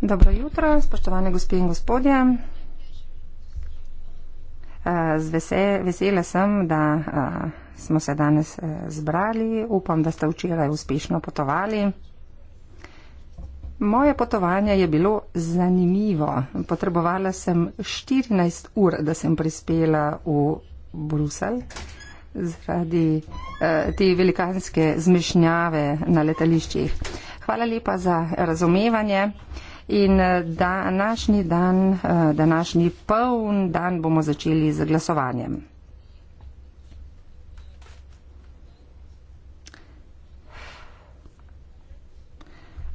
Dobro jutro, spoštovane gospe in gospodje. Eh, z vesele sem, da eh, smo se danes eh, zbrali. Upam, da ste včeraj uspešno potovali. Moje potovanje je bilo zanimivo. Potrebovala sem 14 ur, da sem prispela v Bruselj zaradi eh, te velikanske zmešnjave na letališčih. Hvala lepa za razumevanje. In eh, današnji dan, eh, današnji poln dan bomo začeli z glasovanjem.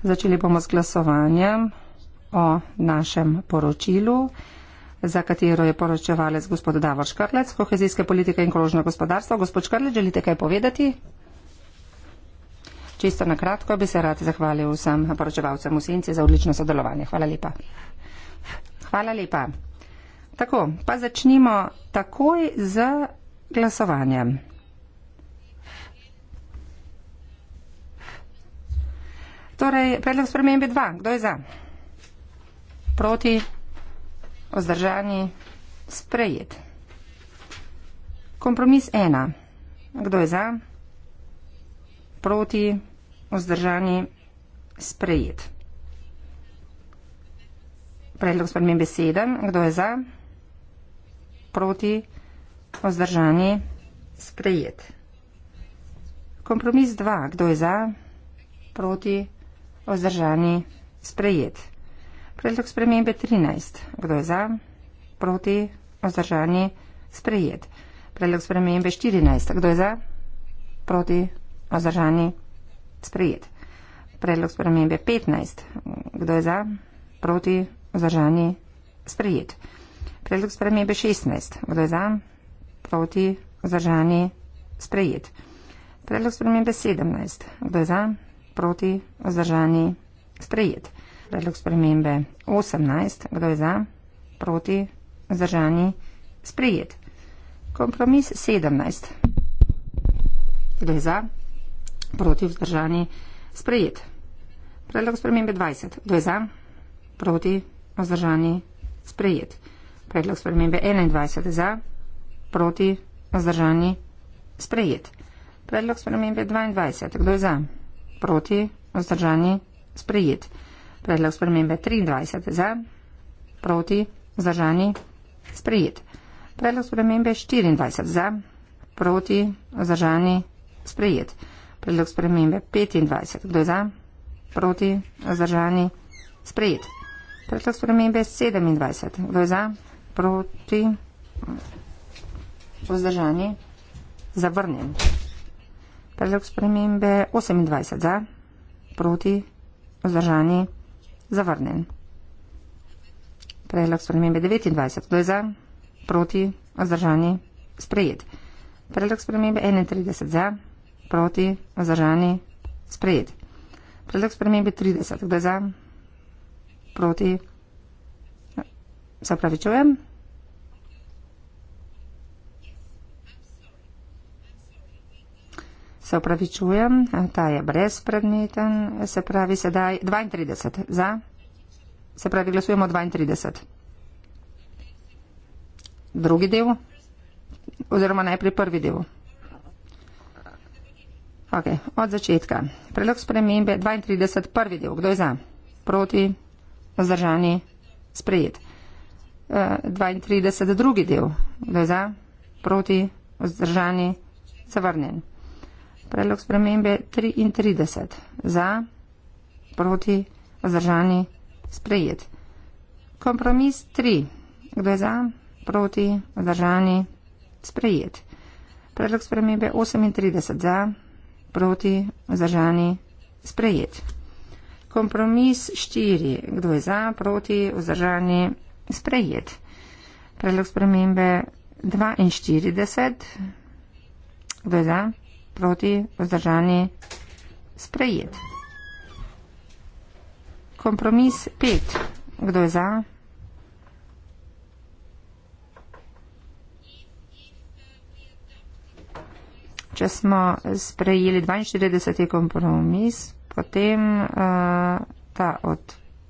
Začeli bomo z glasovanjem o našem poročilu za katero je poročevalec gospod Davor Škrlec, kohezijske politike in krožno gospodarstvo. Gospod Škrlec, želite kaj povedati? Čisto na kratko bi se rad zahvalil vsem poročevalcem v Sinci za odlično sodelovanje. Hvala lepa. Hvala lepa. Tako, pa začnimo takoj z glasovanjem. Torej, predlog spremembe 2. Kdo je za? Proti? vzdržani, sprejet. Kompromis ena. Kdo je za? Proti, vzdržani, sprejet. Predlog spremembe sedem. Kdo je za? Proti, vzdržani, sprejet. Kompromis dva. Kdo je za? Proti, vzdržani, sprejet. Predlog spremembe 13. Kdo je za, proti, vzdržani, sprejet. Predlog spremembe 14. Kdo je za, proti, vzdržani, sprejet. Predlog spremembe 15. Kdo je za, proti, vzdržani, sprejet. Predlog spremembe 16. Kdo je za, proti, vzdržani, sprejet. Predlog spremembe 17. Kdo je za, proti, vzdržani, sprejet predlog spremembe 18, kdo je za, proti, zdržani, sprejet. Kompromis 17, kdo je za, proti, vzdržani, sprejet. Predlog spremembe 20, kdo je za, proti, vzdržani, sprejet. Predlog spremembe 21, za, proti, vzdržani, sprejet. Predlog spremembe 22, kdo je za, proti, vzdržani, sprejet. Predlog spremembe 22, kdo je za, proti, vzdržani, sprejet. Predlog spremembe 23 za, proti, vzdržani, sprejet. Predlog spremembe 24 za, proti, vzdržani, sprejet. Predlog spremembe 25, kdo je za, proti, vzdržani, sprejet. Predlog spremembe 27, kdo je za, proti, vzdržani, zavrnjen. Predlog spremembe 28 za, proti, vzdržani, sprejet. Zavrnjen. Predlog spremembe 29. Kdo je za? Proti? Vzdržani? Sprejet. Predlog spremembe 31. Za? Proti? Vzdržani? Sprejet. Predlog spremembe 30. Kdo je za? Proti? Se opravičujem. Se opravičujem, ta je brezpredmeten, se pravi sedaj 32 za. Se pravi, glasujemo 32. Drugi del, oziroma najprej prvi del. Ok, od začetka. Predlog spremembe 32, prvi del. Kdo je za? Proti, vzdržani, sprejet. 32, eh, drugi del. Kdo je za? Proti, vzdržani, zavrnjen. Predlog spremembe 33 za, proti, vzdržani, sprejet. Kompromis 3. Kdo je za, proti, vzdržani, sprejet. Predlog spremembe 38 za, proti, vzdržani, sprejet. Kompromis 4. Kdo je za, proti, vzdržani, sprejet. Predlog spremembe 42. Kdo je za? proti vzdržani sprejet. Kompromis pet. Kdo je za? Če smo sprejeli 42. kompromis, potem, uh, od,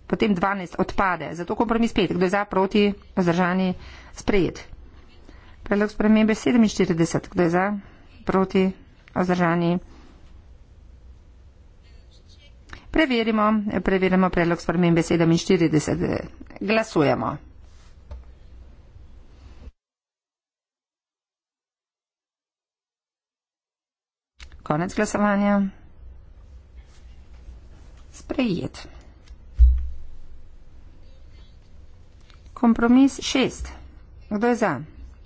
potem 12 odpade. Zato kompromis 5. Kdo je za, proti, vzdržani, sprejet. Predlog spremembe 47. Kdo je za, proti, Vzdržani. Preverimo, preverimo predlog spremembe 47. Glasujemo. Konec glasovanja. Sprejet. Kompromis 6. Kdo je za?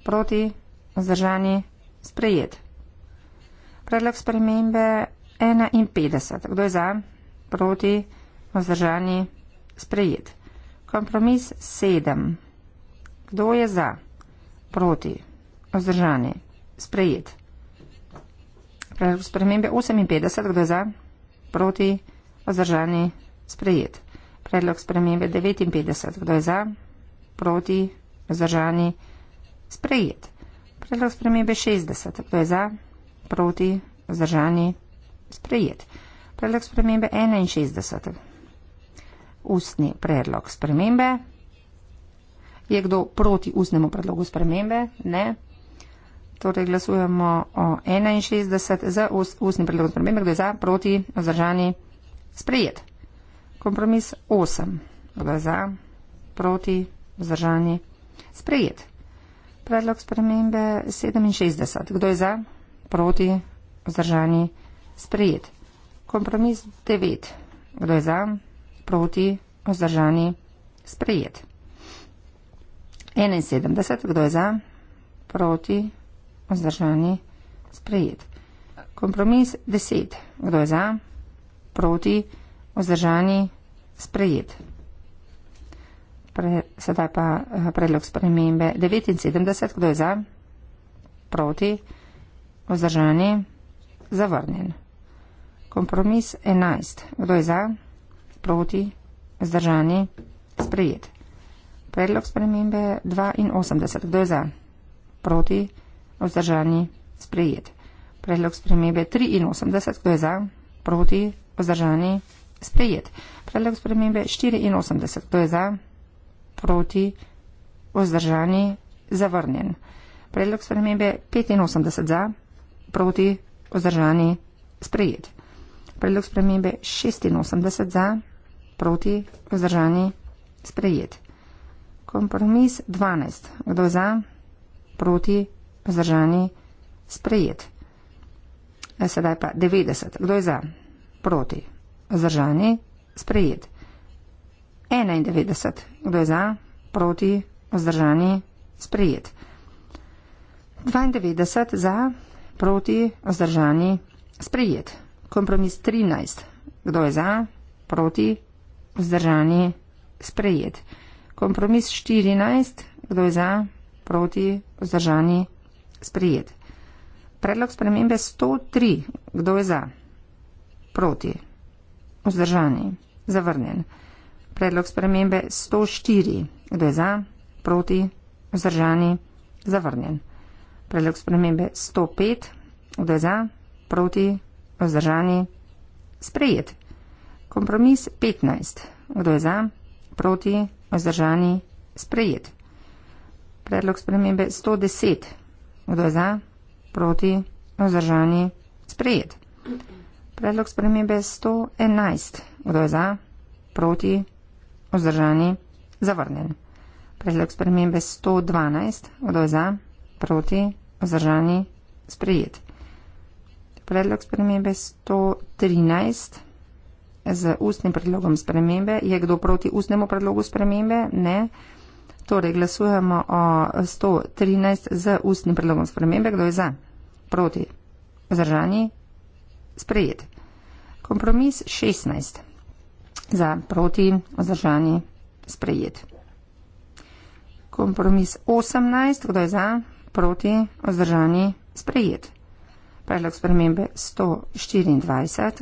Proti? Vzdržani? Sprejet. Predlog spremembe 51. Kdo je za, proti, vzdržani, sprejet. Kompromis 7. Kdo je za, proti, vzdržani, sprejet. Predlog spremembe 58. Kdo je za, proti, vzdržani, sprejet. Predlog spremembe 59. Kdo je za, proti, vzdržani, sprejet. Predlog spremembe 60. Kdo je za, proti zdržani sprejet. Predlog spremembe 61. Ustni predlog spremembe. Je kdo proti ustnemu predlogu spremembe? Ne. Torej glasujemo o 61 za ustni predlog spremembe. Kdo je za? Proti zdržani sprejet. Kompromis 8. Kdo je za? Proti zdržani sprejet. Predlog spremembe 67. Kdo je za? proti, vzdržani, sprejet. Kompromis 9. Kdo je za, proti, vzdržani, sprejet. 71. Kdo je za, proti, vzdržani, sprejet. Kompromis 10. Kdo je za, proti, vzdržani, sprejet. Pre, sedaj pa eh, predlog spremembe 79, kdo je za, proti, vzdržani, sprejet. Vzdržanje? Zavrnjen. Kompromis 11. Kdo je za? Proti? Vzdržanje? Sprejet. Predlog spremembe 82. Kdo je za? Proti? Vzdržanje? Sprejet. Predlog spremembe 83. Kdo je za? Proti? Vzdržanje? Sprejet. Predlog spremembe 84. Kdo je za? Proti? Vzdržanje? Zavrnjen. Predlog spremembe 85 za, proti vzdržani sprejet. Predlog spremembe 86 za proti vzdržani sprejet. Kompromis 12. Kdo za proti vzdržani sprejet. Sedaj pa 90. Kdo je za proti vzdržani sprejet. 91. E, Kdo je za proti vzdržani sprejet. 92 za proti vzdržani sprejet proti, vzdržani, sprejet. Kompromis 13. Kdo je za, proti, vzdržani, sprejet. Kompromis 14. Kdo je za, proti, vzdržani, sprejet. Predlog spremembe 103. Kdo je za, proti, vzdržani, zavrnjen. Predlog spremembe 104. Kdo je za, proti, vzdržani, zavrnjen. Predlog spremembe 105, vda za, proti, vzdržani, sprejet. Kompromis 15, vda za, proti, vzdržani, sprejet. Predlog spremembe 110, vda za, proti, vzdržani, sprejet. Predlog spremembe 111, vda za, proti, vzdržani, zavrnen. Predlog spremembe 112, vda za, proti, vzdržani, sprejet proti, vzdržani, sprejet. Predlog spremembe 113. Z ustnim predlogom spremembe. Je kdo proti ustnemu predlogu spremembe? Ne. Torej, glasujemo o 113 z ustnim predlogom spremembe. Kdo je za? Proti. Zdržani? Sprejet. Kompromis 16. Za. Proti. Zdržani? Sprejet. Kompromis 18. Kdo je za? proti, vzdržani, sprejet. Predlog spremembe 124.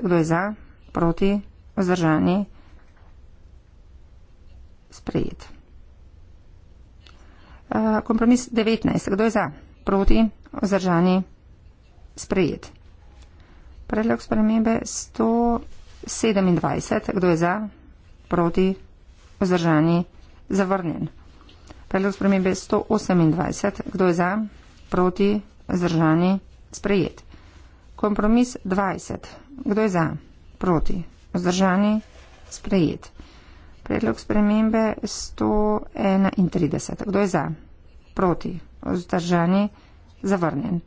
Kdo je za, proti, vzdržani, sprejet. Eh, kompromis 19. Kdo je za, proti, vzdržani, sprejet. Predlog spremembe 127. Kdo je za, proti, vzdržani, zavrnjen predlog spremembe 128. Kdo je za? Proti? Zdržani? Sprejet. Kompromis 20. Kdo je za? Proti? Zdržani? Sprejet. Predlog spremembe 131. Kdo je za? Proti? Zdržani? Zavrnjen.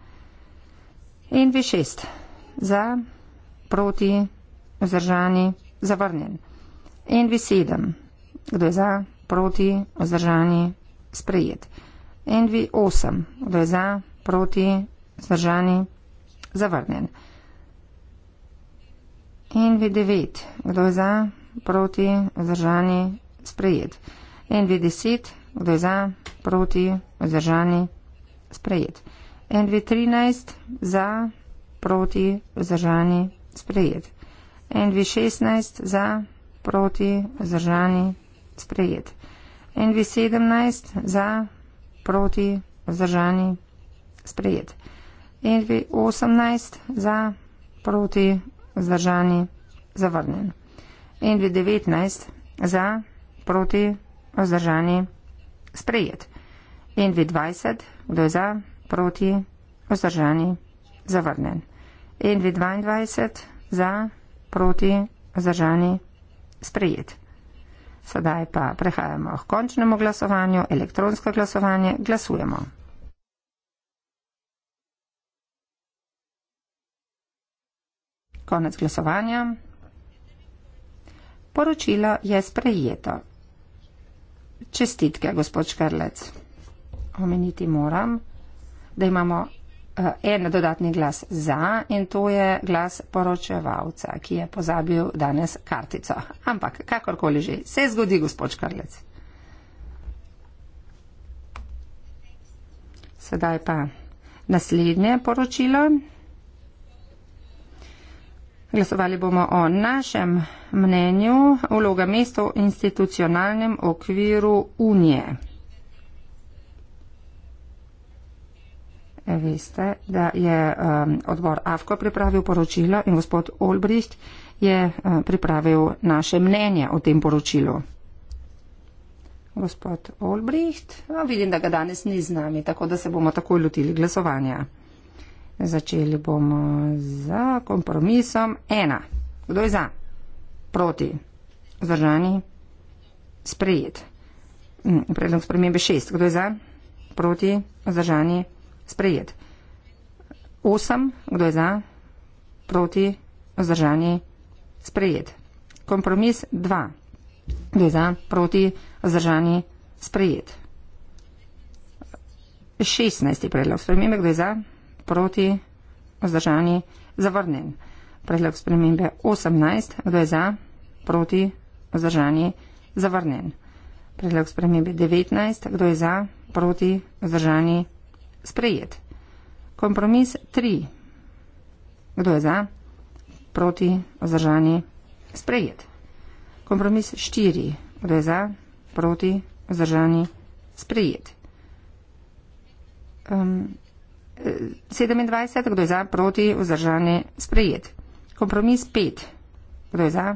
In vi šest. Za? Proti? Zdržani? Zavrnjen. In vi sedem. Kdo je za? Proti? Zdržani? sprejet. Envi 8, kdo je za, proti, zdržani, zavrnjen. Envi 9, kdo je za, proti, zdržani, sprejet. Envi 10, kdo je za, proti, zdržani, sprejet. Envi 13, za, proti, zdržani, sprejet. Envi 16, za, proti, zdržani, sprejet. NV17 za proti vzdržani sprejet. NV18 za proti vzdržani zavrnjen. NV19 za proti vzdržani sprejet. NV20 kdo je za proti vzdržani zavrnjen. NV22 za proti vzdržani sprejet. Sedaj pa prehajamo k končnemu glasovanju, elektronsko glasovanje, glasujemo. Konec glasovanja. Poročilo je sprejeto. Čestitke, gospod Škrlec. Omeniti moram, da imamo Eh, en dodatni glas za in to je glas poročevalca, ki je pozabil danes kartico. Ampak, kakorkoli že, se zgodi, gospod Škarlec. Sedaj pa naslednje poročilo. Glasovali bomo o našem mnenju, vloga mesta v institucionalnem okviru Unije. veste, da je um, odbor AFKO pripravil poročilo in gospod Olbricht je uh, pripravil naše mnenje o tem poročilu. Gospod Olbricht, no, vidim, da ga danes ni z nami, tako da se bomo takoj lotili glasovanja. Začeli bomo z kompromisom. Ena. Kdo je za? Proti. Zdržani? Sprejet. Mm, predlog spremembe šest. Kdo je za? Proti. Zdržani? sprejet. Osem, kdo je za, proti, vzdržani, sprejet. Kompromis dva, kdo je za, proti, vzdržani, sprejet. Šestnajsti predlog spremembe, kdo je za, proti, vzdržani, zavrnen. Predlog spremembe osemnajst, kdo je za, proti, vzdržani, zavrnen. Predlog spremembe devetnajst, kdo je za, proti, vzdržani, zavrnen sprejet. Kompromis 3. Kdo je za? Proti, vzdržani, sprejet. Kompromis 4. Kdo je za? Proti, vzdržani, sprejet. Um, 27. Eh, Kdo je za? Proti, vzdržani, sprejet. Kompromis 5. Kdo je za?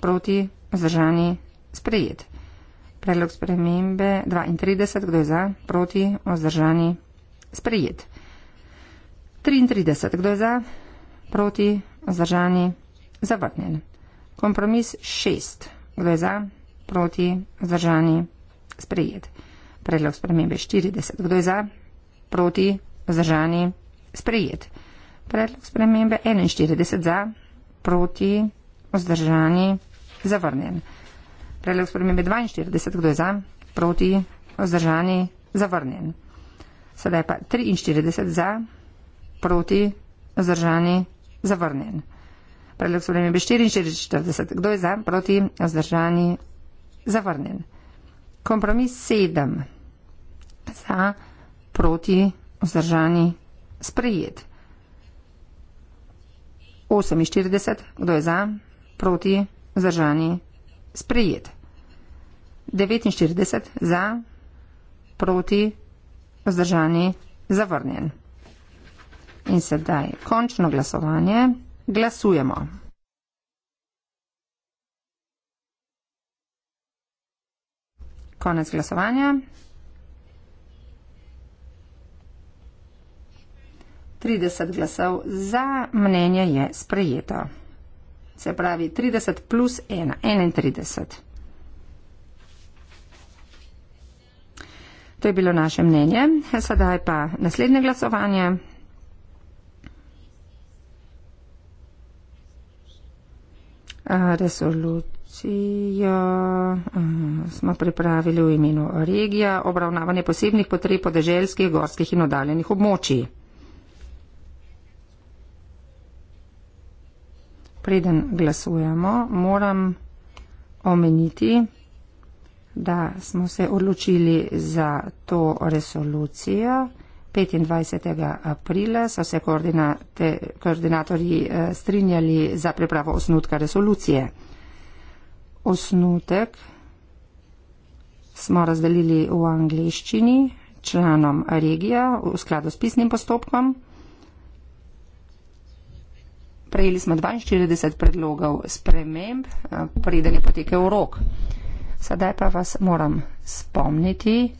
Proti, vzdržani, sprejet. Predlog spremembe 32. Kdo je za? Proti, vzdržani, sprejet sprejet. 33. Kdo je za? Proti? Zdržani? Zavrnjen. Kompromis 6. Kdo je za? Proti? Zdržani? Sprejet. Predlog spremembe 40. Kdo je za? Proti? Zdržani? Sprejet. Predlog spremembe 41 za, proti, vzdržani, zavrnjen. Predlog spremembe 42, kdo je za, proti, vzdržani, zavrnjen sedaj pa 43 za, proti, vzdržani, zavrnjen. Predlog so vremen bi 44, kdo je za, proti, vzdržani, zavrnjen. Kompromis 7 za, proti, vzdržani, sprejet. 48, kdo je za, proti, vzdržani, sprejet. 49 za, proti, vzdržani vzdržani, zavrnjen. In sedaj končno glasovanje. Glasujemo. Konec glasovanja. 30 glasov za mnenje je sprejeto. Se pravi 30 plus 1, 31. To je bilo naše mnenje. Sedaj pa naslednje glasovanje. Resolucijo smo pripravili v imenu regija obravnavanje posebnih potreb podeželskih, gorskih in oddaljenih območij. Preden glasujemo, moram omeniti, da smo se odločili za to resolucijo. 25. aprila so se koordinate, koordinatorji eh, strinjali za pripravo osnutka resolucije. Osnutek smo razdelili v angliščini članom regija v skladu s pisnim postopkom. Prejeli smo 42 predlogov sprememb, eh, preden je potekel rok. Sedaj pa vas moram spomniti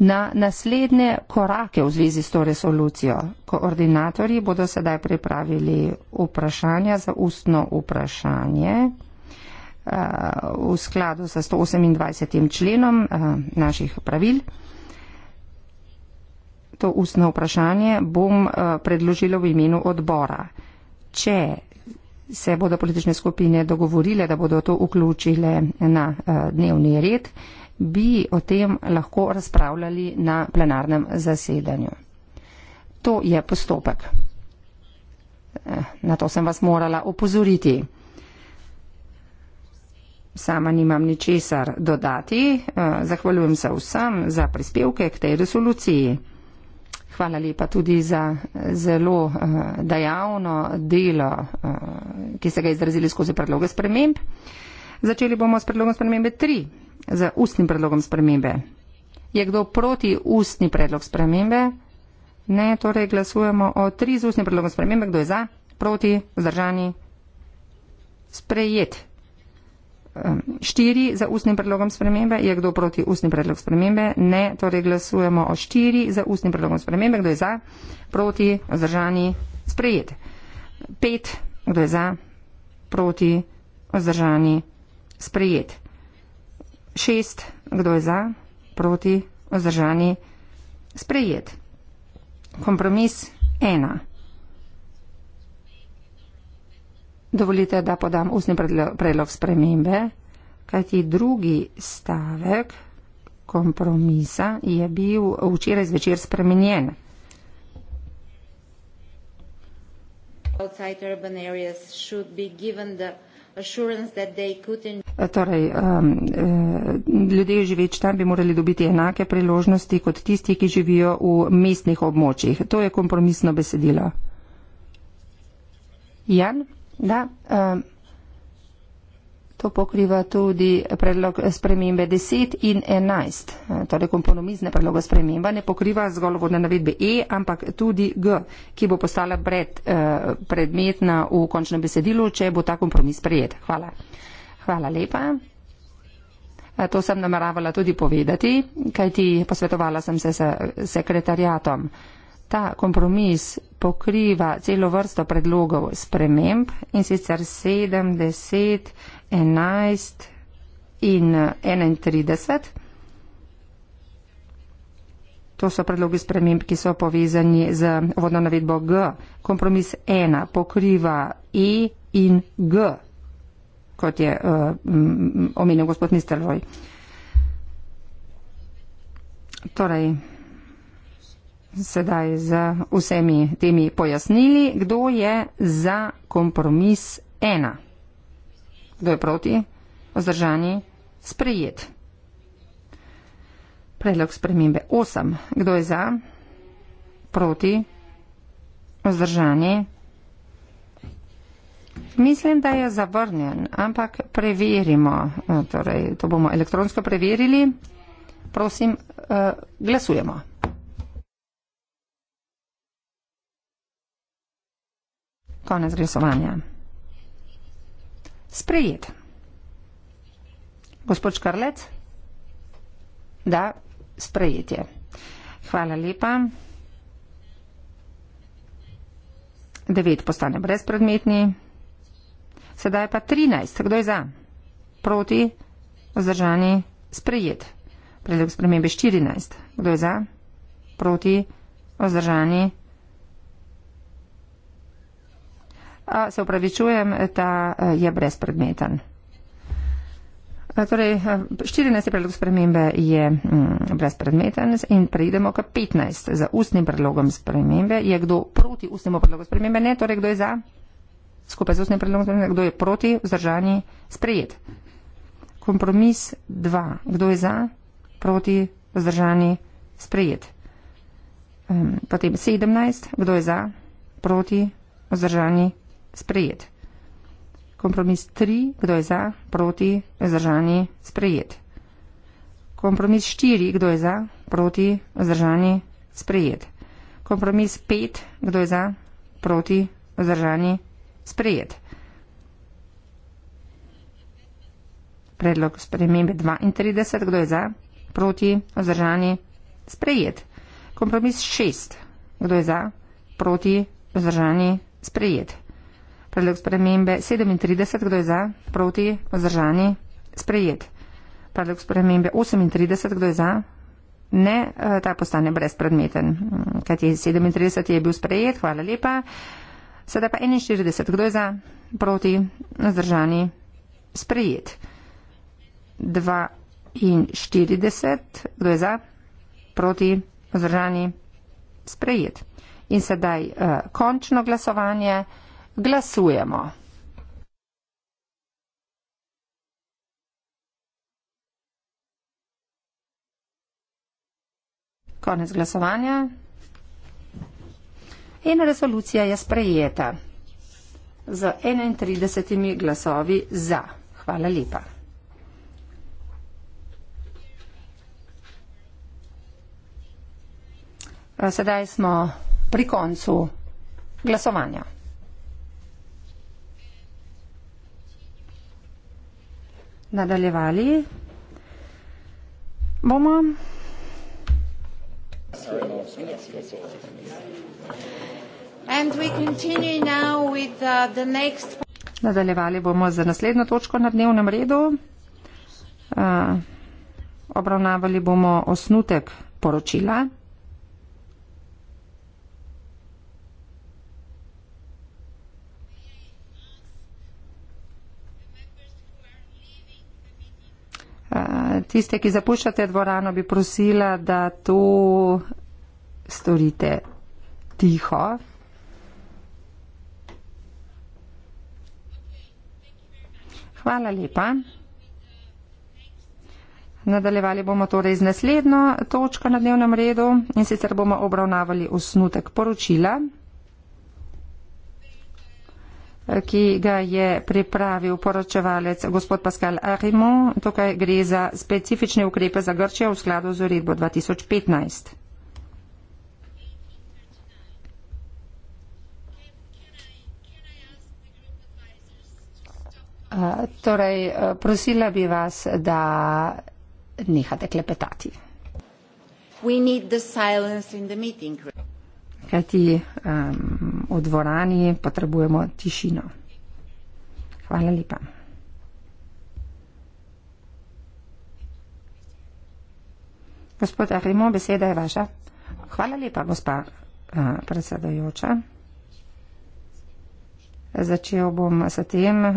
na naslednje korake v zvezi s to resolucijo. Koordinatorji bodo sedaj pripravili vprašanja za ustno vprašanje eh, v skladu sa 128. členom eh, naših pravil. To ustno vprašanje bom eh, predložila v imenu odbora. Če se bodo politične skupine dogovorile, da bodo to vključile na eh, dnevni red, bi o tem lahko razpravljali na plenarnem zasedanju. To je postopek. Eh, na to sem vas morala upozoriti. Sama nimam ničesar dodati. Eh, zahvaljujem se vsem za prispevke k tej resoluciji. Hvala lepa tudi za eh, zelo eh, dejavno delo, eh, ki ste ga izrazili skozi predloge sprememb. Začeli bomo s predlogom spremembe 3, z ustnim predlogom spremembe. Je kdo proti ustni predlog spremembe? Ne, torej glasujemo o 3 z ustnim predlogom spremembe. Kdo je za? Proti? Zdržani? Sprejet. 4 za ustnim predlogom spremembe, je kdo proti ustnim predlogom spremembe, ne, torej glasujemo o 4 za ustnim predlogom spremembe, kdo je za, proti, vzdržani, sprejet. 5, kdo je za, proti, vzdržani, sprejet. 6, kdo je za, proti, vzdržani, sprejet. Kompromis 1. Dovolite, da podam ustni predlog spremembe, kajti drugi stavek kompromisa je bil včeraj zvečer spremenjen. Torej, um, eh, ljudje živeč tam bi morali dobiti enake priložnosti kot tisti, ki živijo v mestnih območjih. To je kompromisno besedilo. Jan? Da, um, to pokriva tudi predlog spremembe 10 in 11, e, torej kompromisne predloge spremembe, ne pokriva zgolj vodne navedbe E, ampak tudi G, ki bo postala pred, uh, predmetna v končnem besedilu, če bo ta kompromis prijet. Hvala. Hvala lepa. E, to sem nameravala tudi povedati, kajti posvetovala sem se s sekretarjatom. Uh, ta kompromis pokriva celo vrsto predlogov sprememb in sicer 7, 10, 11 in 31. To so predlogi sprememb, ki so povezani z vodno navedbo G. Kompromis 1 pokriva E in G, kot je uh, omenil gospod Nisterloj. Torej, sedaj z vsemi temi pojasnili, kdo je za kompromis ena. Kdo je proti? Vzdržani? Sprejet. Predlog spremembe 8. Kdo je za? Proti? Vzdržani? Mislim, da je zavrnjen, ampak preverimo. Torej, to bomo elektronsko preverili. Prosim, eh, glasujemo. Konec glasovanja. Sprejet. Gospod Škarlec? Da, sprejet je. Hvala lepa. Devet postane brezpredmetni. Sedaj pa trinajst. Kdo je za? Proti? Vzdržani? Sprejet. Predlog spremembe štirinajst. Kdo je za? Proti? Vzdržani? Sprejet. A, se upravičujem, ta e, je brezpredmeten. E, torej, 14. E, predlog spremembe je mm, brezpredmeten in pridemo k 15. Za ustnim predlogom spremembe je kdo proti ustnemu predlogu spremembe? Ne, torej kdo je za? Skupaj z ustnim predlogom spremembe, kdo je proti vzdržanji sprejet? Kompromis 2. Kdo je za? Proti vzdržanji sprejet. Potem 17. Kdo je za? Proti vzdržanji sprejet sprejet. Kompromis 3, kdo je za, proti, vzdržani, sprejet. Kompromis 4, kdo je za, proti, vzdržani, sprejet. Kompromis 5, kdo je za, proti, vzdržani, sprejet. Predlog spremembe 32, kdo je za, proti, vzdržani, sprejet. Kompromis 6, kdo je za, proti, vzdržani, sprejet. Kompromis 6, kdo je za, proti, vzdržani, sprejet. Predlog spremembe 37, kdo je za, proti, vzdržani, sprejet. Predlog spremembe 38, kdo je za, ne, eh, ta postane brezpredmeten. Kaj je 37, je bil sprejet, hvala lepa. Sedaj pa 41, kdo je za, proti, vzdržani, sprejet. 42, kdo je za, proti, vzdržani, sprejet. In sedaj eh, končno glasovanje. Glasujemo. Konec glasovanja. In resolucija je sprejeta z 31 glasovi za. Hvala lepa. Sedaj smo pri koncu glasovanja. nadaljevali. Bomo. And we continue now with uh, the next... Nadaljevali bomo z naslednjo točko na dnevnem redu. Uh, obravnavali bomo osnutek poročila. tiste, ki zapuščate dvorano, bi prosila, da to storite tiho. Hvala lepa. Nadaljevali bomo torej z naslednjo točko na dnevnem redu in sicer bomo obravnavali osnutek poročila ki ga je pripravil poročevalec gospod Pascal Arimon. Tukaj gre za specifične ukrepe za Grčijo v skladu z uredbo 2015. Torej, prosila bi vas, da nehate klepetati kajti um, v dvorani potrebujemo tišino. Hvala lepa. Gospod Arimo, beseda je vaša. Hvala lepa, gospa uh, eh, predsedajoča. Začel bom s tem, eh,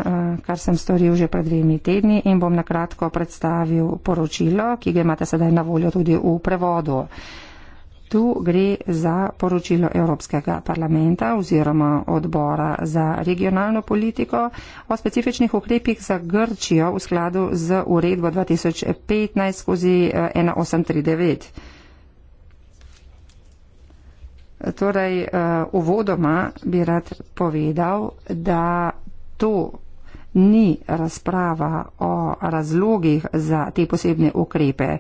kar sem storil že pred dvemi tedni in bom nakratko predstavil poročilo, ki ga imate sedaj na voljo tudi v prevodu. Tu gre za poročilo Evropskega parlamenta oziroma odbora za regionalno politiko o specifičnih ukrepih za Grčijo v skladu z uredbo 2015-1839. Eh, torej, eh, uvodoma bi rad povedal, da to ni razprava o razlogih za te posebne ukrepe.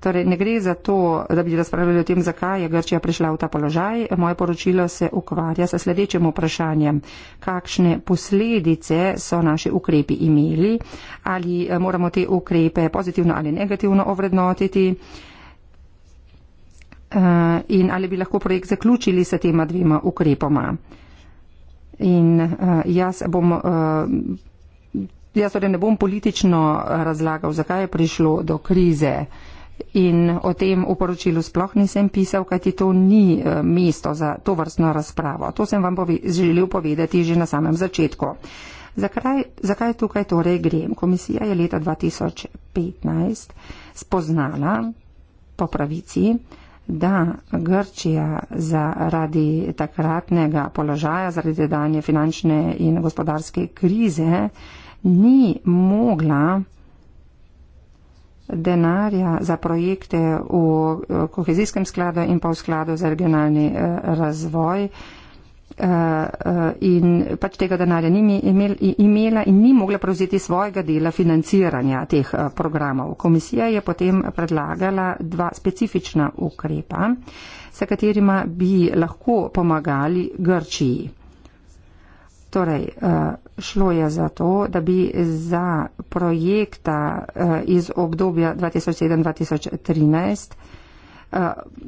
Torej, ne gre za to, da bi razpravljali o tem, zakaj je Grčija prišla v ta položaj. Moje poročilo se ukvarja s sledečim vprašanjem. Kakšne posledice so naši ukrepi imeli? Ali eh, moramo te ukrepe pozitivno ali negativno ovrednotiti? Eh, in ali bi lahko projekt zaključili s tema dvema ukrepoma? In eh, jaz bom. Jaz torej ne bom politično razlagal, zakaj je prišlo do krize. Uh, In o tem v poročilu sploh nisem pisal, kajti to ni eh, mesto za to vrstno razpravo. To sem vam pove želel povedati že na samem začetku. Zakaj, zakaj tukaj torej grem? Komisija je leta 2015 spoznala po pravici, da Grčija zaradi takratnega položaja, zaradi danje finančne in gospodarske krize ni mogla denarja za projekte v eh, kohezijskem skladu in pa v skladu za regionalni eh, razvoj. Eh, in pač tega denarja ni imela in ni mogla prevzeti svojega dela financiranja teh programov. Komisija je potem predlagala dva specifična ukrepa, sa katerima bi lahko pomagali Grčiji. Torej, šlo je za to, da bi za projekta eh, iz obdobja 2007-2013 eh,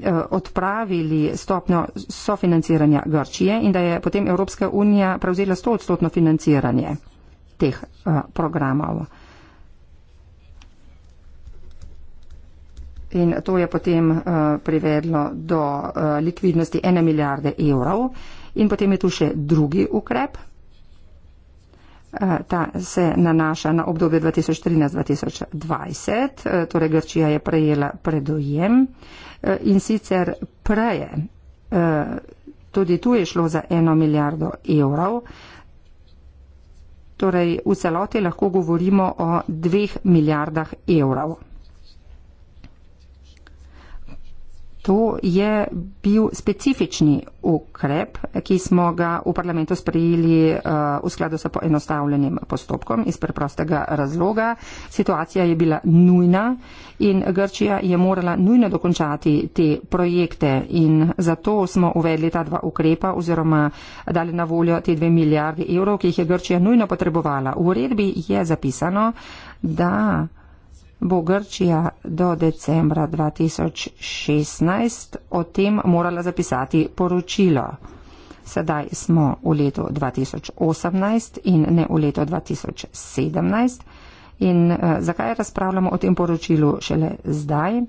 eh, odpravili stopno sofinanciranja Grčije in da je potem Evropska unija prevzela 100 odstotno financiranje teh programov. In to je potem privedlo do likvidnosti ene milijarde evrov. In potem je tu še drugi ukrep. Eh, ta se nanaša na obdobje 2013-2020, eh, torej Grčija je prejela predojem eh, in sicer preje, tudi tu je šlo za eno milijardo evrov, torej v celoti lahko govorimo o dveh milijardah evrov. To je bil specifični ukrep, ki smo ga v parlamentu sprejeli eh, v skladu s poenostavljenim postopkom iz preprostega razloga. Situacija je bila nujna in Grčija je morala nujno dokončati te projekte in zato smo uvedli ta dva ukrepa oziroma dali na voljo te dve milijardi evrov, ki jih je Grčija nujno potrebovala. V uredbi je zapisano, da bo Grčija do decembra 2016 o tem morala zapisati poročilo. Sedaj smo v letu 2018 in ne v letu 2017. In eh, zakaj razpravljamo o tem poročilu šele zdaj? Eh,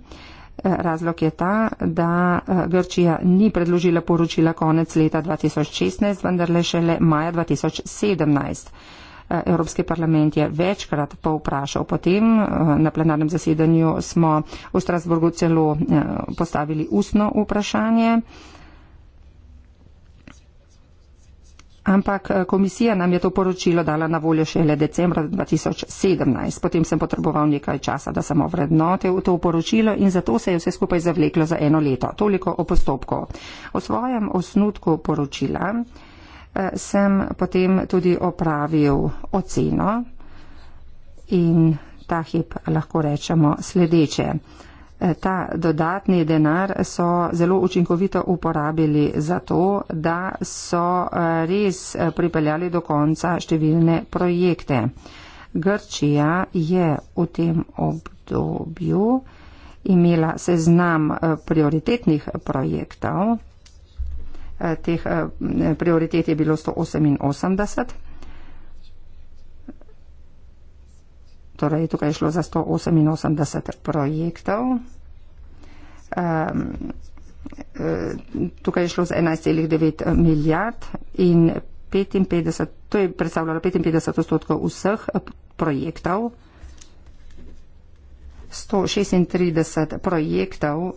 razlog je ta, da eh, Grčija ni predložila poročila konec leta 2016, vendar le šele maja 2017. Eh, Evropski parlament je večkrat povprašal. Potem eh, na plenarnem zasedanju smo v Strasburgu celo eh, postavili ustno vprašanje. Ampak komisija nam je to poročilo dala na voljo šele decembra 2017. Potem sem potreboval nekaj časa, da sem ovrednotil to poročilo in zato se je vse skupaj zavleklo za eno leto. Toliko o postopku. O svojem osnutku poročila. Eh, sem potem tudi opravil oceno in ta hip lahko rečemo sledeče. Eh, ta dodatni denar so zelo učinkovito uporabili za to, da so eh, res pripeljali do konca številne projekte. Grčija je v tem obdobju imela seznam prioritetnih projektov, Eh, teh eh, prioritet je bilo 188. Torej, tukaj je šlo za 188 projektov. Um, tukaj je šlo za 11,9 milijard in 55, to je predstavljalo 55 odstotkov vseh projektov. 136 projektov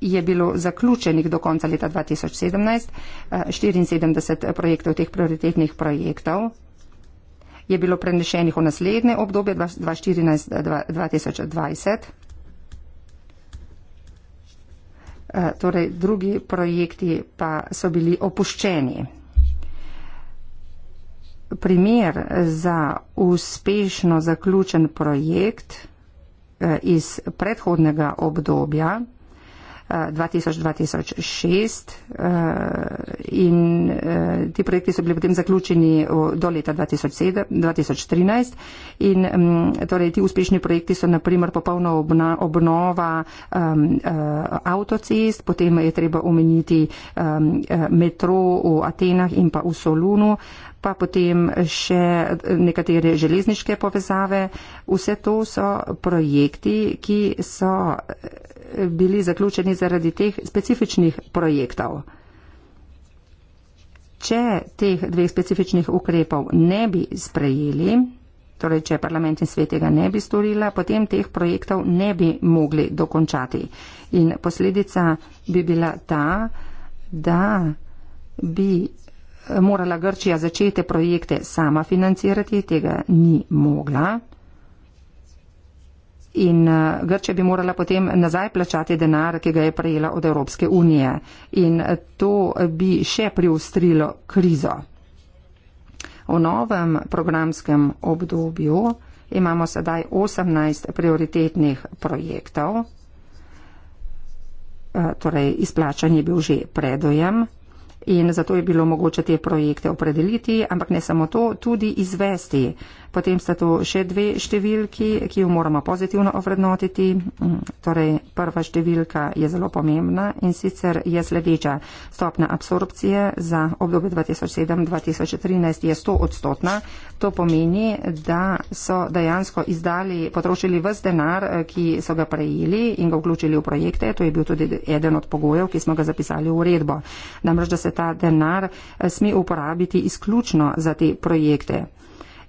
je bilo zaključenih do konca leta 2017, 74 eh, eh, projektov teh prioritetnih projektov je bilo prenešenih v naslednje obdobje 2014-2020. Eh, torej, drugi projekti pa so bili opuščeni. Primer za uspešno zaključen projekt iz predhodnega obdobja 2000-2006 eh, eh, in eh, ti projekti so bili potem zaključeni do leta 2013 in mm, torej ti uspešni projekti so naprimer popolna obnova avtocest, potem je treba omeniti metro v Atenah in pa v Solunu pa potem še nekatere železniške povezave. Vse to so projekti, ki so bili zaključeni zaradi teh specifičnih projektov. Če teh dveh specifičnih ukrepov ne bi sprejeli, torej če parlament in svet tega ne bi storila, potem teh projektov ne bi mogli dokončati. In posledica bi bila ta, da bi eh, morala Grčija začete projekte sama financirati, tega ni mogla in eh, Grčija bi morala potem nazaj plačati denar, ki ga je prejela od Evropske unije in eh, to bi še priustrilo krizo. V novem programskem obdobju imamo sedaj 18 prioritetnih projektov, eh, torej izplačan je bil že predojem. In zato je bilo mogoče te projekte opredeliti, ampak ne samo to, tudi izvesti. Potem sta tu še dve številki, ki jo moramo pozitivno ovrednotiti. Mm, torej, prva številka je zelo pomembna in sicer je sledeča stopna absorpcije za obdobje 2007-2013 je 100 odstotna. To pomeni, da so dejansko izdali, potrošili vse denar, eh, ki so ga prejeli in ga vključili v projekte. To je bil tudi eden od pogojev, ki smo ga zapisali v uredbo. Namreč, da se ta denar eh, smi uporabiti izključno za te projekte.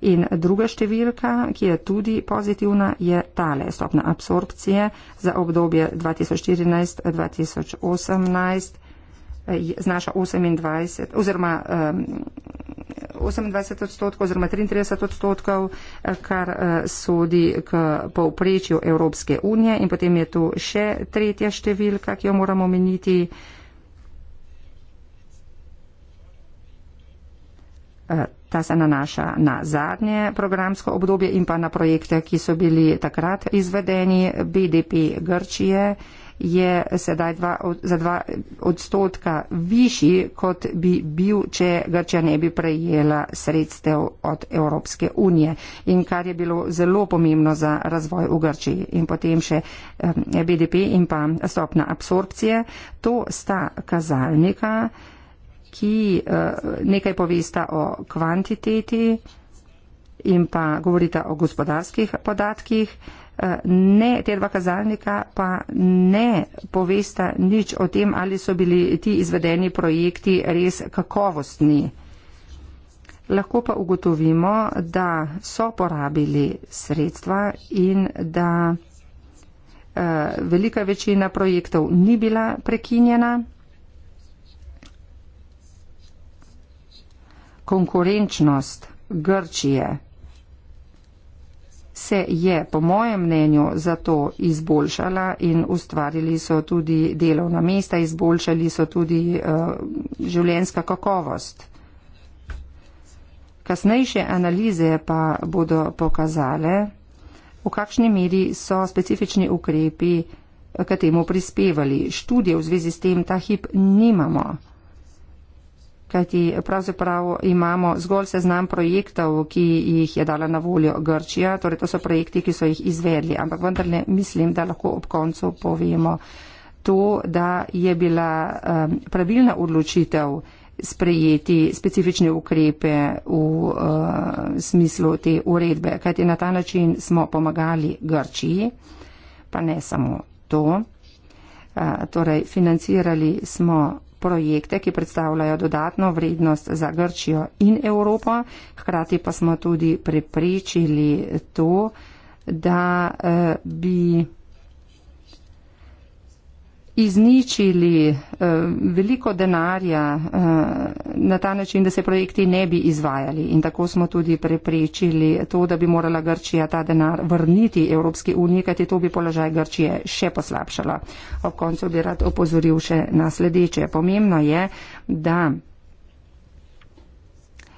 In druga številka, ki je tudi pozitivna, je tale stopna absorpcije za obdobje 2014-2018 eh, znaša 28 oziroma um, 28 odstotkov oziroma 33 odstotkov, eh, kar uh, sodi k povprečju Evropske unije in potem je tu še tretja številka, ki jo moramo meniti. Uh, Ta se nanaša na zadnje programsko obdobje in pa na projekte, ki so bili takrat izvedeni. BDP Grčije je sedaj dva, za dva odstotka višji, kot bi bil, če Grčija ne bi prejela sredstev od Evropske unije in kar je bilo zelo pomembno za razvoj v Grčiji. In potem še eh, BDP in pa stopna absorpcije. To sta kazalnika ki eh, nekaj povesta o kvantiteti in pa govorita o gospodarskih podatkih. Eh, ne, te dva kazalnika pa ne povesta nič o tem, ali so bili ti izvedeni projekti res kakovostni. Lahko pa ugotovimo, da so porabili sredstva in da uh, velika večina projektov ni bila prekinjena. konkurenčnost Grčije se je, po mojem mnenju, zato izboljšala in ustvarili so tudi delovna mesta, izboljšali so tudi uh, eh, življenska kakovost. Kasnejše analize pa bodo pokazale, v kakšni meri so specifični ukrepi eh, k temu prispevali. Študije v zvezi s tem ta hip nimamo kajti pravzaprav imamo zgolj seznam projektov, ki jih je dala na voljo Grčija, torej to so projekti, ki so jih izvedli, ampak vendar ne mislim, da lahko ob koncu povemo to, da je bila um, pravilna odločitev sprejeti specifične ukrepe v uh, smislu te uredbe, kajti na ta način smo pomagali Grčiji, pa ne samo to. Uh, torej, financirali smo projekte, ki predstavljajo dodatno vrednost za Grčijo in Evropo. Hkrati pa smo tudi preprečili to, da eh, bi izničili uh, veliko denarja uh, na ta način, da se projekti ne bi izvajali. In tako smo tudi preprečili to, da bi morala Grčija ta denar vrniti Evropski uniji, kajti to bi položaj Grčije še poslabšala. Ob koncu bi rad opozoril še na sledeče. Pomembno je, da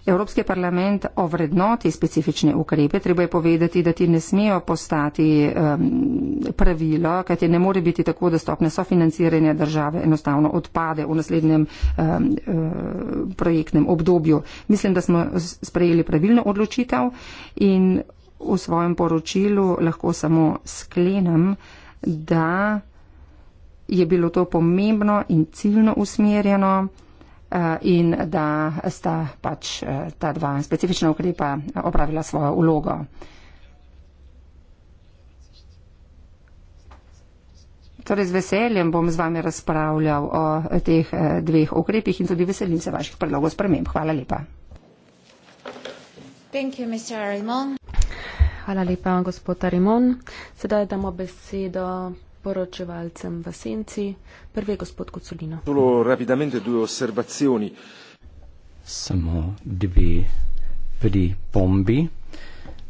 Evropski parlament ovrednoti specifične ukrepe, treba je povedati, da ti ne smejo postati um, pravilo, kajti ne more biti tako, da stopne sofinanciranja države enostavno odpade v naslednjem um, um, projektnem obdobju. Mislim, da smo sprejeli pravilno odločitev in v svojem poročilu lahko samo sklenem, da je bilo to pomembno in ciljno usmerjeno. Eh, in da sta pač eh, ta dva specifična ukrepa opravila svojo ulogo. Torej z veseljem bom z vami razpravljal o teh eh, dveh ukrepih in tudi veselim se vaših predlogov sprememb. Hvala lepa. Hvala lepa, gospod Arimon. Sedaj damo besedo poročevalcem v Senci. Prvi gospod Kocolino. Zelo rapidamente due osservazioni. Samo dve pripombi.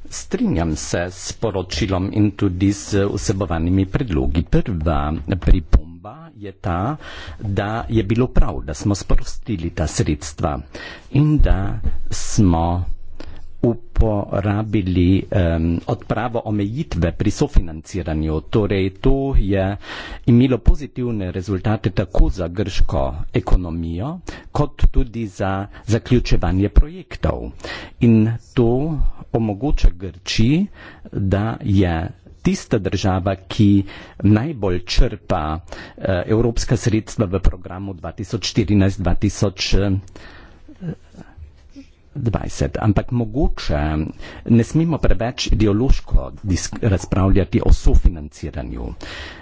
Strinjam se s poročilom in tudi s vsebovanimi predlogi. Prva pripomba je ta, da je bilo prav, da smo sprostili ta sredstva in da smo uporabili um, odpravo omejitve pri sofinanciranju. Torej, to je imelo pozitivne rezultate tako za grško ekonomijo, kot tudi za zaključevanje projektov. In to omogoča Grči, da je tista država, ki najbolj črpa uh, evropska sredstva v programu 2014-2020. 20. Ampak mogoče ne smemo preveč ideološko razpravljati o sofinanciranju.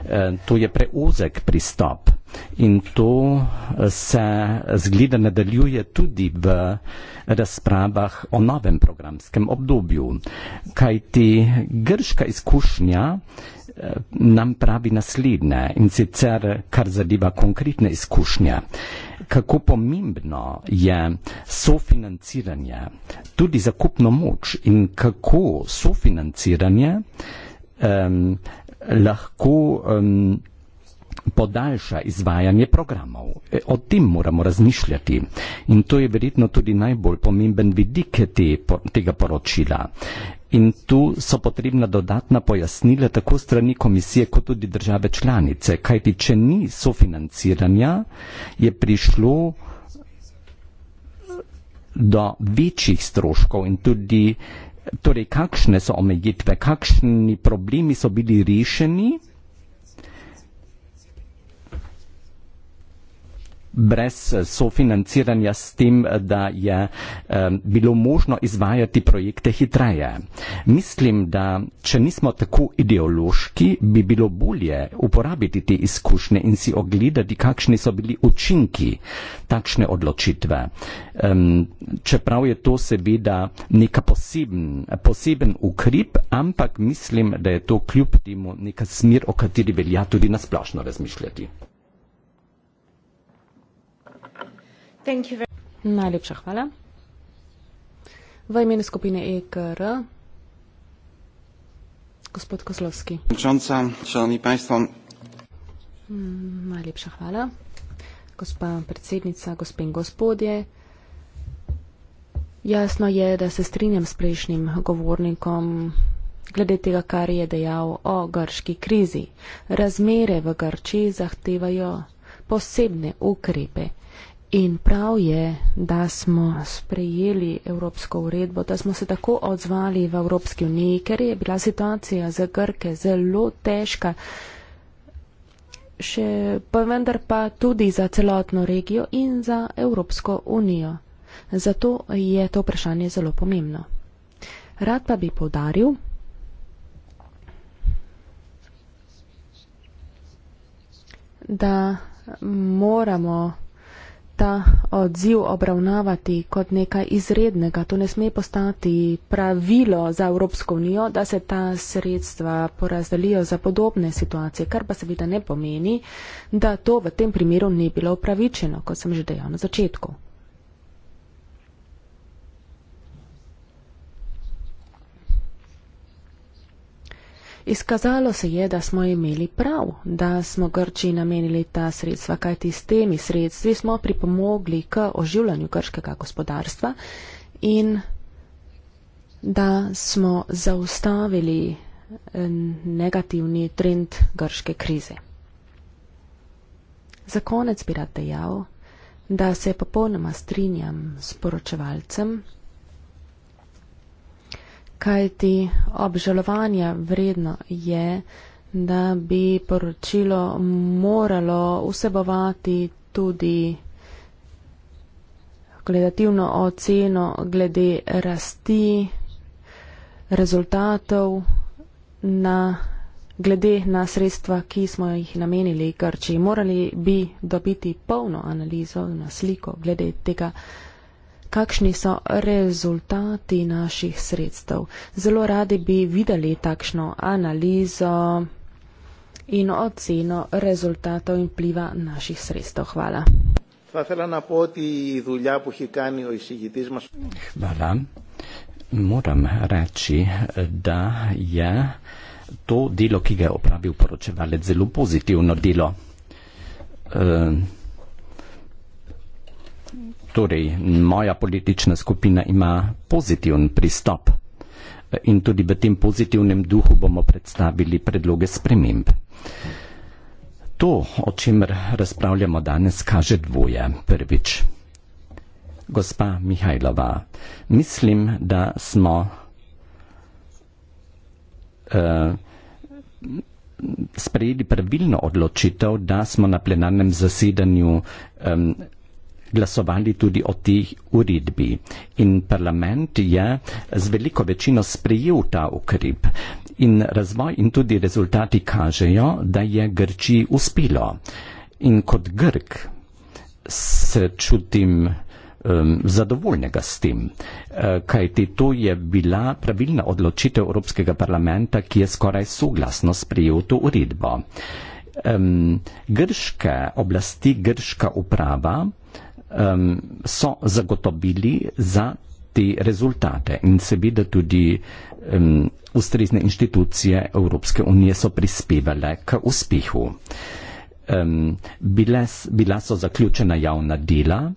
E, to je preozek pristop in to e, se zgleda nadaljuje tudi v razpravah o novem programskem obdobju. Kaj ti grška izkušnja e, nam pravi naslednje in sicer kar zadeva konkretne izkušnje. E, kako pomembno je sofinanciranje, tudi zakupno moč in kako sofinanciranje um, lahko um, podaljša izvajanje programov. E, o tem moramo razmišljati in to je verjetno tudi najbolj pomemben vidik te, tega poročila. In tu so potrebna dodatna pojasnila tako strani komisije kot tudi države članice, kajti če ni sofinanciranja, je prišlo do večjih stroškov in tudi torej kakšne so omejitve, kakšni problemi so bili rešeni brez eh, sofinanciranja s tem, eh, da je eh, bilo možno izvajati projekte hitreje. Mislim, da če nismo tako ideološki, bi bilo bolje uporabiti te izkušnje in si ogledati, kakšni so bili učinki takšne odločitve. Čeprav je to seveda neka poseben, poseben ukrip, ampak mislim, da je to kljub temu neka smer, o kateri velja tudi nasplošno razmišljati. Najlepša hvala. V imenu skupine EKR. Gospod Kozlovski. Predsednica, šalni państvo. Mm, najlepša hvala. Gospa predsednica, gospe in gospodje. Jasno je, da se strinjam s prejšnjim govornikom glede tega, kar je dejal o grški krizi. Razmere v Grči zahtevajo posebne ukrepe. In prav je, da smo sprejeli Evropsko uredbo, da smo se tako odzvali v Evropski uniji, ker je bila situacija za Grke zelo težka, še pa vendar pa tudi za celotno regijo in za Evropsko unijo. Zato je to vprašanje zelo pomembno. Rad pa bi povdaril, da moramo ta odziv obravnavati kot nekaj izrednega. To ne sme postati pravilo za Evropsko unijo, da se ta sredstva porazdelijo za podobne situacije, kar pa seveda ne pomeni, da to v tem primeru ne bilo upravičeno, kot sem že dejal na začetku. Izkazalo se je, da smo imeli prav, da smo Grči namenili ta sredstva, kajti s temi sredstvi smo pripomogli k oživljanju grškega gospodarstva in da smo zaustavili eh, negativni trend grške krize. Za konec bi rad dejal, da se popolnoma strinjam s poročevalcem, Kajti obžalovanja vredno je, da bi poročilo moralo vsebovati tudi gledativno oceno glede rasti rezultatov na, glede na sredstva, ki smo jih namenili Grči. Morali bi dobiti polno analizo na sliko glede tega, kakšni so rezultati naših sredstev. Zelo radi bi videli takšno analizo in oceno rezultatov in pliva naših sredstev. Hvala. Hvala. Moram reči, da je to delo, ki ga je opravil poročevalec, zelo pozitivno delo. Uh, torej moja politična skupina ima pozitiven pristop in tudi v tem pozitivnem duhu bomo predstavili predloge sprememb. To, o čemer razpravljamo danes, kaže dvoje. Prvič. Gospa Mihajlova, mislim, da smo uh, sprejeli pravilno odločitev, da smo na plenarnem zasedanju um, glasovali tudi o tej uredbi. In parlament je z veliko večino sprejel ta ukrep. In razvoj in tudi rezultati kažejo, da je Grčiji uspelo. In kot Grk se čutim um, zadovoljnega s tem, eh, kajti to je bila pravilna odločitev Evropskega parlamenta, ki je skoraj soglasno sprejel to uredbo. Grške oblasti, grška uprava um, so zagotovili za te rezultate in seveda tudi um, ustrezne inštitucije Evropske unije so prispevale k uspehu. Um, bila, bila so zaključena javna dela,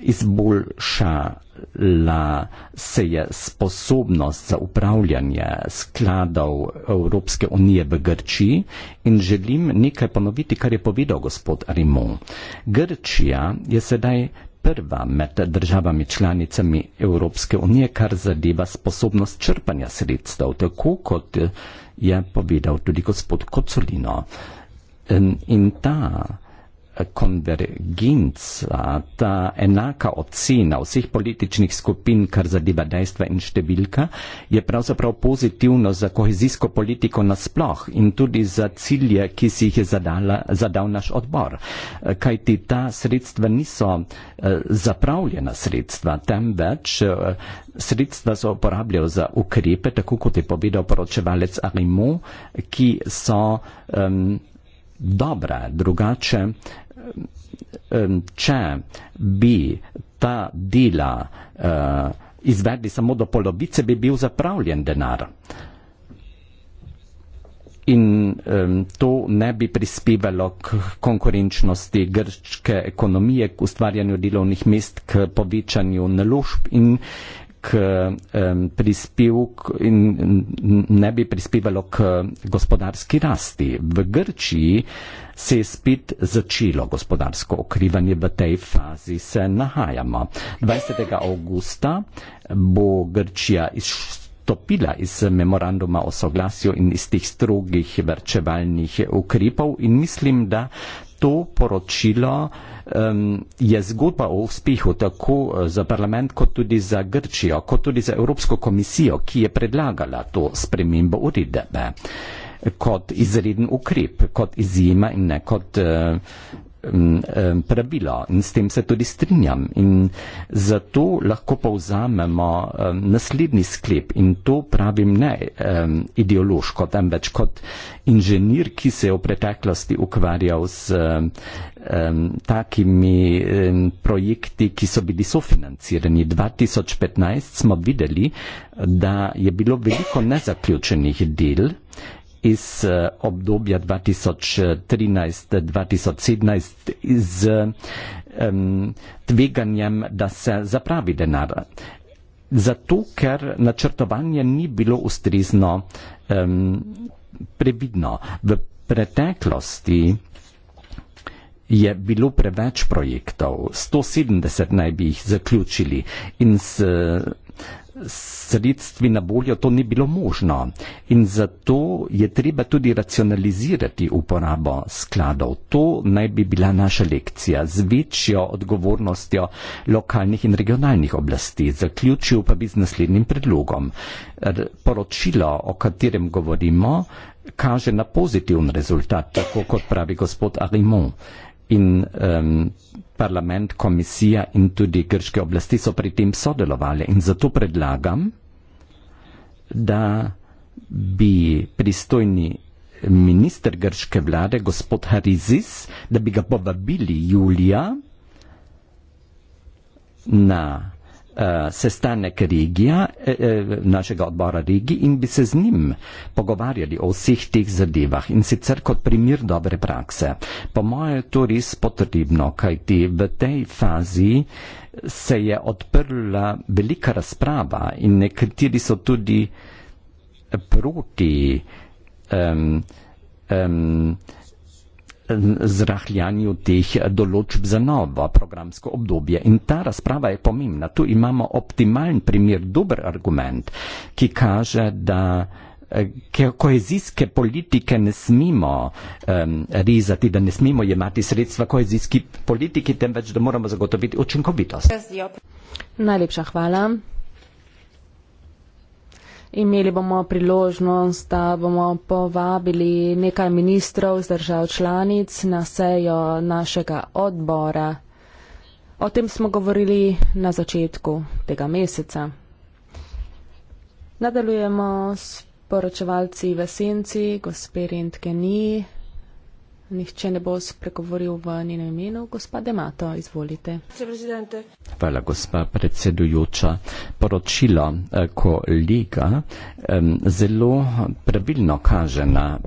izboljšala se je sposobnost za upravljanje skladov Evropske unije v Grčiji in želim nekaj ponoviti, kar je povedal gospod Arimon. Grčija je sedaj prva med državami članicami Evropske unije, kar zadeva sposobnost črpanja sredstev, tako kot je povedal tudi gospod Kocolino. In, in ta konvergenc, ta enaka ocena vseh političnih skupin, kar zadeva dejstva in številka, je pravzaprav pozitivno za kohezijsko politiko nasploh in tudi za cilje, ki si jih je zadala, zadal naš odbor. Kaj ti ta sredstva niso eh, zapravljena sredstva, temveč eh, sredstva so uporabljajo za ukrepe, tako kot je povedal poročevalec Arimo, ki so um, dobra, drugače Ehm, če bi ta dela eh, izvedli samo do polovice, bi bil zapravljen denar. In um, to ne bi prispevalo k konkurenčnosti grčke ekonomije, k ustvarjanju delovnih mest, k povečanju naložb in k prispevku in ne bi prispevalo k gospodarski rasti. V Grčiji se je spet začelo gospodarsko okrivanje, v tej fazi se nahajamo. 20. augusta bo Grčija izstopila iz memoranduma o soglasju in iz teh strogih vrčevalnih ukrepov in mislim, da to poročilo um, je zgodba o uspehu tako eh, za parlament, kot tudi za Grčijo, kot tudi za Evropsko komisijo, ki je predlagala to spremembo uredbe kot izreden ukrep, kot izjema in ne kot uh, pravilo in s tem se tudi strinjam. In zato lahko povzamemo naslednji sklep in to pravim ne ideološko, temveč kot inženir, ki se je v preteklosti ukvarjal s takimi projekti, ki so bili sofinancirani. 2015 smo videli, da je bilo veliko nezaključenih del iz eh, obdobja 2013-2017 z um, tveganjem, da se zapravi denar. Zato, ker načrtovanje ni bilo ustrezno um, previdno. V preteklosti je bilo preveč projektov, 170 naj bi jih zaključili in s. Uh, sredstvi na voljo, to ni bilo možno. In zato je treba tudi racionalizirati uporabo skladov. To naj bi bila naša lekcija z večjo odgovornostjo lokalnih in regionalnih oblasti. Zaključil pa bi z naslednjim predlogom. Poročilo, o katerem govorimo, kaže na pozitiven rezultat, tako kot pravi gospod Arimont in um, parlament, komisija in tudi grške oblasti so pri tem sodelovali in zato predlagam, da bi pristojni minister grške vlade, gospod Harizis, da bi ga povabili julija na Eh, sestanek regija, eh, eh, našega odbora regij in bi se z njim pogovarjali o vseh teh zadevah in sicer kot primir dobre prakse. Po moje je to res potrebno, kajti v tej fazi se je odprla velika razprava in nekateri so tudi proti um, um, z rahljanju teh določb za novo programsko obdobje. In ta razprava je pomembna. Tu imamo optimalen primer, dober argument, ki kaže, da eh, kohezijske politike ne smemo um, rezati, da ne smemo jemati sredstva kohezijski politiki, temveč da moramo zagotoviti učinkovitost. Najlepša hvala. Imeli bomo priložnost, da bomo povabili nekaj ministrov z držav članic na sejo našega odbora. O tem smo govorili na začetku tega meseca. Nadaljujemo s poročevalci v senci, gospe Rentgeni. Nihče ne bo spregovoril v njenem imenu. Gospa Demato, izvolite. Hvala, gospa predsedujoča. Poročilo eh, kolega zelo pravilno kaže na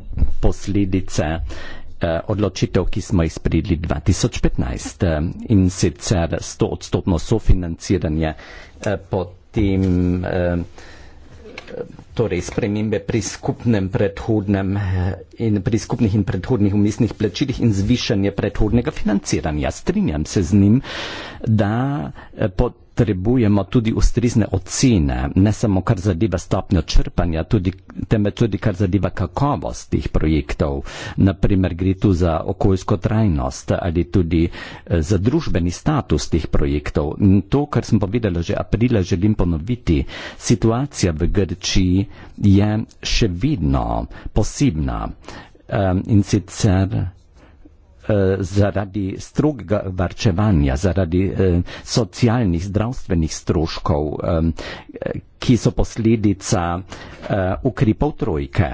posledice eh, odločitev, ki smo jih sprejeli 2015 in sicer 100 odstotno sofinanciranje eh, potem torej spremembe pri skupnem predhodnem eh, in pri skupnih in predhodnih umestnih plačilih in zvišanje predhodnega financiranja. Strinjam se z njim, da eh, pod potrebujemo tudi ustrizne ocene, ne samo kar zadeva stopnjo črpanja, tudi, temveč tudi kar zadeva kakovost teh projektov. Naprimer, gre tu za okoljsko trajnost ali tudi eh, za družbeni status teh projektov. In to, kar sem povedala že aprila, želim ponoviti. Situacija v Grčiji je še vedno posebna. Eh, in sicer Eh, zaradi strogega varčevanja, zaradi eh, socialnih, zdravstvenih stroškov, eh, ki so posledica ukrepov trojke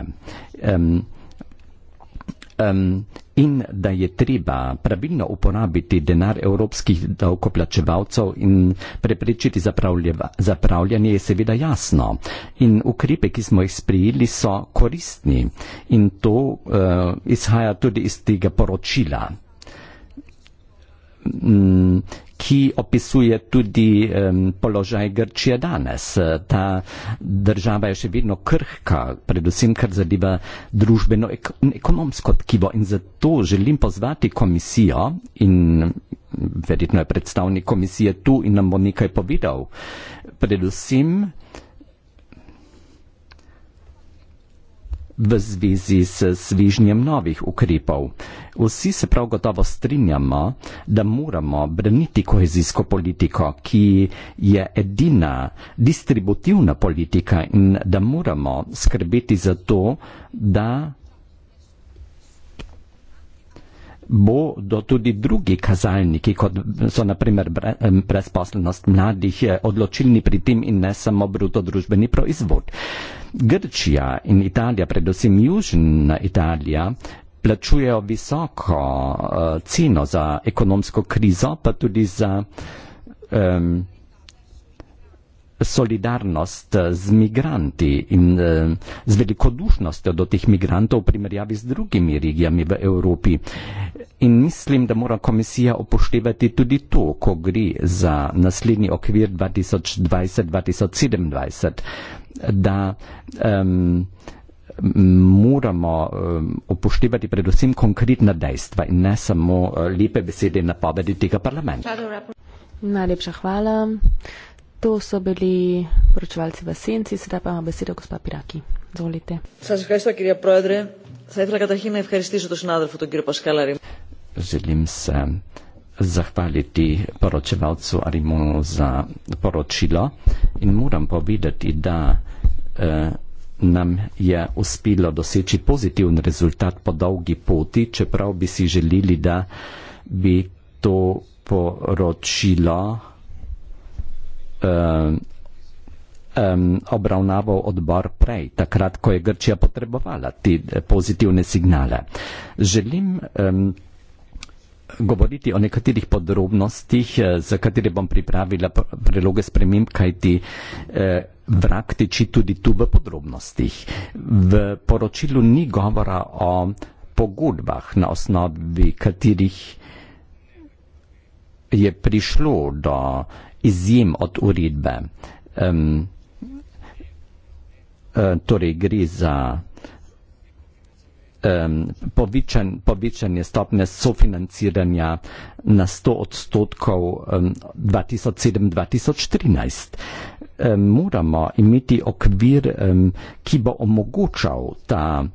um, in da je treba pravilno uporabiti denar evropskih davkoplačevalcev in preprečiti zapravljeva, zapravljanje, je seveda jasno. In ukrepe, ki smo jih sprijeli, so koristni in to uh, izhaja tudi iz tega poročila. Mm, ki opisuje tudi um, položaj Grčije danes. Ta država je še vedno krhka, predvsem kar zadeva družbeno in ekonomsko tkivo in zato želim pozvati komisijo in verjetno je predstavnik komisije tu in nam bo nekaj povedal. Predvsem v zvezi s svižnjem novih ukrepov. Vsi se prav gotovo strinjamo, da moramo braniti kohezijsko politiko, ki je edina distributivna politika in da moramo skrbeti za to, da bodo tudi drugi kazalniki, kot so naprimer brezposlenost mladih, odločilni pri tem in ne samo bruto družbeni proizvod. Grčija in Italija, predvsem južna Italija, plačujejo visoko uh, ceno za ekonomsko krizo, pa tudi za um, solidarnost eh, z migranti in uh, z velikodušnostjo do teh migrantov v primerjavi z drugimi regijami v Evropi. In mislim, da mora komisija upoštevati tudi to, ko gre za naslednji okvir 2020-2027 da um, moramo um, upoštevati predvsem konkretna dejstva in ne samo uh, lepe besede in napovedi tega parlamenta. Najlepša hvala. To so bili poročevalci v senci, sedaj pa ima besedo gospa Piraki. Zvolite. Želim se zahvaliti poročevalcu Arimonu za poročilo in moram povedati, da eh, nam je uspelo doseči pozitiven rezultat po dolgi poti, čeprav bi si želeli, da bi to poročilo eh, eh, obravnaval odbor prej, takrat, ko je Grčija potrebovala te eh, pozitivne signale. Želim eh, govoriti o nekaterih podrobnostih, eh, za katere bom pripravila preloge sprememb, kajti eh, vrak teči tudi tu v podrobnostih. V poročilu ni govora o pogodbah, na osnovi katerih je prišlo do izjem od uredbe. Um, Torej, gre za um, povičan, povičanje stopne sofinanciranja na 100 odstotkov um, 2007-2013. Um, moramo imeti okvir, um, ki bo omogočal ta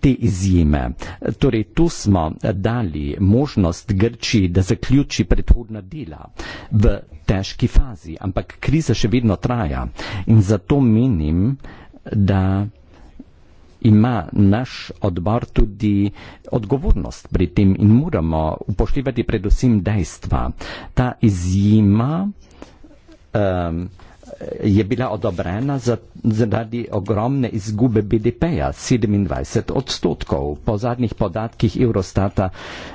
te izjeme. Torej, tu smo dali možnost Grči, da zaključi predhodna dela v težki fazi, ampak kriza še vedno traja in zato menim, da ima naš odbor tudi odgovornost pri tem in moramo upoštevati predvsem dejstva. Ta izjima um, ehm, je bila odobrena zaradi ogromne izgube BDP-ja 27 odstotkov. Po zadnjih podatkih Eurostata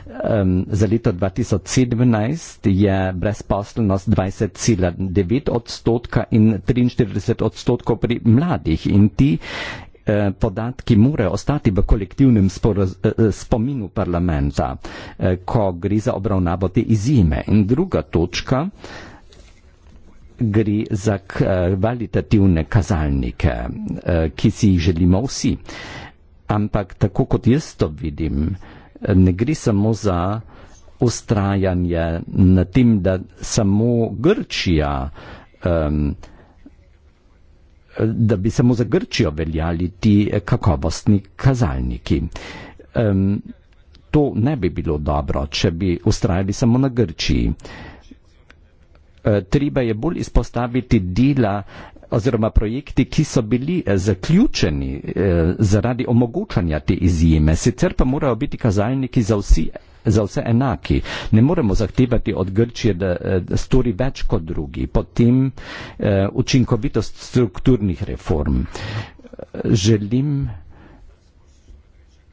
um, za leto 2017 je brezposelnost 20,9 odstotka in 43 odstotkov pri mladih in ti Eh, podatki more ostati v kolektivnem eh, eh, spominu parlamenta, ko gre za obravnavo te izjeme. In druga točka gre za kvalitativne kazalnike, ki si jih želimo vsi. Ampak tako kot jaz to vidim, ne gre samo za ustrajanje na tem, da samo Grčija um, da bi samo za Grčijo veljali ti eh, kakovostni kazalniki. Um, to ne bi bilo dobro, če bi ustrajali samo na Grčiji. Eh, treba je bolj izpostaviti dela oziroma projekti, ki so bili eh, zaključeni zaradi omogočanja te izjeme. Sicer pa morajo biti kazalniki za vsi za vse enaki. Ne moremo zahtevati od Grčije, da eh, stori več kot drugi. Potem eh, učinkovitost strukturnih reform. Želim.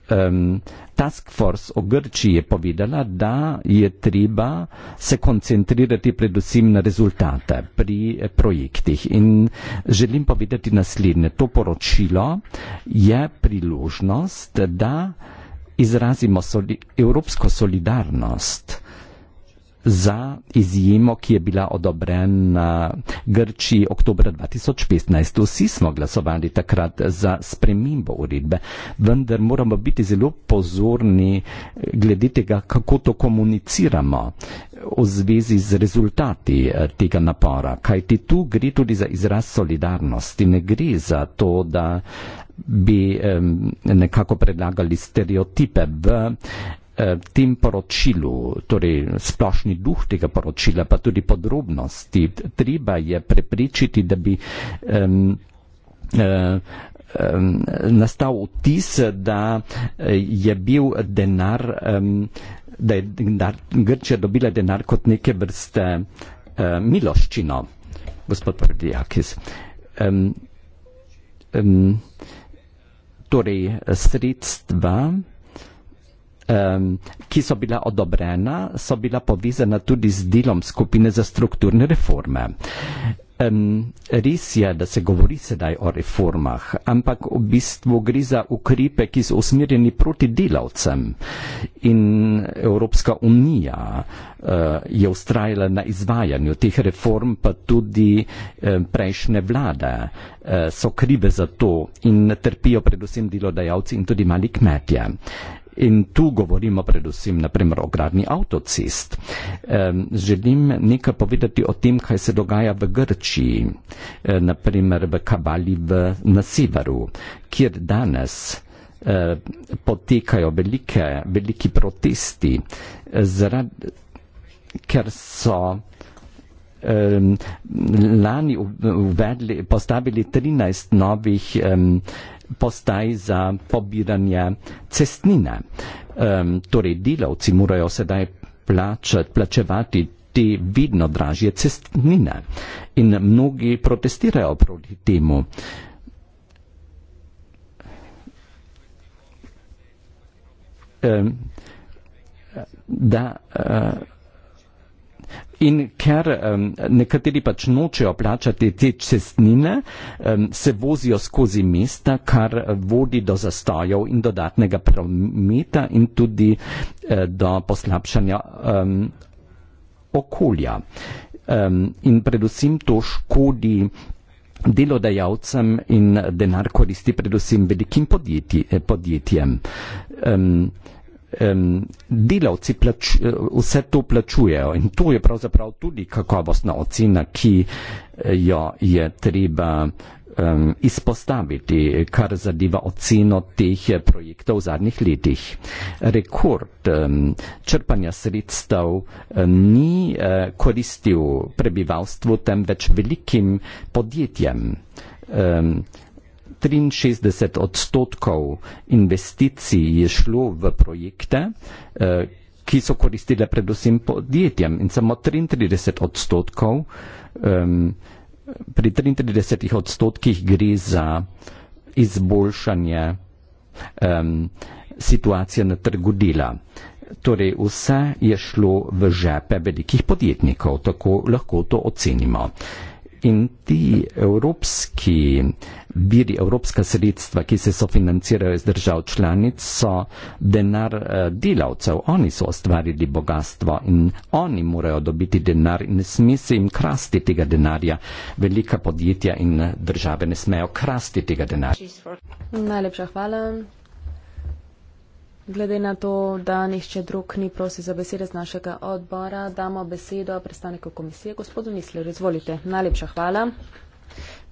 Um, task force o Grčiji je povedala, da je treba se koncentrirati predvsem na rezultate pri eh, projektih. In želim povedati naslednje. To poročilo je priložnost, da izrazimo soli, evropsko solidarnost za izjemo, ki je bila odobrena Grči oktober 2015. Vsi smo glasovali takrat za spremembo uredbe, vendar moramo biti zelo pozorni glede tega, kako to komuniciramo v zvezi z rezultati eh, tega napora. Kajti tu gre tudi za izraz solidarnosti, ne gre za to, da bi nekako predlagali stereotipe v tem poročilu, torej splošni duh tega poročila, pa tudi podrobnosti. Treba je prepričiti, da bi um, um, nastal vtis, da eh, je bil denar, um, da je Grčija dobila denar kot neke vrste um, miloščino, gospod Prodijakis. Um, um, torej sredstva, ki so bila odobrena, so bila povezana tudi z delom skupine za strukturne reforme. Um, res je, da se govori sedaj o reformah, ampak v bistvu gre za ukrepe, ki so usmerjeni proti delavcem in Evropska unija uh, je ustrajala na izvajanju teh reform, pa tudi um, prejšnje vlade uh, so krive za to in trpijo predvsem delodajalci in tudi mali kmetje. In tu govorimo predvsem naprimer, o gradni avtocest. E, želim nekaj povedati o tem, kaj se dogaja v Grčiji, e, eh, naprimer v Kabali v, na severu, kjer danes e, potekajo velike, veliki protesti, eh, zarad, ker so e, lani uvedli, postavili 13 novih. E, postaj za pobiranje cestnine. Um, torej delavci morajo sedaj plačati, plačevati te vidno dražje cestnine in mnogi protestirajo proti temu. Um, da uh, In ker um, nekateri pač nočejo plačati te cestnine, um, se vozijo skozi mesta, kar vodi do zastojev in dodatnega prometa in tudi uh, do poslabšanja um, okolja. Um, in predvsem to škodi delodajalcem in denar koristi predvsem velikim eh, podjetjem. Um, um, delavci plač, eh, vse to plačujejo in to je pravzaprav tudi kakovostna ocena, ki eh, jo je treba um, izpostaviti, kar zadeva oceno teh eh, projektov v zadnjih letih. Rekord um, črpanja sredstev um, ni uh, koristil prebivalstvu, temveč velikim podjetjem. Um, 63 odstotkov investicij je šlo v projekte, eh, ki so koristile predvsem podjetjem in samo 33 odstotkov, pri 33 odstotkih gre za izboljšanje situacije na trgu dela. Torej vse je šlo v žepe velikih podjetnikov, tako lahko to ocenimo in ti evropski viri, evropska sredstva, ki se sofinancirajo iz držav članic, so denar eh, delavcev. Oni so ustvarili bogatstvo in oni morajo dobiti denar in ne sme se jim krasti tega denarja. Velika podjetja in eh, države ne smejo krasti tega denarja. Najlepša hvala. Glede na to, da nišče drug ni prosil za besede z našega odbora, damo besedo predstavniku komisije, gospodu Nisleru. Izvolite. Najlepša hvala.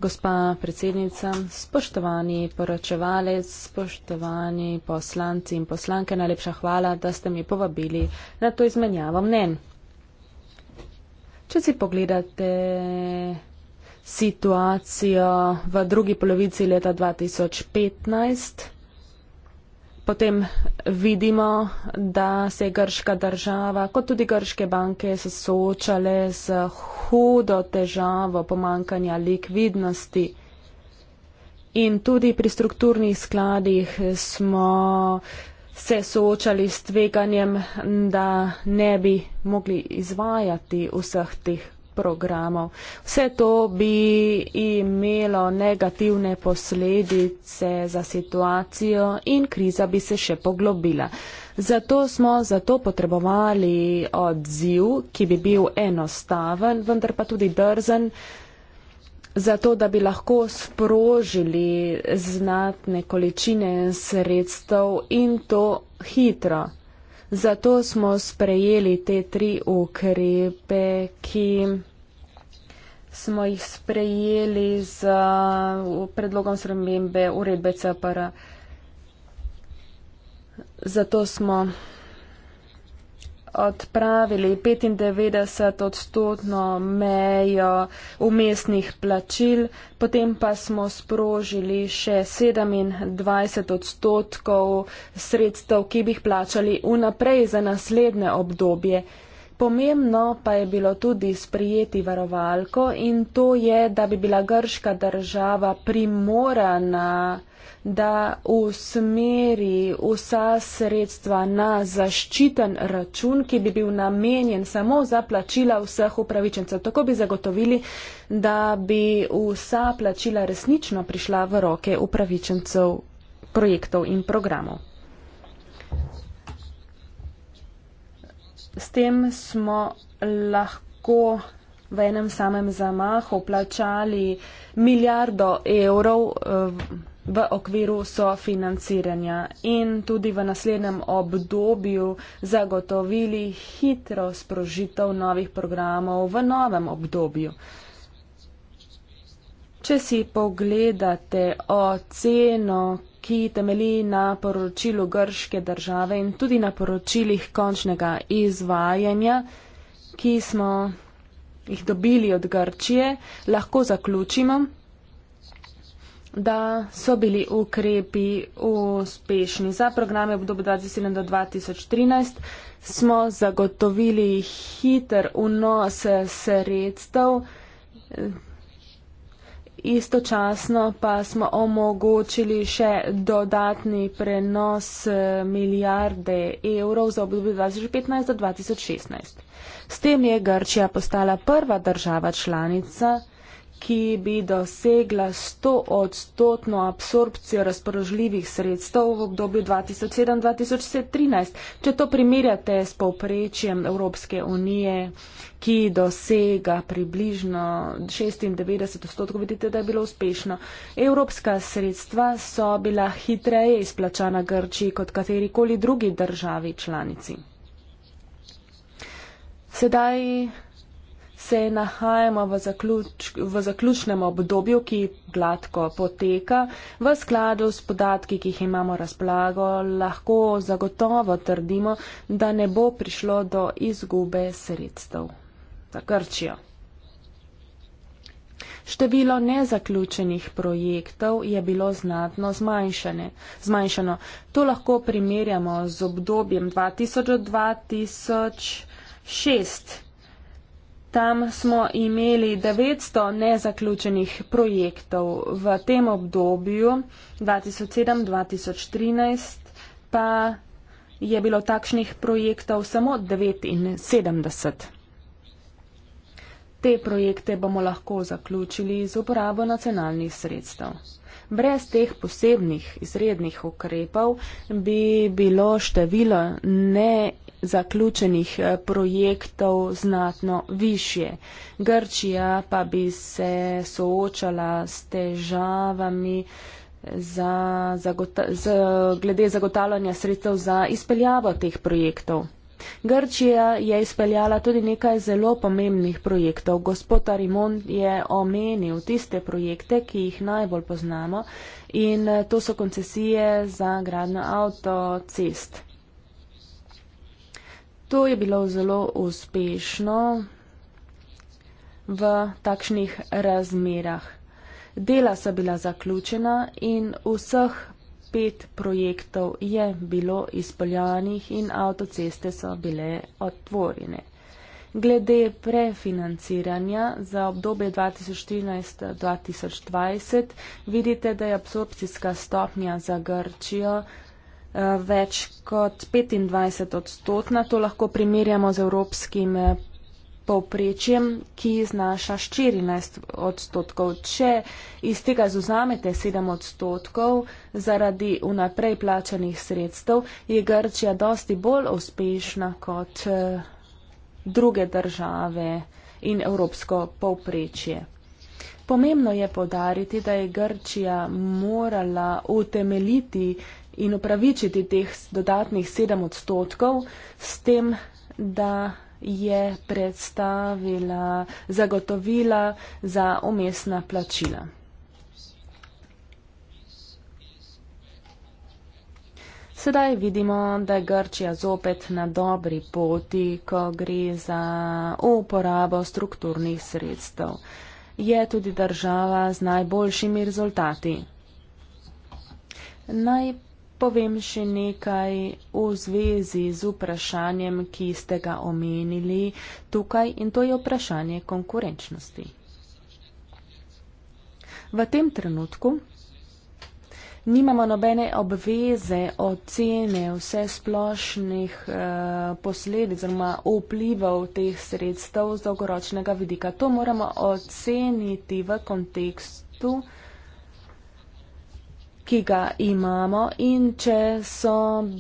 Gospa predsednica, spoštovani poročevalec, spoštovani poslanci in poslanke, najlepša hvala, da ste mi povabili na to izmenjavo mnen. Če si pogledate situacijo v drugi polovici leta 2015, potem vidimo, da se je grška država, kot tudi grške banke, soočale z hudo težavo pomankanja likvidnosti. In tudi pri strukturnih skladih smo se soočali s tveganjem, da ne bi mogli izvajati vseh teh programov. Vse to bi imelo negativne posledice za situacijo in kriza bi se še poglobila. Zato smo zato potrebovali odziv, ki bi bil enostaven, vendar pa tudi drzen, zato da bi lahko sprožili znatne količine sredstev in to hitro. Zato smo sprejeli te tri ukrepe, ki smo jih sprejeli z predlogom spremembe uredbe CPR. Zato smo odpravili 95 odstotno mejo umestnih plačil, potem pa smo sprožili še 27 odstotkov sredstev, ki bi jih plačali vnaprej za naslednje obdobje. Pomembno pa je bilo tudi sprijeti varovalko in to je, da bi bila grška država primorana da usmeri vsa sredstva na zaščiten račun, ki bi bil namenjen samo za plačila vseh upravičencev. Tako bi zagotovili, da bi vsa plačila resnično prišla v roke upravičencev projektov in programov. S tem smo lahko v enem samem zamahu plačali milijardo evrov. Eh, v okviru sofinanciranja in tudi v naslednjem obdobju zagotovili hitro sprožitev novih programov v novem obdobju. Če si pogledate oceno, ki temeli na poročilu grške države in tudi na poročilih končnega izvajanja, ki smo jih dobili od Grčije, lahko zaključimo, da so bili ukrepi uspešni. Za programe obdobje 2007-2013 smo zagotovili hiter vnos sredstev, istočasno pa smo omogočili še dodatni prenos eh, milijarde evrov za obdobje 2015-2016. S tem je Grčija postala prva država članica ki bi dosegla 100 odstotno absorpcijo razpoložljivih sredstev v obdobju 2007-2013. Če to primerjate s povprečjem Evropske unije, ki dosega približno 96 odstotkov, vidite, da je bilo uspešno. Evropska sredstva so bila hitreje izplačana Grčiji kot katerikoli drugi državi članici. Sedaj se nahajamo v, zaključ, v zaključnem obdobju, ki gladko poteka. V skladu s podatki, ki jih imamo razplago, lahko zagotovo trdimo, da ne bo prišlo do izgube sredstev za Grčijo. Število nezaključenih projektov je bilo znatno zmanjšane. zmanjšano. To lahko primerjamo z obdobjem 2000-2006. Tam smo imeli 900 nezaključenih projektov v tem obdobju 2007-2013, pa je bilo takšnih projektov samo 79. Te projekte bomo lahko zaključili z uporabo nacionalnih sredstev. Brez teh posebnih izrednih ukrepov bi bilo število ne zaključenih eh, projektov znatno više. Grčija pa bi se soočala s težavami za, za, z, glede zagotavljanja sredstev za izpeljavo teh projektov. Grčija je izpeljala tudi nekaj zelo pomembnih projektov. Gospod Arimond je omenil tiste projekte, ki jih najbolj poznamo in eh, to so koncesije za gradno avtocest. To je bilo zelo uspešno v takšnih razmerah. Dela so bila zaključena in vseh pet projektov je bilo izpeljanih in avtoceste so bile otvorjene. Glede prefinanciranja za obdobje 2014-2020 vidite, da je absorpcijska stopnja za Grčijo Eh, več kot 25 odstotna. To lahko primerjamo z evropskim eh, povprečjem, ki znaša 14 odstotkov. Če iz tega zuzamete 7 odstotkov zaradi vnaprej plačanih sredstev, je Grčija dosti bolj uspešna kot eh, druge države in evropsko povprečje. Pomembno je podariti, da je Grčija morala utemeliti in upravičiti teh dodatnih sedem odstotkov s tem, da je predstavila zagotovila za umestna plačila. Sedaj vidimo, da je Grčija zopet na dobri poti, ko gre za uporabo strukturnih sredstev. Je tudi država z najboljšimi rezultati. Najprej povem še nekaj v zvezi z vprašanjem, ki ste ga omenili tukaj in to je vprašanje konkurenčnosti. V tem trenutku nimamo nobene obveze ocene vse splošnih eh, posledic oziroma vplivov teh sredstev z dolgoročnega vidika. To moramo oceniti v kontekstu eh, ki ga imamo in če so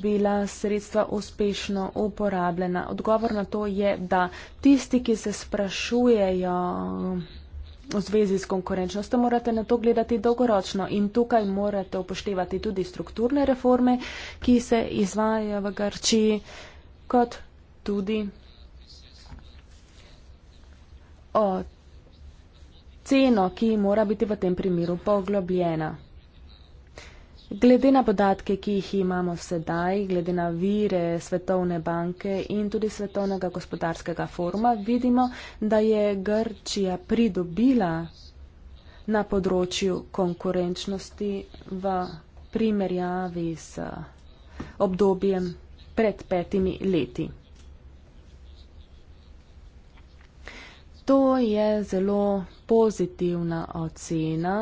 bila sredstva uspešno uporabljena. Odgovor na to je, da tisti, ki se sprašujejo v zvezi s konkurenčnostjo, morate na to gledati dolgoročno in tukaj morate upoštevati tudi strukturne reforme, ki se izvajajo v Grčiji, kot tudi o ceno, ki mora biti v tem primeru poglobljena. Glede na podatke, ki jih imamo sedaj, glede na vire Svetovne banke in tudi Svetovnega gospodarskega foruma, vidimo, da je Grčija pridobila na področju konkurenčnosti v primerjavi s obdobjem pred petimi leti. To je zelo pozitivna ocena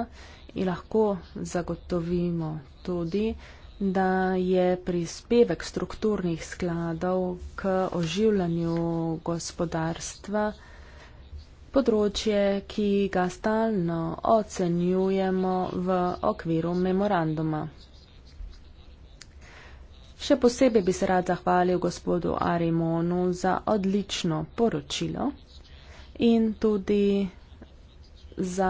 in lahko zagotovimo tudi, da je prispevek strukturnih skladov k oživljanju gospodarstva področje, ki ga stalno ocenjujemo v okviru memoranduma. Še posebej bi se rad zahvalil gospodu Arimonu za odlično poročilo in tudi za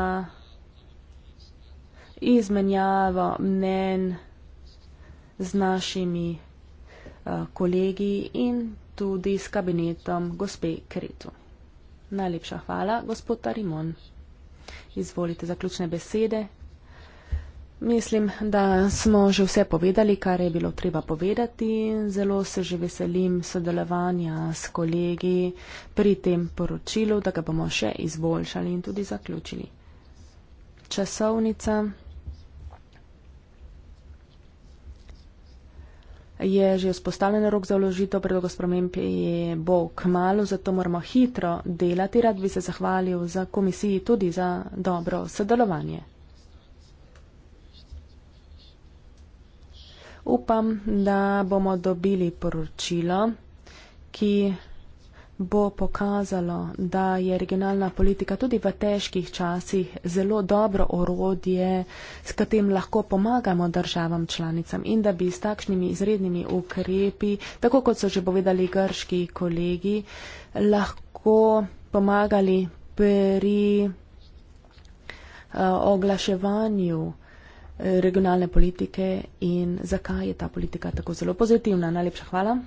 izmenjava mnen z našimi uh, kolegi in tudi s kabinetom gospe Kretu. Najlepša hvala, gospod Tarimon. Izvolite zaključne besede. Mislim, da smo že vse povedali, kar je bilo treba povedati. Zelo se že veselim sodelovanja s kolegi pri tem poročilu, da ga bomo še izboljšali in tudi zaključili. Časovnica. je že vzpostavljen rok za vložitev predloga sprememb in bo k malu, zato moramo hitro delati. Rad bi se zahvalil za komisiji tudi za dobro sodelovanje. Upam, da bomo dobili poročilo, ki bo pokazalo, da je regionalna politika tudi v težkih časih zelo dobro orodje, s katerim lahko pomagamo državam članicam in da bi s takšnimi izrednimi ukrepi, tako kot so že povedali grški kolegi, lahko pomagali pri eh, oglaševanju eh, regionalne politike in zakaj je ta politika tako zelo pozitivna. Najlepša hvala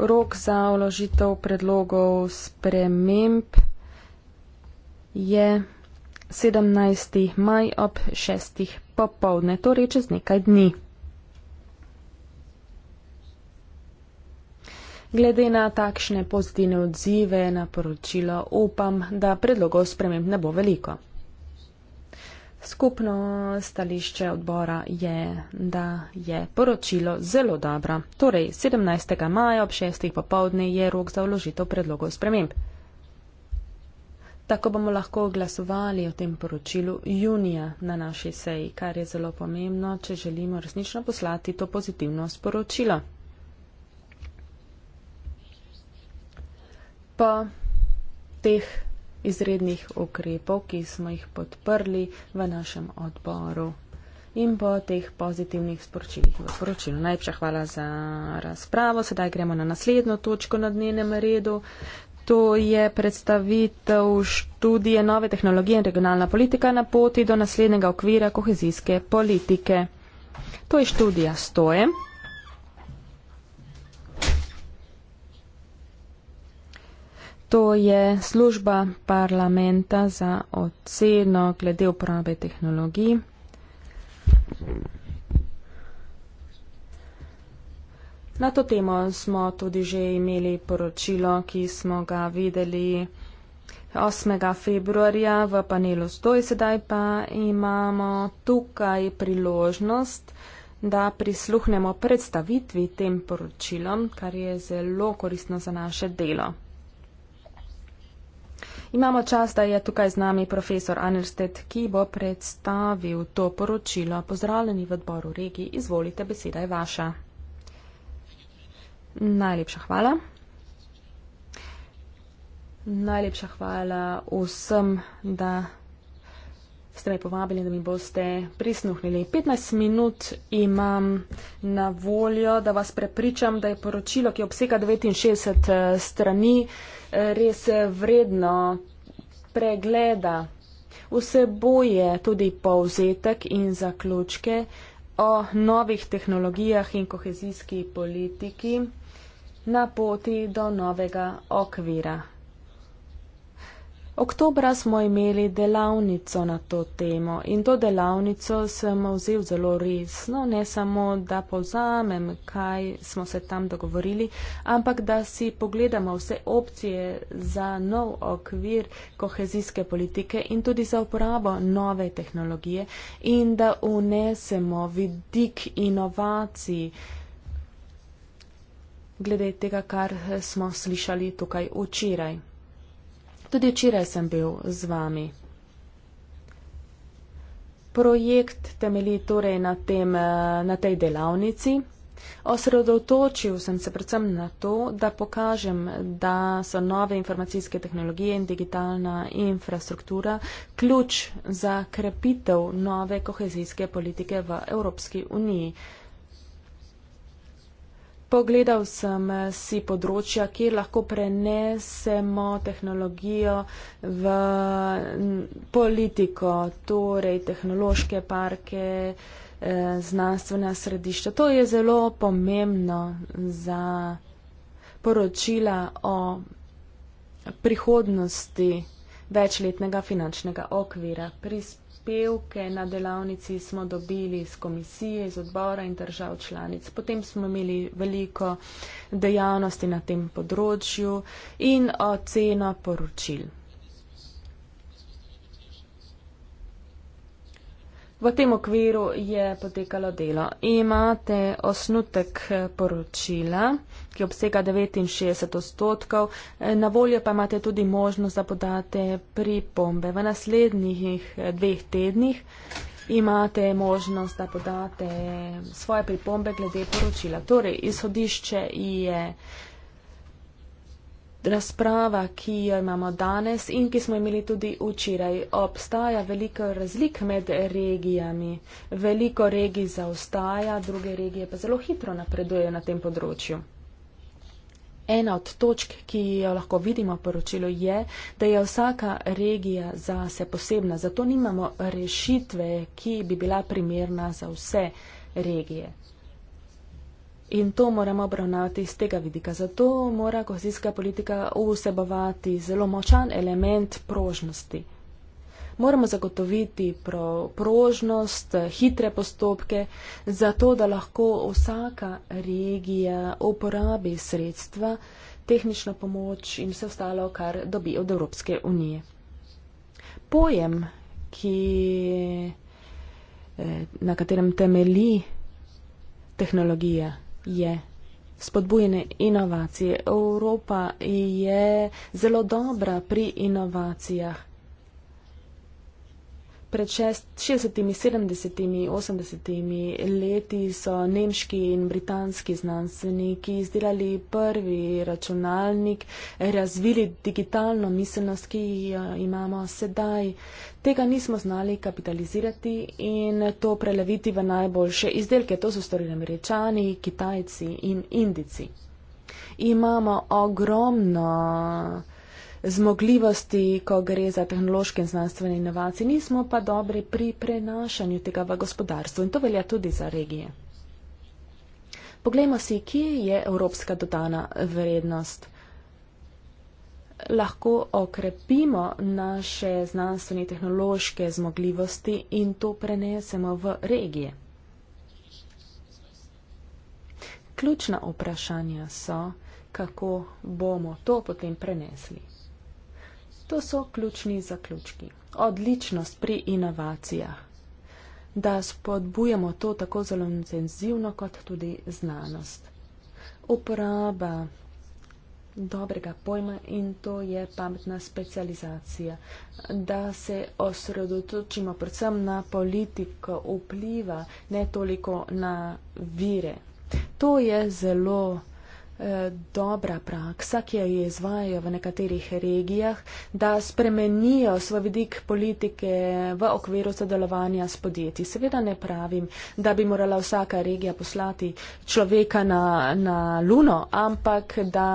rok za vložitev predlogov sprememb je 17. maj ob 6. popovdne, torej čez nekaj dni. Glede na takšne pozitivne odzive na poročilo upam, da predlogov sprememb ne bo veliko. Skupno stališče odbora je, da je poročilo zelo dobro. Torej, 17. maja ob 6. popovdne je rok za vložitev predlogov sprememb. Tako bomo lahko glasovali o tem poročilu junija na naši seji, kar je zelo pomembno, če želimo resnično poslati to pozitivno sporočilo. Po teh izrednih ukrepov, ki smo jih podprli v našem odboru in po teh pozitivnih sporočilih v poročilu. Najlepša hvala za razpravo. Sedaj gremo na naslednjo točko na dnevnem redu. To je predstavitev študije nove tehnologije in regionalna politika na poti do naslednjega okvira kohezijske politike. To je študija 100. To je služba parlamenta za oceno glede uporabe tehnologij. Na to temo smo tudi že imeli poročilo, ki smo ga videli 8. februarja v panelu 100. Sedaj pa imamo tukaj priložnost, da prisluhnemo predstavitvi tem poročilom, kar je zelo koristno za naše delo. Imamo čas, da je tukaj z nami profesor Anerstedt, ki bo predstavil to poročilo. Pozdravljeni v odboru regiji, izvolite, beseda je vaša. Najlepša hvala. Najlepša hvala vsem, da ste me povabili, da mi boste prisluhnili. 15 minut imam na voljo, da vas prepričam, da je poročilo, ki obsega 69 eh, strani, res vredno pregleda. Vseboje tudi povzetek in zaključke o novih tehnologijah in kohezijski politiki na poti do novega okvira. Oktobra smo imeli delavnico na to temo in to delavnico sem vzel zelo resno, ne samo, da povzamem, kaj smo se tam dogovorili, ampak da si pogledamo vse opcije za nov okvir kohezijske politike in tudi za uporabo nove tehnologije in da unesemo vidik inovacij glede tega, kar smo slišali tukaj včeraj. Tudi včeraj sem bil z vami. Projekt temelji torej na, tem, eh, na tej delavnici. Osredotočil sem se predvsem na to, da pokažem, da so nove informacijske tehnologije in digitalna infrastruktura ključ za krepitev nove kohezijske politike v Evropski uniji. Pogledal sem eh, si področja, kjer lahko prenesemo tehnologijo v politiko, torej tehnološke parke, eh, znanstvena središča. To je zelo pomembno za poročila o prihodnosti večletnega finančnega okvira. Prispe prispevke na delavnici smo dobili z komisije, z odbora in držav članic. Potem smo imeli veliko dejavnosti na tem področju in oceno poročil. V tem okviru je potekalo delo. Imate osnutek poročila ki obsega 69 odstotkov. Eh, na voljo pa imate tudi možnost, da podate pripombe. V naslednjih eh, dveh tednih imate možnost, da podate svoje pripombe glede poročila. Torej, izhodišče je. Razprava, ki jo imamo danes in ki smo imeli tudi včeraj, obstaja veliko razlik med regijami. Veliko regij zaostaja, druge regije pa zelo hitro napredujejo na tem področju ena od točk, ki jo lahko vidimo v poročilu, je, da je vsaka regija za se posebna, zato nimamo rešitve, ki bi bila primerna za vse regije. In to moramo obravnavati iz tega vidika. Zato mora kohezijska politika vsebovati zelo močan element prožnosti moramo zagotoviti pro, prožnost, hitre postopke, zato da lahko vsaka regija uporabi sredstva, tehnično pomoč in vse ostalo, kar dobi od Evropske unije. Pojem, ki, eh, na katerem temeli tehnologija, je spodbujene inovacije. Evropa je zelo dobra pri inovacijah pred 60, 70, 80 leti so nemški in britanski znanstveniki izdelali prvi računalnik, razvili digitalno miselnost, ki jo imamo sedaj. Tega nismo znali kapitalizirati in to preleviti v najboljše izdelke. To so storili američani, kitajci in indici. Imamo ogromno zmogljivosti, ko gre za tehnološke in znanstvene inovacije, nismo pa dobri pri prenašanju tega v gospodarstvo in to velja tudi za regije. Poglejmo si, kje je evropska dodana vrednost. Lahko okrepimo naše znanstvene in tehnološke zmogljivosti in to prenesemo v regije. Ključna vprašanja so, kako bomo to potem prenesli. To so ključni zaključki. Odličnost pri inovacijah. Da spodbujamo to tako zelo intenzivno kot tudi znanost. Uporaba dobrega pojma in to je pametna specializacija. Da se osredotočimo predvsem na politiko vpliva, ne toliko na vire. To je zelo Eh, dobra praksa, ki jo izvajajo v nekaterih regijah, da spremenijo svoj vidik politike v okviru sodelovanja s podjetji. Seveda ne pravim, da bi morala vsaka regija poslati človeka na, na luno, ampak da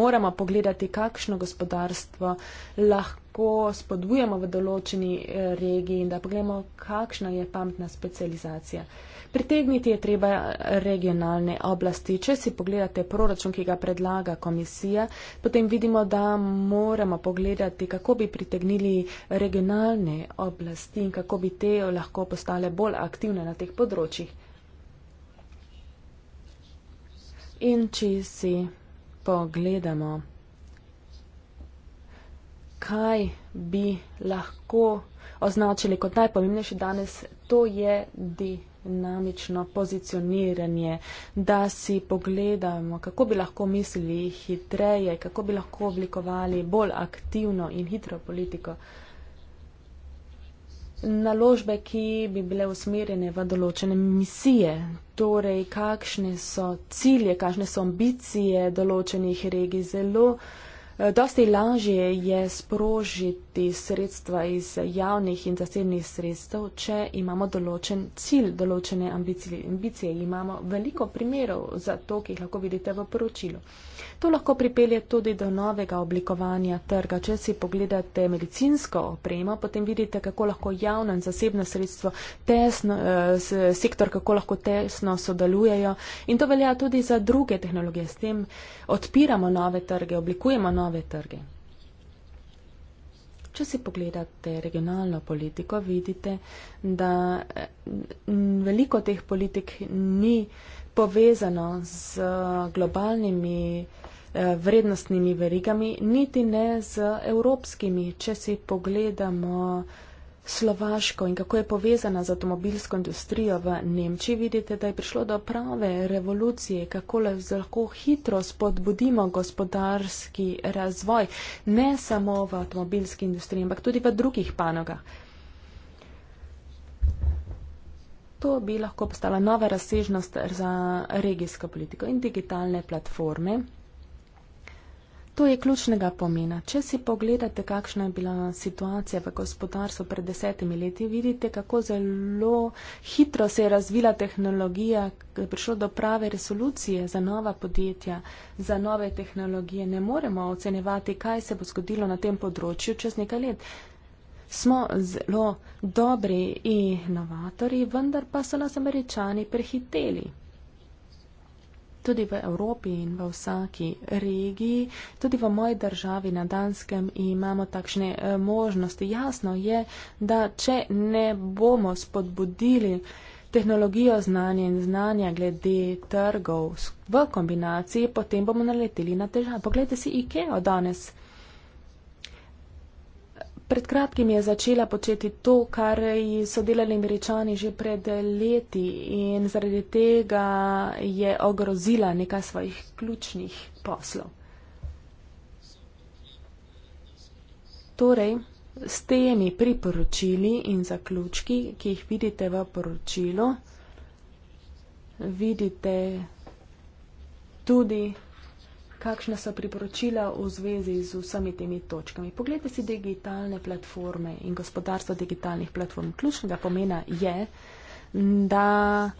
moramo pogledati, kakšno gospodarstvo lahko ko spodbujamo v določeni eh, regiji in da pogledamo, kakšna je pametna specializacija. Pritegniti je treba regionalne oblasti. Če si pogledate proračun, ki ga predlaga komisija, potem vidimo, da moramo pogledati, kako bi pritegnili regionalne oblasti in kako bi te lahko postale bolj aktivne na teh področjih. In če si pogledamo, kaj bi lahko označili kot najpomembnejši danes, to je di dinamično pozicioniranje, da si pogledamo, kako bi lahko mislili hitreje, kako bi lahko oblikovali bolj aktivno in hitro politiko. Naložbe, ki bi bile usmerjene v določene misije, torej kakšne so cilje, kakšne so ambicije določenih regij, zelo Eh, dosti lažje je sprožiti sredstva iz javnih in zasebnih sredstev, če imamo določen cilj, določene ambicije. ambicije. Imamo veliko primerov za to, ki jih lahko vidite v poročilu. To lahko pripelje tudi do novega oblikovanja trga. Če si pogledate medicinsko opremo, potem vidite, kako lahko javno in zasebno sredstvo, tesno, eh, sektor, kako lahko tesno sodelujejo. In to velja tudi za druge tehnologije. S tem odpiramo nove trge, oblikujemo nove nove trge. Če si pogledate regionalno politiko, vidite, da eh, veliko teh politik ni povezano z globalnimi eh, vrednostnimi verigami, niti ne z evropskimi. Če si pogledamo Slovaško in kako je povezana z avtomobilsko industrijo v Nemčiji, vidite, da je prišlo do prave revolucije, kako lahko hitro spodbudimo gospodarski razvoj, ne samo v avtomobilski industriji, ampak tudi v drugih panogah. To bi lahko postala nova razsežnost za regijsko politiko in digitalne platforme. To je ključnega pomena. Če si pogledate, kakšna je bila situacija v gospodarstvu pred desetimi leti, vidite, kako zelo hitro se je razvila tehnologija, ko je prišlo do prave resolucije za nova podjetja, za nove tehnologije. Ne moremo ocenevati, kaj se bo zgodilo na tem področju čez nekaj let. Smo zelo dobri inovatori, vendar pa so nas američani prehiteli tudi v Evropi in v vsaki regiji, tudi v moji državi na Danskem imamo takšne eh, možnosti. Jasno je, da če ne bomo spodbudili tehnologijo znanja in znanja glede trgov v kombinaciji, potem bomo naleteli na težave. Poglejte si IKEA danes. Pred kratkim je začela početi to, kar so delali američani že pred leti in zaradi tega je ogrozila nekaj svojih ključnih poslov. Torej, s temi priporočili in zaključki, ki jih vidite v poročilu, vidite tudi kakšna so priporočila v zvezi z vsemi temi točkami. Poglejte si digitalne platforme in gospodarstvo digitalnih platform. Ključnega pomena je, da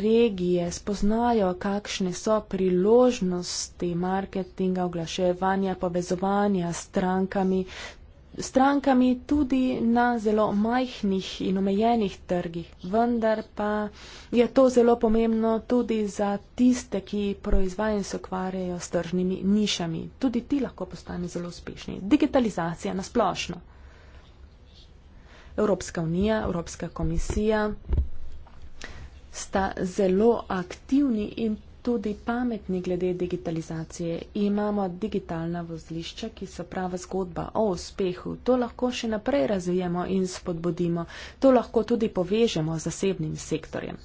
regije spoznajo, kakšne so priložnosti marketinga, oglaševanja, povezovanja s strankami, strankami tudi na zelo majhnih in omejenih trgih. Vendar pa je to zelo pomembno tudi za tiste, ki proizvajajo in se ukvarjajo s tržnimi nišami. Tudi ti lahko postane zelo uspešni. Digitalizacija na splošno. Evropska unija, Evropska komisija sta zelo aktivni in tudi pametni glede digitalizacije. Imamo digitalna vozlišča, ki so prava zgodba o uspehu. To lahko še naprej razvijamo in spodbudimo. To lahko tudi povežemo z zasebnim sektorjem.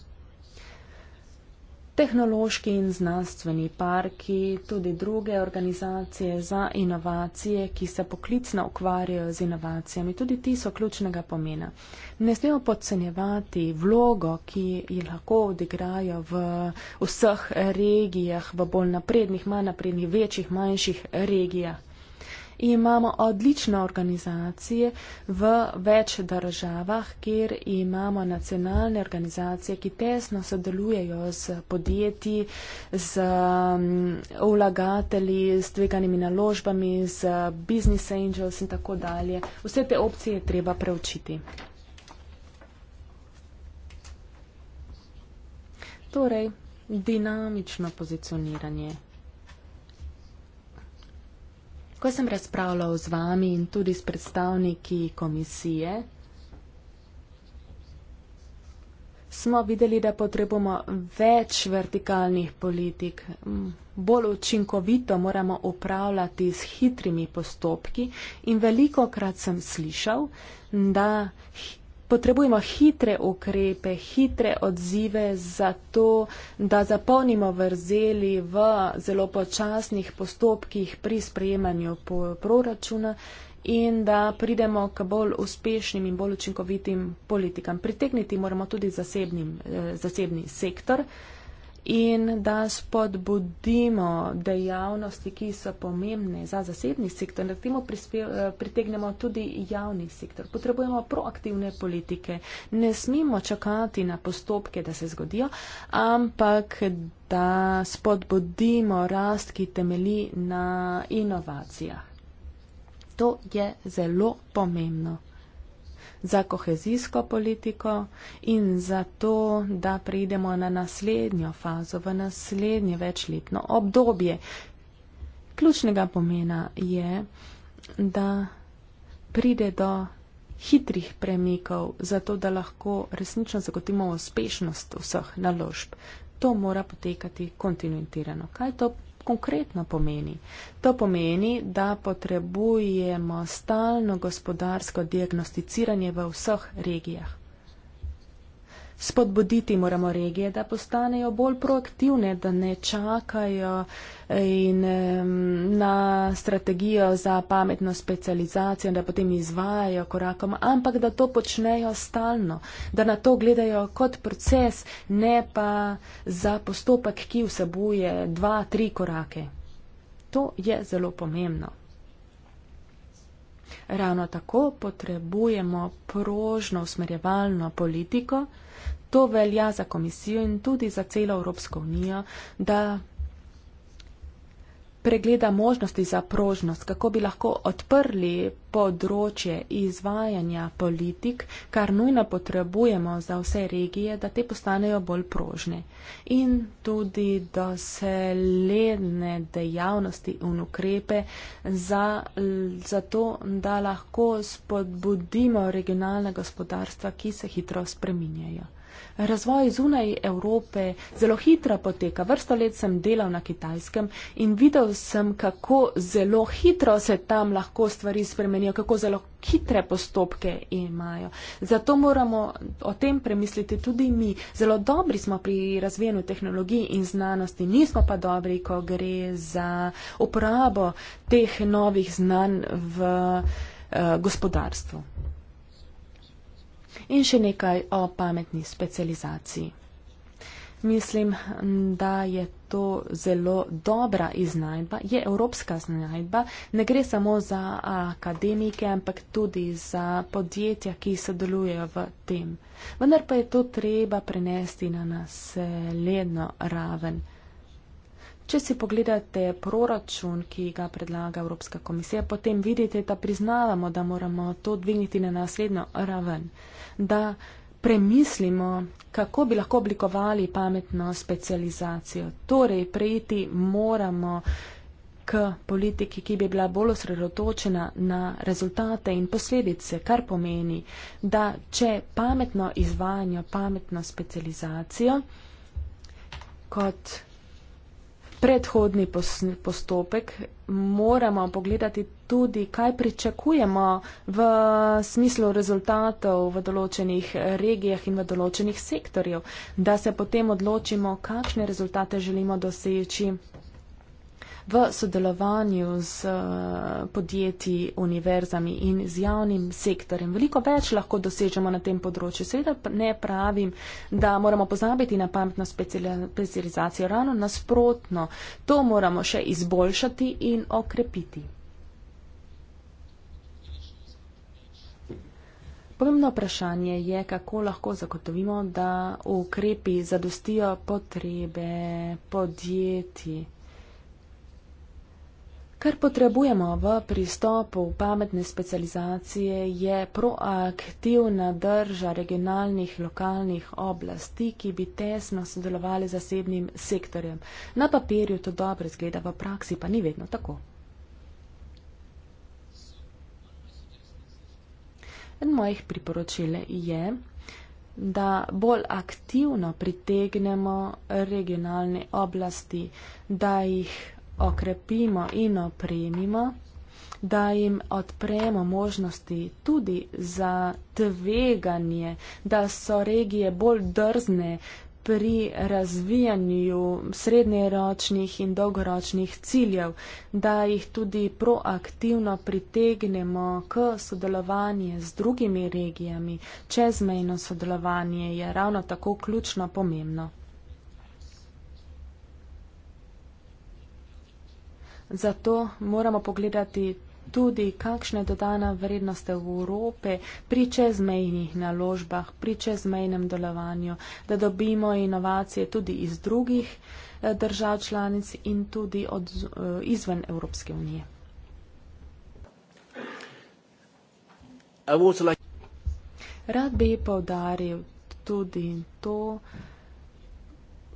Tehnološki in znanstveni parki, tudi druge organizacije za inovacije, ki se poklicno ukvarjajo z inovacijami, tudi ti so ključnega pomena. Ne smemo podcenjevati vlogo, ki jo lahko odigrajo v vseh regijah, v bolj naprednih, manj naprednih, večjih, manjših regijah imamo odlične organizacije v več državah, kjer imamo nacionalne organizacije, ki tesno sodelujejo z podjetji, z mm, vlagatelji, z tveganimi naložbami, z business angels in tako dalje. Vse te opcije je treba preučiti. Torej, dinamično pozicioniranje. Ko sem razpravljal z vami in tudi s predstavniki komisije, smo videli, da potrebujemo več vertikalnih politik. Bolj učinkovito moramo upravljati s hitrimi postopki in veliko krat sem slišal, da potrebujemo hitre ukrepe, hitre odzive za to, da zapolnimo vrzeli v zelo počasnih postopkih pri sprejemanju proračuna in da pridemo k bolj uspešnim in bolj učinkovitim politikam. Pritegniti moramo tudi zasebnim, eh, zasebni sektor in da spodbudimo dejavnosti, ki so pomembne za zasebni sektor, da k temu eh, pritegnemo tudi javni sektor. Potrebujemo proaktivne politike. Ne smemo čakati na postopke, da se zgodijo, ampak da spodbudimo rast, ki temeli na inovacijah. To je zelo pomembno za kohezijsko politiko in za to, da pridemo na naslednjo fazo, v naslednje večletno obdobje. Ključnega pomena je, da pride do hitrih premikov, zato da lahko resnično zagotimo uspešnost vseh naložb. To mora potekati kontinuitirano. Kaj to konkretno pomeni. To pomeni, da potrebujemo stalno gospodarsko diagnosticiranje v vseh regijah. Spodbuditi moramo regije, da postanejo bolj proaktivne, da ne čakajo in na strategijo za pametno specializacijo, da potem izvajajo korakom, ampak da to počnejo stalno, da na to gledajo kot proces, ne pa za postopek, ki vsebuje dva, tri korake. To je zelo pomembno. Ravno tako potrebujemo prožno usmerjevalno politiko, To velja za komisijo in tudi za celo Evropsko unijo, da pregleda možnosti za prožnost, kako bi lahko odprli področje izvajanja politik, kar nujno potrebujemo za vse regije, da te postanejo bolj prožne. In tudi doseljene dejavnosti in ukrepe za, za to, da lahko spodbudimo regionalne gospodarstva, ki se hitro spreminjajo razvoj zunaj Evrope zelo hitro poteka. Vrsto let sem delal na kitajskem in videl sem, kako zelo hitro se tam lahko stvari spremenijo, kako zelo hitre postopke imajo. Zato moramo o tem premisliti tudi mi. Zelo dobri smo pri razvijanju tehnologij in znanosti, nismo pa dobri, ko gre za uporabo teh novih znanj v uh, gospodarstvu. In še nekaj o pametni specializaciji. Mislim, da je to zelo dobra iznajdba, je evropska iznajdba, ne gre samo za akademike, ampak tudi za podjetja, ki sodelujejo v tem. Vendar pa je to treba prenesti na naslednjo raven. Če si pogledate proračun, ki ga predlaga Evropska komisija, potem vidite, da priznavamo, da moramo to dvigniti na naslednjo raven, da premislimo, kako bi lahko oblikovali pametno specializacijo. Torej, prejiti moramo k politiki, ki bi bila bolj osredotočena na rezultate in posledice, kar pomeni, da če pametno izvajanje, pametno specializacijo kot predhodni postopek, moramo pogledati tudi, kaj pričakujemo v smislu rezultatov v določenih regijah in v določenih sektorjev, da se potem odločimo, kakšne rezultate želimo doseči v sodelovanju z eh, podjetji, univerzami in z javnim sektorjem. Veliko več lahko dosežemo na tem področju. Seveda ne pravim, da moramo pozabiti na pametno specializacijo. Ravno nasprotno, to moramo še izboljšati in okrepiti. Pomembno vprašanje je, kako lahko zagotovimo, da ukrepi zadostijo potrebe podjetij. Kar potrebujemo v pristopu pametne specializacije je proaktivna drža regionalnih, lokalnih oblasti, ki bi tesno sodelovali z zasebnim sektorjem. Na papirju to dobro zgleda, v praksi pa ni vedno tako. En mojih priporočil je, da bolj aktivno pritegnemo regionalne oblasti, da jih okrepimo in opremimo, da jim odpremo možnosti tudi za tveganje, da so regije bolj drzne pri razvijanju srednjeročnih in dolgoročnih ciljev, da jih tudi proaktivno pritegnemo k sodelovanju z drugimi regijami. Čezmejno sodelovanje je ravno tako ključno pomembno. Zato moramo pogledati tudi, kakšne dodana vrednost Evrope pri čezmejnih naložbah, pri čezmejnem delovanju, da dobimo inovacije tudi iz drugih eh, držav članic in tudi od, eh, izven Evropske unije. Rad bi povdaril tudi to,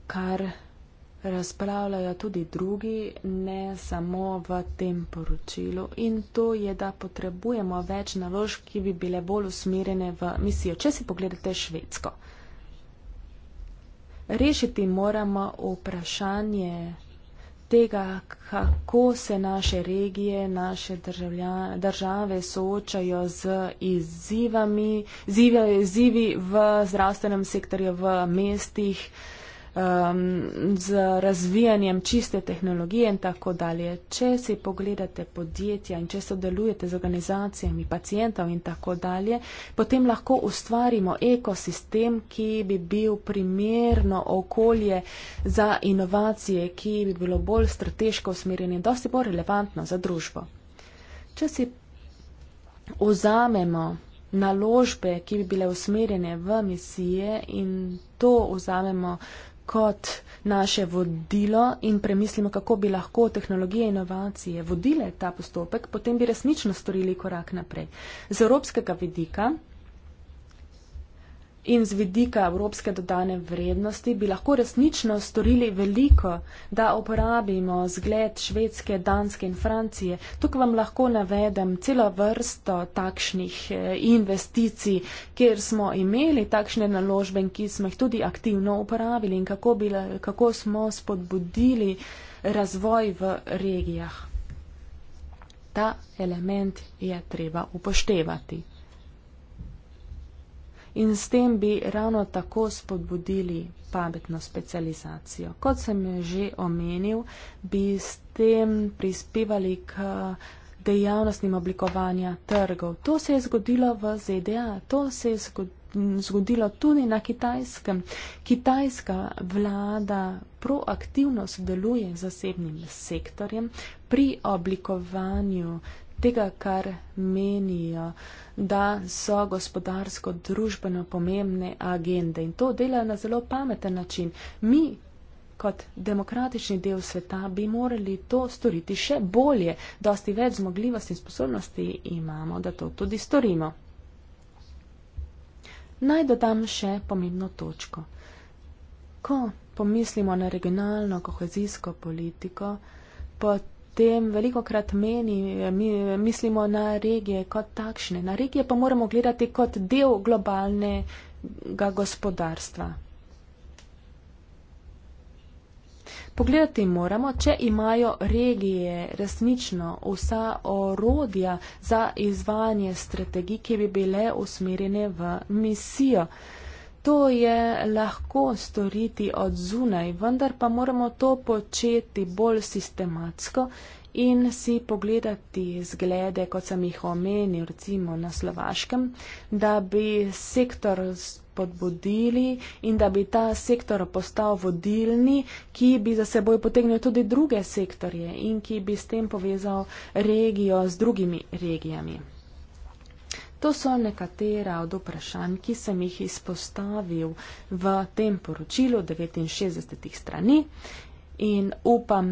kar razpravljajo tudi drugi, ne samo v tem poročilu. In to je, da potrebujemo več naložb, ki bi bile bolj usmerjene v misijo. Če si pogledate Švedsko, rešiti moramo vprašanje tega, kako se naše regije, naše državljane, države soočajo z izzivami, izzivi v zdravstvenem sektorju, v mestih, uh, um, z razvijanjem čiste tehnologije in tako dalje. Če si pogledate podjetja in če sodelujete z organizacijami pacijentov in tako dalje, potem lahko ustvarimo ekosistem, ki bi bil primerno okolje za inovacije, ki bi bilo bolj strateško usmerjeno in dosti bolj relevantno za družbo. Če si ozamemo naložbe, ki bi bile usmerjene v misije in to vzamemo uh, kot naše vodilo in premislimo, kako bi lahko tehnologije in inovacije vodile ta postopek, potem bi resnično storili korak naprej. Z evropskega vidika in z vidika evropske dodane vrednosti bi lahko resnično storili veliko, da uporabimo zgled Švedske, Danske in Francije. Tukaj vam lahko navedem celo vrsto takšnih eh, investicij, kjer smo imeli takšne naložbe in ki smo jih tudi aktivno uporabili in kako, bila, kako smo spodbudili razvoj v regijah. Ta element je treba upoštevati in s tem bi ravno tako spodbudili pametno specializacijo. Kot sem že omenil, bi s tem prispevali k dejavnostnim oblikovanja trgov. To se je zgodilo v ZDA, to se je zgodilo tudi na kitajskem. Kitajska vlada proaktivno sodeluje z zasebnim sektorjem pri oblikovanju tega, kar menijo, da so gospodarsko-družbeno pomembne agende. In to delajo na zelo pameten način. Mi, kot demokratični del sveta, bi morali to storiti še bolje, dosti več zmogljivosti in sposobnosti imamo, da to tudi storimo. Naj dodam še pomembno točko. Ko pomislimo na regionalno kohezijsko politiko, potem tem veliko krat meni, mi, mislimo na regije kot takšne. Na regije pa moramo gledati kot del globalnega gospodarstva. Pogledati moramo, če imajo regije resnično vsa orodja za izvajanje strategij, ki bi bile usmerjene v misijo. Uh, To je lahko storiti od zunaj, vendar pa moramo to početi bolj sistematsko in si pogledati zglede, kot sem jih omenil, recimo na Slovaškem, da bi sektor spodbudili in da bi ta sektor postal vodilni, ki bi za seboj potegnil tudi druge sektorje in ki bi s tem povezal regijo z drugimi regijami. To so nekatera od vprašanj, ki sem jih izpostavil v tem poročilu 69 strani in upam,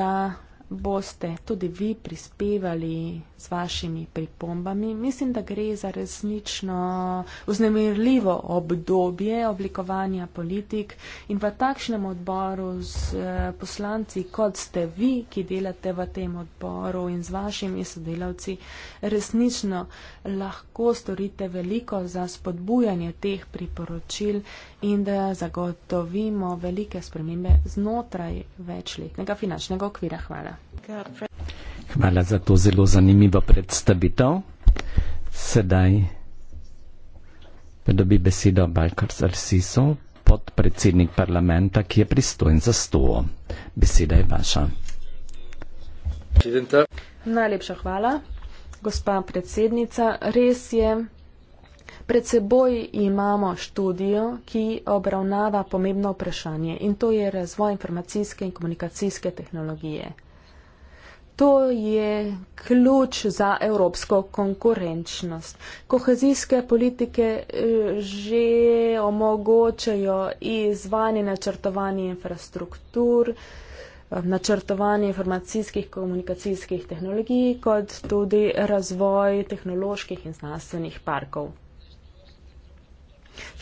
da boste tudi vi prispevali z vašimi pripombami. Mislim, da gre za resnično vznemirljivo obdobje oblikovanja politik in v takšnem odboru z eh, poslanci, kot ste vi, ki delate v tem odboru in z vašimi sodelavci, resnično lahko storite veliko za spodbujanje teh priporočil in da zagotovimo velike spremembe znotraj večletnega finančnega okvira. Hvala. Godfrey. Hvala za to zelo zanimivo predstavitev. Sedaj dobi besedo Balkar Sarsiso, podpredsednik parlamenta, ki je pristojen za stolo. Beseda je vaša. Najlepša hvala, gospa predsednica. Res je, pred seboj imamo študijo, ki obravnava pomembno vprašanje in to je razvoj informacijske in komunikacijske tehnologije to je ključ za evropsko konkurenčnost. Kohezijske politike eh, že omogočajo izvanje načrtovanje infrastruktur, eh, načrtovanje informacijskih komunikacijskih tehnologij, kot tudi razvoj tehnoloških in znanstvenih parkov.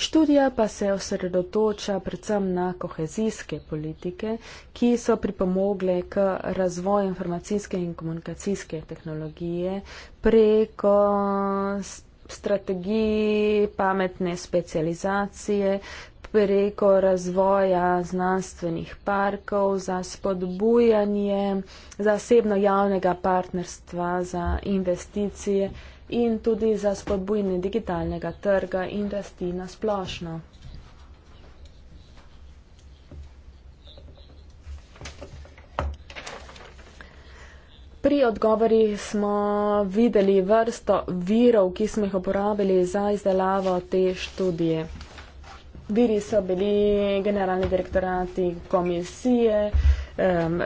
Študija pa se osredotoča predvsem na kohezijske politike, ki so pripomogle k razvoju informacijske in komunikacijske tehnologije preko strategiji pametne specializacije, preko razvoja znanstvenih parkov za spodbujanje zasebno-javnega partnerstva za investicije in tudi za spodbujanje digitalnega trga in rasti na splošno. Pri odgovorih smo videli vrsto virov, ki smo jih uporabili za izdelavo te študije. Viri so bili generalni direktorati komisije, um,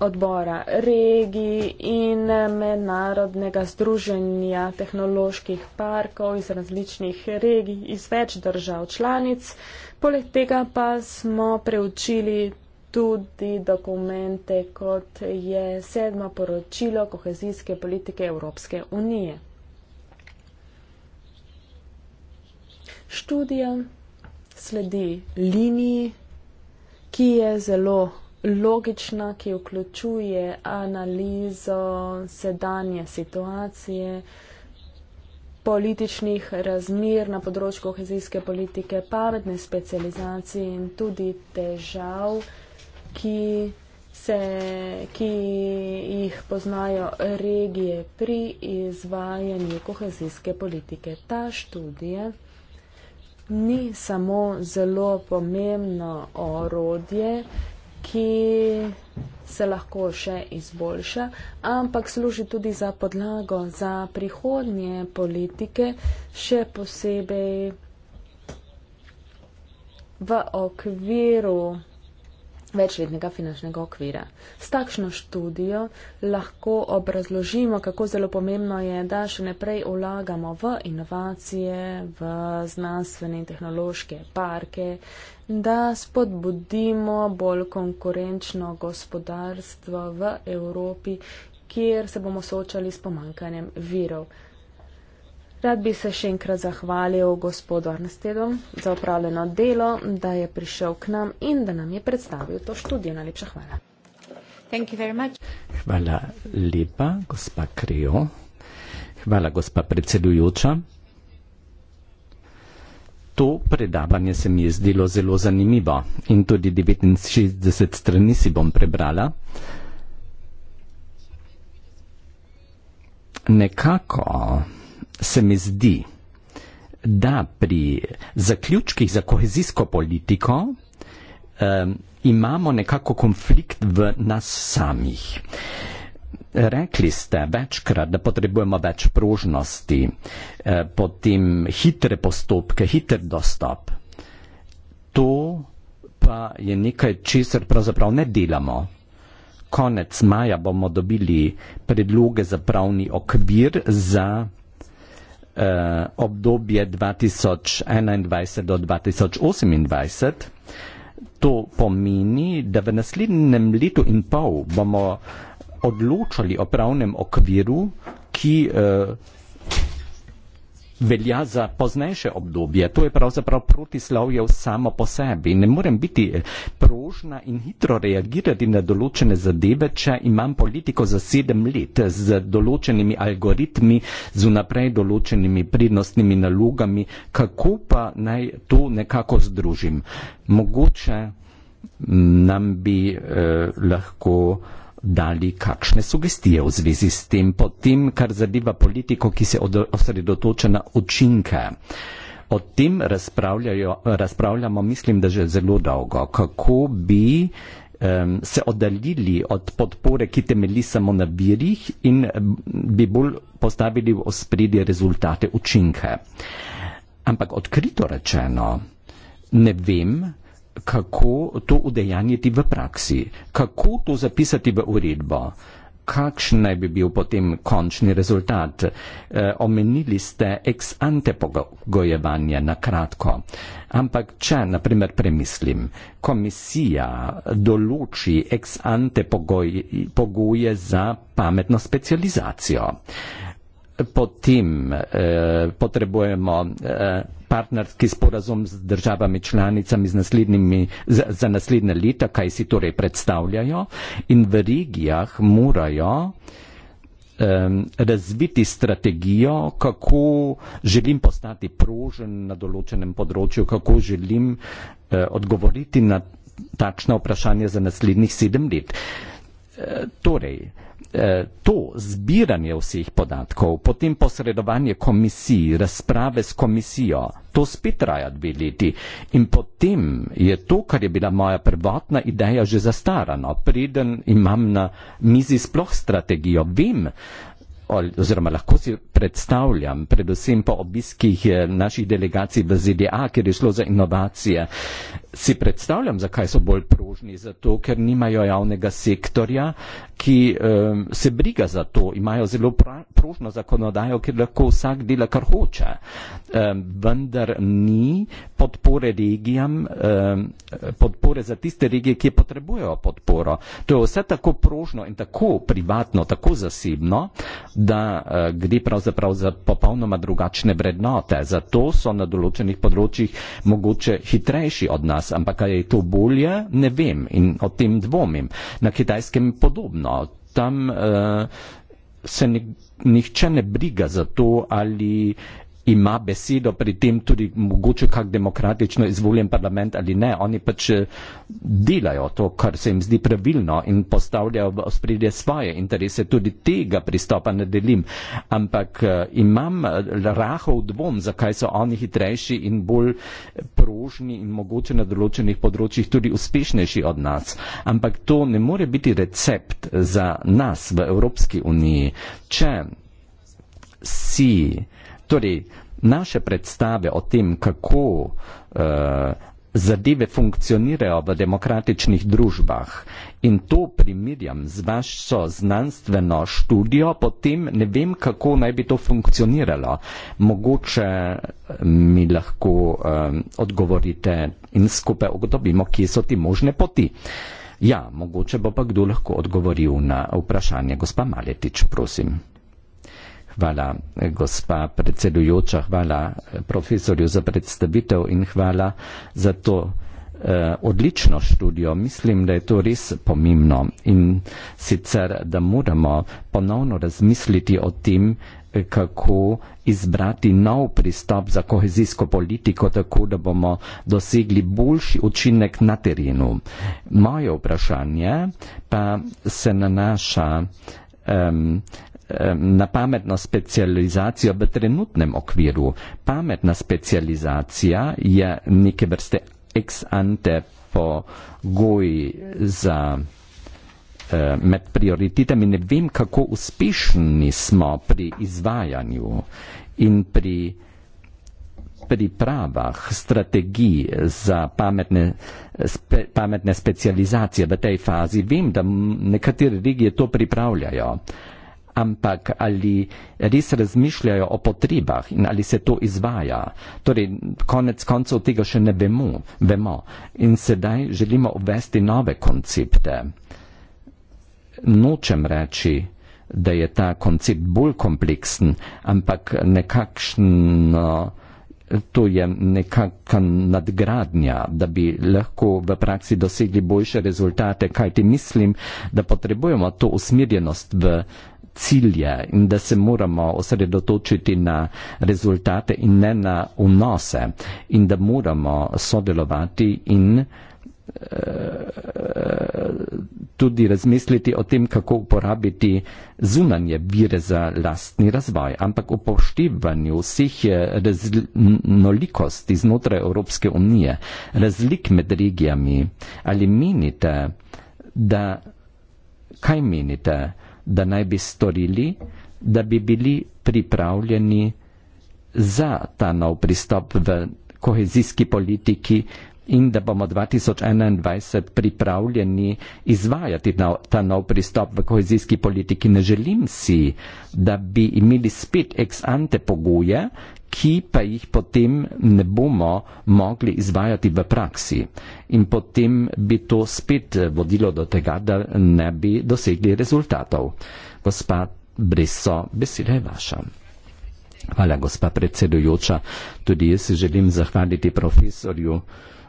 odbora regij in mednarodnega združenja tehnoloških parkov iz različnih regij iz več držav članic. Poleg tega pa smo preučili tudi dokumente, kot je sedmo poročilo kohezijske politike Evropske unije. Študija sledi liniji, ki je zelo logična, ki vključuje analizo sedanje situacije, političnih razmir na področju kohezijske politike, pametne specializacije in tudi težav, ki, se, ki jih poznajo regije pri izvajanju kohezijske politike. Ta študija ni samo zelo pomembno orodje, ki se lahko še izboljša, ampak služi tudi za podlago za prihodnje politike, še posebej v okviru večletnega finančnega okvira. S takšno študijo lahko obrazložimo, kako zelo pomembno je, da še naprej vlagamo v inovacije, v znanstvene in tehnološke parke, da spodbudimo bolj konkurenčno gospodarstvo v Evropi, kjer se bomo soočali s pomankanjem virov. Rad bi se še enkrat zahvalil gospodu Arnestedu za upravljeno delo, da je prišel k nam in da nam je predstavil to študijo. Najlepša hvala. Hvala lepa, gospa Krio. Hvala, gospa predsedujoča. To predavanje se mi je zdelo zelo zanimivo in tudi 69 strani si bom prebrala. Nekako se mi zdi, da pri zaključkih za kohezijsko politiko um, imamo nekako konflikt v nas samih. Rekli ste večkrat, da potrebujemo več prožnosti, eh, potem hitre postopke, hiter dostop. To pa je nekaj, česar pravzaprav ne delamo. Konec maja bomo dobili predloge za pravni okvir za Eh, obdobje 2021 do 2028. To pomeni, da v naslednjem letu in pol bomo odločali o pravnem okviru, ki uh, velja za poznejše obdobje. To je pravzaprav protislovje samo po sebi. Ne morem biti eh, prožna in hitro reagirati na določene zadeve, če imam politiko za sedem let eh, z določenimi algoritmi, z unaprej določenimi prednostnimi nalogami, kako pa naj to nekako združim. Mogoče mm, nam bi eh, lahko eh, dali kakšne sugestije v zvezi s tem, po tem, kar zadeva politiko, ki se osredotoča na učinke. O tem razpravljamo, mislim, da že zelo dolgo, kako bi um, se oddaljili od podpore, ki temeli samo na virih in bi bolj postavili v ospredje rezultate učinke. Ampak odkrito rečeno, ne vem, kako to udejanjiti v praksi, kako to zapisati v uredbo, kakšen naj bi bil potem končni rezultat. E, omenili ste ex ante pogojevanje na kratko, ampak če, na primer, premislim, komisija določi ex ante pogoj, pogoje za pametno specializacijo, potem e, potrebujemo e, partnerski sporazum z državami članicami z za, za naslednja leta, kaj si torej predstavljajo in v regijah morajo um, razviti strategijo, kako želim postati prožen na določenem področju, kako želim uh, odgovoriti na takšna vprašanja za naslednjih sedem let. Uh, torej, Eh, to zbiranje vseh podatkov, potem posredovanje komisiji, razprave s komisijo, to spet traja dve leti. In potem je to, kar je bila moja prvotna ideja, že zastarano. Preden imam na mizi sploh strategijo, vem, oziroma lahko si predstavljam, predvsem po obiskih eh, naših delegacij v ZDA, ker je šlo za inovacije, si predstavljam, zakaj so bolj pružni, zato ker nimajo javnega sektorja, ki um, se briga za to, imajo zelo pra, pružno zakonodajo, ker lahko vsak dela, kar hoče. Um, vendar ni podpore regijam, um, podpore za tiste regije, ki potrebujejo podporo. To je vse tako pružno in tako privatno, tako zasebno, da eh, gre pravzaprav za popolnoma drugačne vrednote. Zato so na določenih področjih mogoče hitrejši od nas, ampak kaj je to bolje, ne vem in o tem dvomim. Na kitajskem je podobno. Tam uh, se ne, nihče ne briga za to, ali ima besedo pri tem tudi mogoče kak demokratično izvoljen parlament ali ne. Oni pač eh, delajo to, kar se jim zdi pravilno in postavljajo v spredje svoje interese. Tudi tega pristopa ne delim. Ampak eh, imam eh, rahov dvom, zakaj so oni hitrejši in bolj prožni in mogoče na določenih področjih tudi uspešnejši od nas. Ampak to ne more biti recept za nas v Evropski uniji. Če si Torej, naše predstave o tem, kako uh, zadeve funkcionirajo v demokratičnih družbah in to primerjam z vašo znanstveno študijo, potem ne vem, kako naj bi to funkcioniralo. Mogoče eh, mi lahko um, odgovorite in skupaj ugotovimo, kje so ti možne poti. Ja, mogoče bo pa kdo lahko odgovoril na vprašanje. Gospa Maletič, prosim. Hvala, gospa predsedujoča, hvala eh, profesorju za predstavitev in hvala za to eh, odlično študijo. Mislim, da je to res pomembno in sicer, da moramo ponovno razmisliti o tem, eh, kako izbrati nov pristop za kohezijsko politiko, tako da bomo dosegli boljši učinek na terenu. Moje vprašanje pa se nanaša um, na pametno specializacijo v trenutnem okviru. Pametna specializacija je neke vrste ex ante pogoj za med prioritetami ne vem, kako uspešni smo pri izvajanju in pri pripravah strategij za pametne, spe, pametne specializacije v tej fazi. Vem, da nekatere regije to pripravljajo ampak ali res razmišljajo o potrebah in ali se to izvaja. Torej, konec koncev tega še ne vemo, vemo. In sedaj želimo uvesti nove koncepte. Nočem reči, da je ta koncept bolj kompleksen, ampak nekakšno, to je nekakšna nadgradnja, da bi lahko v praksi dosegli boljše rezultate, kajti mislim, da potrebujemo to usmirjenost v cilje in da se moramo osredotočiti na rezultate in ne na vnose in da moramo sodelovati in eh, tudi razmisliti o tem, kako uporabiti zunanje vire za lastni razvoj, ampak upoštevanju vseh raznolikosti znotraj Evropske unije, razlik med regijami, ali menite, da kaj menite, da naj bi storili, da bi bili pripravljeni za ta nov pristop v kohezijski politiki, in da bomo 2021 pripravljeni izvajati ta nov pristop v kohezijski politiki. Ne želim si, da bi imeli spet ex ante pogoje, ki pa jih potem ne bomo mogli izvajati v praksi. In potem bi to spet vodilo do tega, da ne bi dosegli rezultatov. Gospa Briso, beseda je vaša. Hvala, gospa predsedujoča. Tudi jaz želim zahvaliti profesorju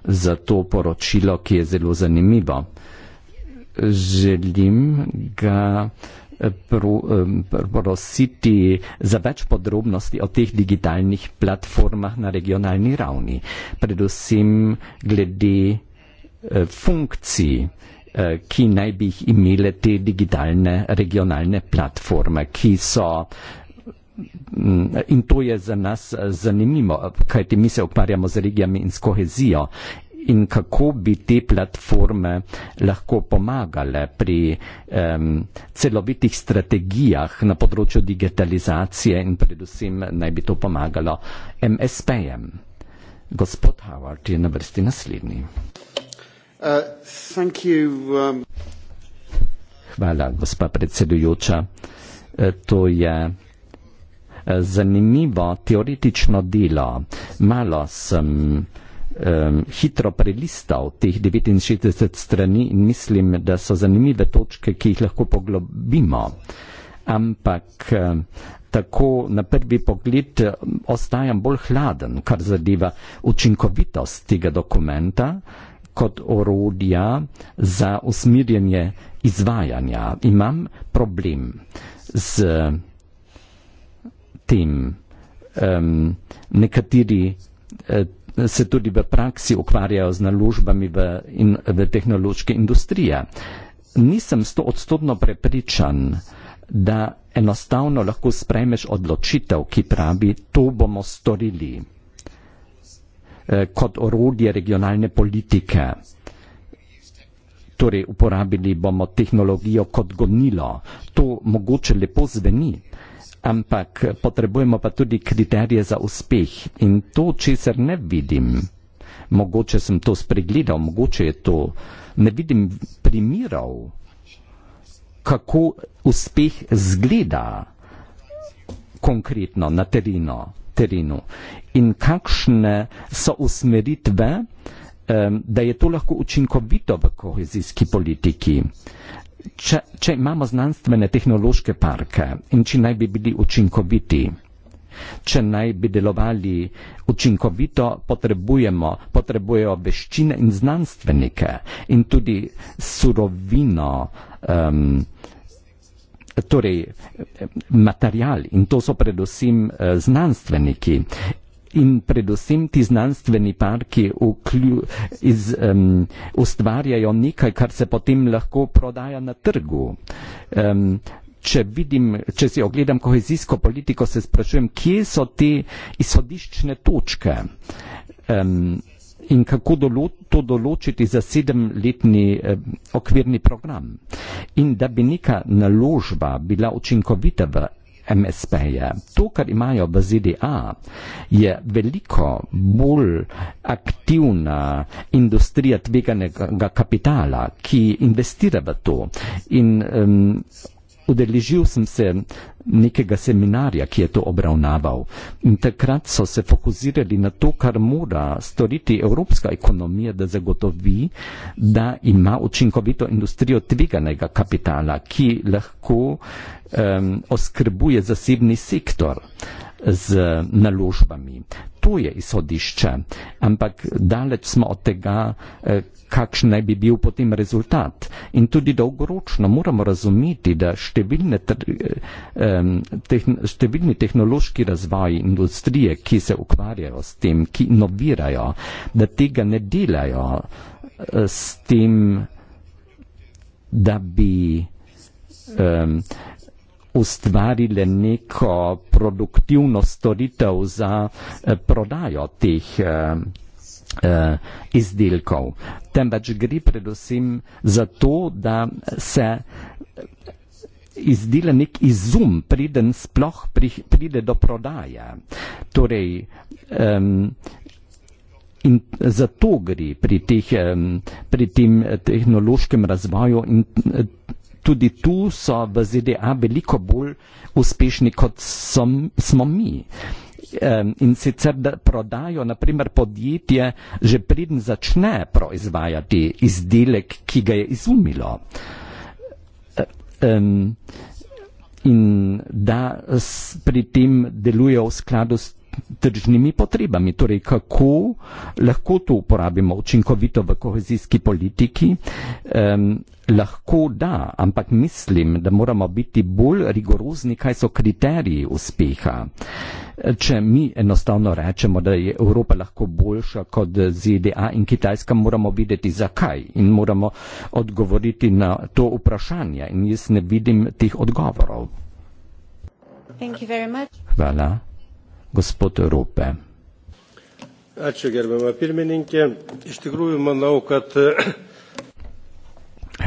za to poročilo, ki je zelo zanimivo. Želim ga eh, prositi za več podrobnosti o teh digitalnih platformah na regionalni ravni, predvsem glede eh, funkcij, eh, ki naj bi jih imele te digitalne regionalne platforme, ki so In to je za nas eh, zanimivo, eh, kajti mi se ukvarjamo z regijami in s kohezijo. In kako bi te platforme lahko pomagale pri um, celovitih strategijah na področju digitalizacije in predvsem naj bi to pomagalo MSP-jem. Gospod Howard je na vrsti naslednji. Uh, you, um... Hvala, gospa predsedujoča. E, to je zanimivo teoretično delo. Malo sem um, hitro prelistal teh 69 strani in mislim, da so zanimive točke, ki jih lahko poglobimo. Ampak tako na prvi pogled ostajam bolj hladen, kar zadeva učinkovitost tega dokumenta kot orodja za usmirjanje izvajanja. Imam problem z tem. Um, nekateri uh, se tudi v praksi ukvarjajo z naložbami v, in, v tehnološke industrije. Nisem sto odstotno prepričan, da enostavno lahko spremeš odločitev, ki pravi, to bomo storili e, kot orodje regionalne politike. Torej, uporabili bomo tehnologijo kot gonilo. To mogoče lepo zveni, ampak potrebujemo pa tudi kriterije za uspeh in to, česar ne vidim, mogoče sem to spregledal, mogoče je to, ne vidim primirov, kako uspeh zgleda konkretno na terino, terinu in kakšne so usmeritve, ehm, da je to lahko učinkovito v kohezijski politiki če, če imamo znanstvene tehnološke parke in če naj bi bili učinkoviti, če naj bi delovali učinkovito, potrebujemo, potrebujejo veščine in znanstvenike in tudi surovino, um, torej material in to so predvsem uh, znanstveniki in predvsem ti znanstveni parki vklju, iz, um, ustvarjajo nekaj, kar se potem lahko prodaja na trgu. Um, Če, vidim, če si ogledam kohezijsko politiko, se sprašujem, kje so te izhodiščne točke um, in kako dolo to določiti za sedemletni um, okvirni program. In da bi neka naložba bila učinkovita v MSP-je. To, kar imajo v ZDA, je veliko bolj aktivna industrija tveganega kapitala, ki investira v to. In, um, Udeležil sem se nekega seminarja, ki je to obravnaval. In takrat so se fokusirali na to, kar mora storiti evropska ekonomija, da zagotovi, da ima učinkovito industrijo tveganega kapitala, ki lahko um, oskrbuje zasebni sektor z naložbami potuje iz sodišča, ampak daleč smo od tega, eh, kakšen naj bi bil potem rezultat. In tudi dolgoročno moramo razumeti, da številne, eh, številni tehnološki razvoj industrije, ki se ukvarjajo s tem, ki inovirajo, da tega ne delajo eh, s tem, da bi. Um, ustvarile neko produktivno storitev za eh, prodajo teh eh, eh, izdelkov. Temveč gre predvsem za to, da se izdela nek izum, preden sploh pri, pride do prodaje. Torej, um, in zato gre pri, teh, um, pri tem eh, tehnološkem razvoju in uh, tudi tu so v ZDA veliko bolj uspešni, kot som, smo mi. In sicer, da prodajo, naprimer, podjetje, že preden začne proizvajati izdelek, ki ga je izumilo. In da pri tem delujejo v skladu s tržnimi potrebami. Torej, kako lahko to uporabimo učinkovito v kohezijski politiki, lahko da, ampak mislim, da moramo biti bolj rigorozni, kaj so kriteriji uspeha. Če mi enostavno rečemo, da je Evropa lahko boljša kot ZDA in Kitajska, moramo videti zakaj in moramo odgovoriti na to vprašanje in jaz ne vidim teh odgovorov. Hvala. Gospod Rupe. Ačiū gerbama pirmininkė. Iš tikrųjų, manau, kad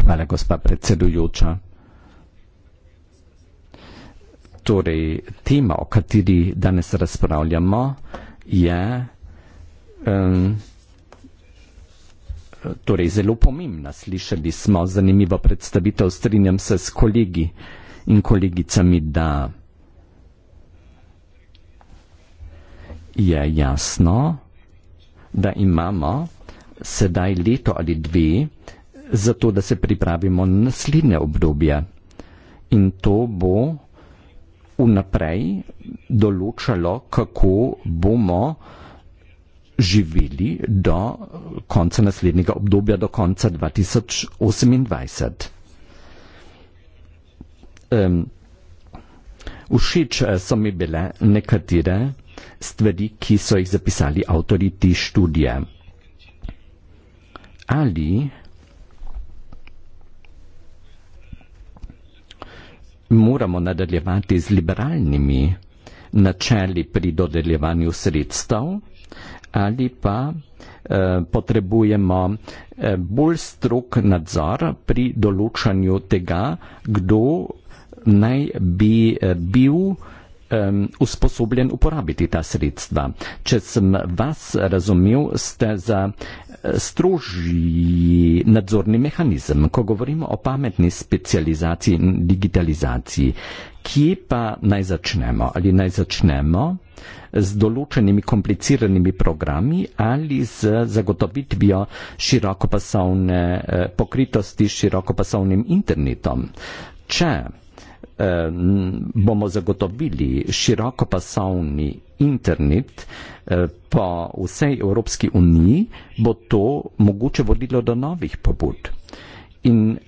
Hvala, gospa predsedujoča. Torej, tema, o kateri danes razpravljamo, je um, torej, zelo pomembna. Slišali smo zanimivo predstavitev, strinjam se s kolegi in kolegicami, da je jasno, da imamo sedaj leto ali dve zato da se pripravimo na naslednje obdobje. In to bo vnaprej določalo, kako bomo živeli do konca naslednjega obdobja, do konca 2028. Um, všeč eh, so mi bile nekatere stvari, ki so jih zapisali avtori te študije. Ali moramo nadaljevati z liberalnimi načeli pri dodeljevanju sredstev ali pa eh, potrebujemo eh, bolj strok nadzor pri določanju tega, kdo naj bi eh, bil usposobljen uporabiti ta sredstva. Če sem vas razumel, ste za strožji nadzorni mehanizem, ko govorimo o pametni specializaciji in digitalizaciji. Kje pa naj začnemo? Ali naj začnemo z določenimi kompliciranimi programi ali z zagotovitvijo širokopasovne eh, pokritosti s širokopasovnim internetom? Če eh, bomo zagotovili širokopasovni internet eh, po vsej Evropski uniji, bo to mogoče vodilo do novih pobud. In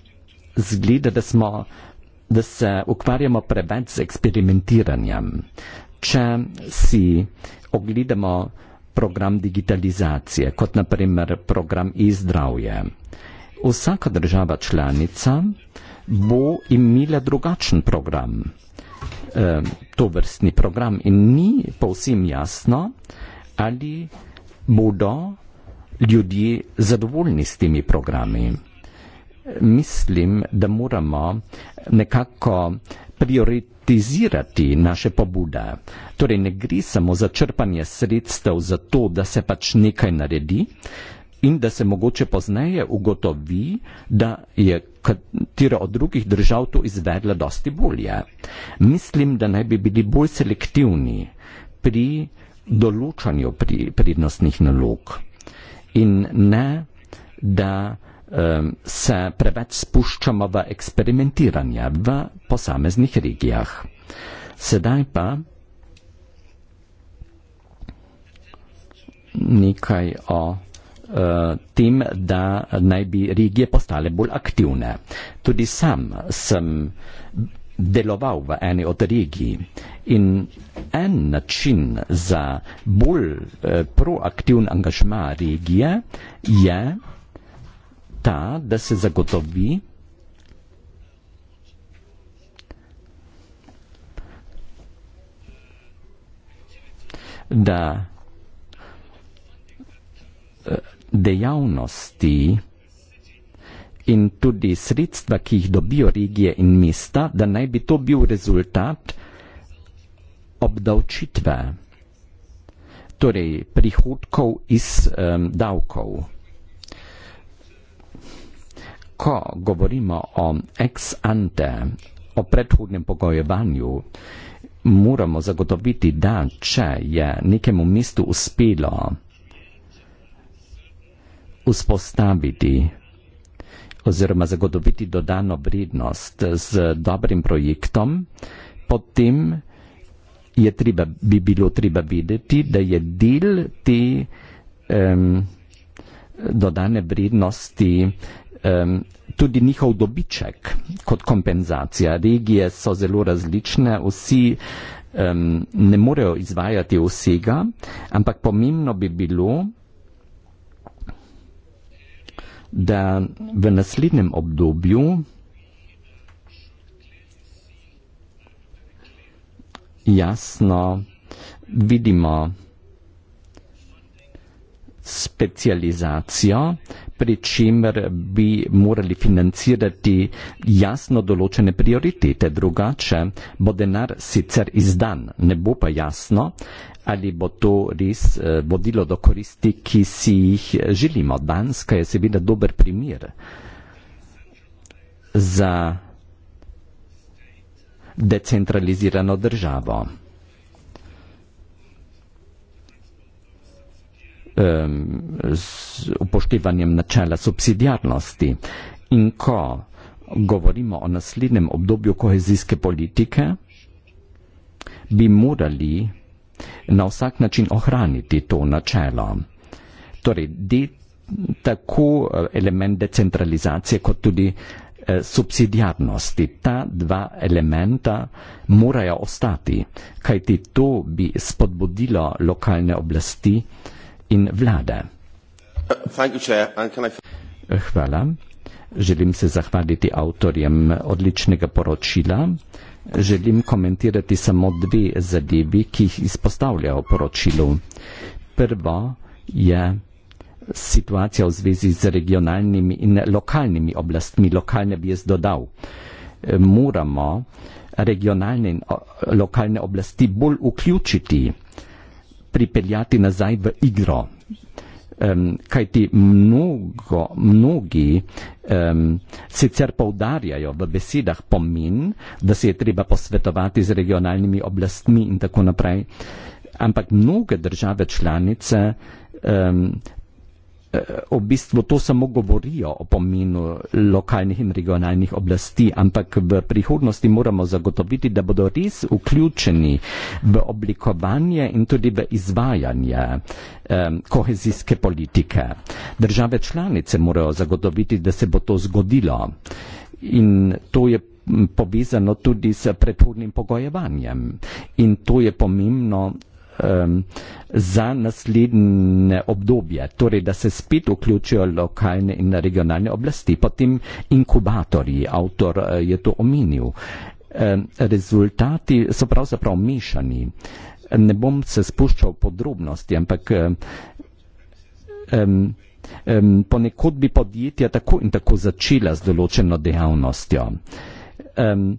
zgleda, da, smo, da se ukvarjamo preveč z eksperimentiranjem. Če si ogledamo program digitalizacije, kot naprimer program e-zdravje, vsaka država članica bo imela drugačen program, to vrstni program. In ni povsem jasno, ali bodo ljudje zadovoljni s temi programi. Mislim, da moramo nekako prioritizirati naše pobude. Torej, ne gre samo za črpanje sredstev za to, da se pač nekaj naredi, in da se mogoče pozneje ugotovi, da je katera od drugih držav to izvedla dosti bolje. Mislim, da naj bi bili bolj selektivni pri določanju pri prednostnih nalog in ne, da um, se preveč spuščamo v eksperimentiranje v posameznih regijah. Sedaj pa nekaj o Eh, tem, da naj bi regije postale bolj aktivne. Tudi sam sem deloval v eni od regij in en način za bolj eh, proaktivn angažma regije je ta, da se zagotovi da eh, dejavnosti in tudi sredstva, ki jih dobijo regije in mesta, da naj bi to bil rezultat obdavčitve, torej prihodkov iz um, davkov. Ko govorimo o ex ante, o predhodnem pogojevanju, moramo zagotoviti, da če je nekemu mestu uspelo vzpostaviti oziroma zagotoviti dodano vrednost z dobrim projektom, potem je treba, bi bilo treba videti, da je del te um, dodane vrednosti um, tudi njihov dobiček kot kompenzacija. Regije so zelo različne, vsi um, ne morejo izvajati vsega, ampak pomembno bi bilo, da v naslednjem obdobju jasno vidimo specializacijo pri čemer bi morali financirati jasno določene prioritete. Drugače bo denar sicer izdan, ne bo pa jasno, ali bo to res eh, vodilo do koristi, ki si jih eh, želimo. Danska je seveda dober primer za decentralizirano državo. um, z upoštevanjem načela subsidiarnosti. In ko govorimo o naslednjem obdobju kohezijske politike, bi morali na vsak način ohraniti to načelo. Torej, de, tako eh, element decentralizacije kot tudi eh, subsidiarnosti. Ta dva elementa morajo ostati, kajti to bi spodbudilo lokalne oblasti eh, in vlade. Hvala. Želim se zahvaliti avtorjem odličnega poročila. Želim komentirati samo dve zadevi, ki jih izpostavlja v poročilu. Prvo je situacija v zvezi z regionalnimi in lokalnimi oblastmi. Lokalne bi jaz dodal. Moramo regionalne in lokalne oblasti bolj vključiti pripeljati nazaj v igro. Um, kaj ti mnogo, mnogi um, sicer poudarjajo v besedah pomen, da se je treba posvetovati z regionalnimi oblastmi in tako naprej, ampak mnoge države članice um, v bistvu to samo govorijo o pomenu lokalnih in regionalnih oblasti, ampak v prihodnosti moramo zagotoviti, da bodo res vključeni v oblikovanje in tudi v izvajanje um, kohezijske politike. Države članice morajo zagotoviti, da se bo to zgodilo in to je povezano tudi s predhodnim pogojevanjem in to je pomembno um, za naslednje obdobje, torej da se spet vključijo lokalne in regionalne oblasti. Potem inkubatorji, avtor uh, je to omenil. Um, rezultati so pravzaprav mešani. Ne bom se spuščal v podrobnosti, ampak. Eh, um, Um, ponekod bi podjetja tako in tako začela z določeno dejavnostjo. Um,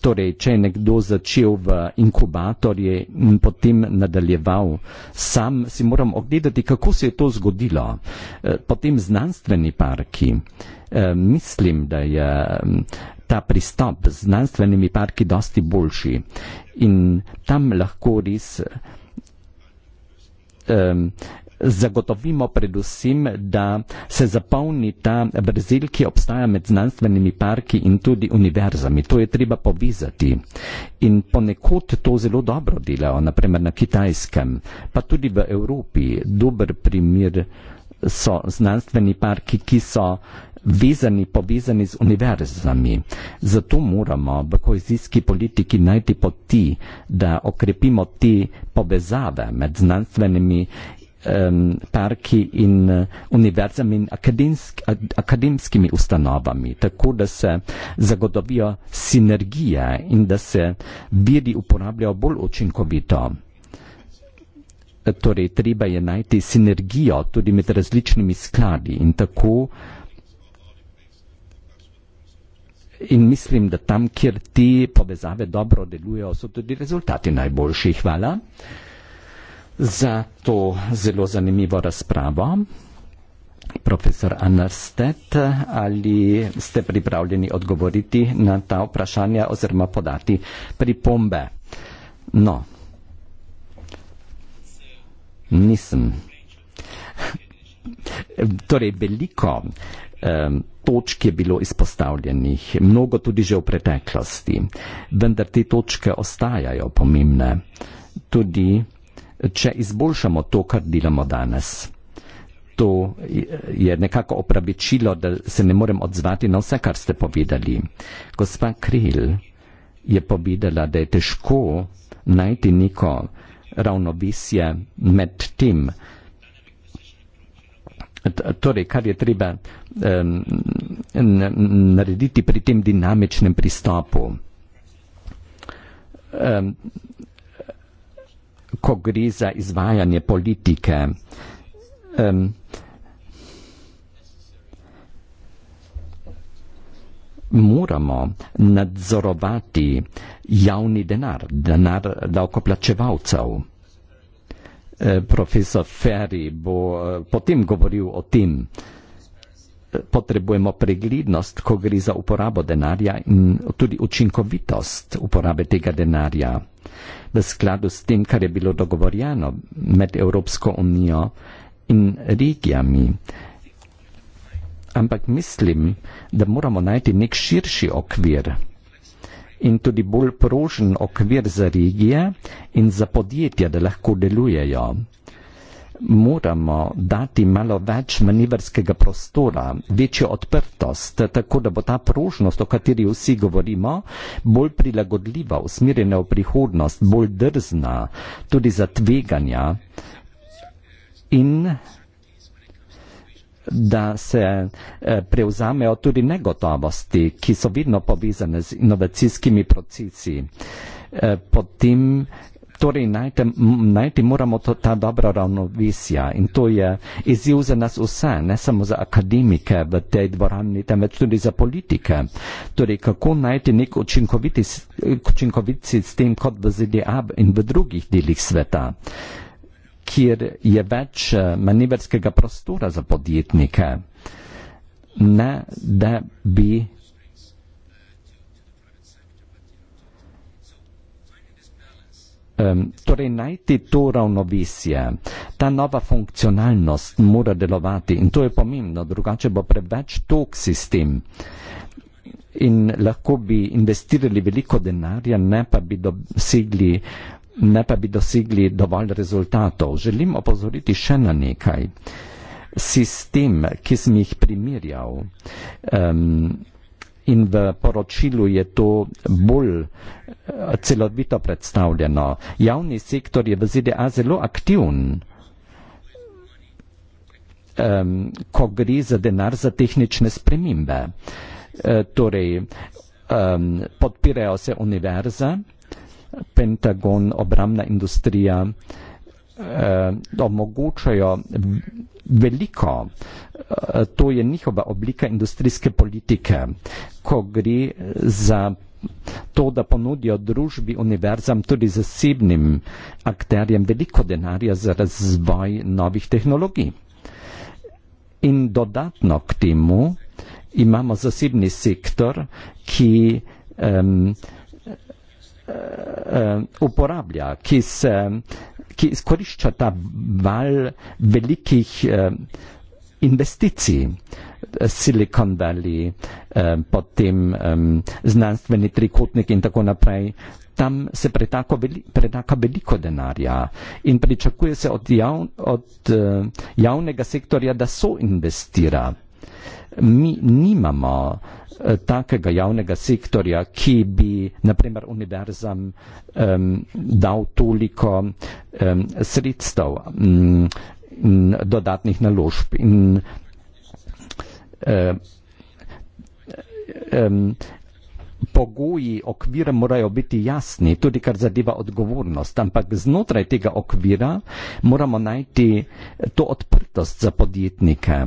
Torej, če je nekdo začel v inkubatorje in potem nadaljeval, sam si moram ogledati, kako se je to zgodilo. Eh, potem znanstveni parki. Eh, mislim, da je ta pristop z znanstvenimi parki dosti boljši in tam lahko res. Eh, zagotovimo predvsem, da se zapolni ta brzil, ki obstaja med znanstvenimi parki in tudi univerzami. To je treba povezati. In ponekod to zelo dobro delajo, naprimer na Kitajskem, pa tudi v Evropi. Dober primer so znanstveni parki, ki so vezani, povezani z univerzami. Zato moramo v kohezijski politiki najti poti, da okrepimo te povezave med znanstvenimi um, parki in eh, univerzami in akademsk, akademskimi ustanovami, tako da se zagotovijo sinergije in da se viri uporabljajo bolj učinkovito. Torej, treba je najti sinergijo tudi med različnimi skladi in tako. In mislim, da tam, kjer te povezave dobro delujejo, so tudi rezultati najboljši. Hvala za to zelo zanimivo razpravo. Profesor Anarstet, ali ste pripravljeni odgovoriti na ta vprašanja oziroma podati pripombe? No, nisem. Torej, veliko eh, točk je bilo izpostavljenih, mnogo tudi že v preteklosti, vendar te točke ostajajo pomembne. Tudi če izboljšamo to, kar delamo danes. To je nekako opravičilo, da se ne morem odzvati na vse, kar ste povedali. Gospa Kril je povedala, da je težko najti neko ravnovesje med tem, torej, kar je treba um, narediti pri tem dinamičnem pristopu. Um, ko gre za izvajanje politike. Um, moramo nadzorovati javni denar, denar davkoplačevalcev. E, profesor Ferri bo e, potem govoril o tem, e, potrebujemo preglednost, ko gre za uporabo denarja in tudi učinkovitost uporabe tega denarja v skladu s tem, kar je bilo dogovorjeno med Evropsko unijo in regijami. Ampak mislim, da moramo najti nek širši okvir in tudi bolj prožen okvir za regije in za podjetja, da lahko delujejo moramo dati malo več manevrskega prostora, večjo odprtost, tako da bo ta prožnost, o kateri vsi govorimo, bolj prilagodljiva, usmerjena v prihodnost, bolj drzna, tudi za tveganja in da se eh, prevzamejo tudi negotovosti, ki so vedno povezane z inovacijskimi procesi. Eh, potem torej najte, najti moramo to, ta dobra ravnovesja in to je izziv za nas vse, ne samo za akademike v tej dvorani, temveč tudi za politike. Torej, kako najti nek učinkovit sistem kot v ZDA in v drugih delih sveta, kjer je več eh, manevrskega prostora za podjetnike, ne da bi Um, torej, najti to ravnovesje, ta nova funkcionalnost mora delovati in to je pomembno, drugače bo preveč tok sistem in lahko bi investirali veliko denarja, ne pa bi dosegli ne pa bi dosegli dovolj rezultatov. Želim opozoriti še na nekaj. Sistem, ki sem jih primerjal, um, in v poročilu je to bolj eh, celovito predstavljeno. Javni sektor je v ZDA zelo aktivn, ko gre za denar za tehnične spremembe. Eh, torej, podpirajo se univerza, Pentagon, obramna industrija, Eh, omogočajo veliko. Eh, to je njihova oblika industrijske politike, ko gre za to, da ponudijo družbi, univerzam, tudi zasebnim akterjem veliko denarja za razvoj novih tehnologij. In dodatno k temu imamo zasebni sektor, ki um, uporablja, ki se ki izkorišča ta val velikih eh, investicij. Eh, Silicon Valley, eh, potem eh, znanstveni trikotnik in tako naprej. Tam se pretaka veliko denarja in pričakuje se od, jav, od eh, javnega sektorja, da so investira Mi nimamo eh, takega javnega sektorja, ki bi, naprimer, univerzam eh, dal toliko eh, sredstev mm, in eh, dodatnih naložb. In, eh, eh, eh, pogoji, okvire morajo biti jasni, tudi kar zadeva odgovornost, ampak znotraj tega okvira moramo najti to odprtost za podjetnike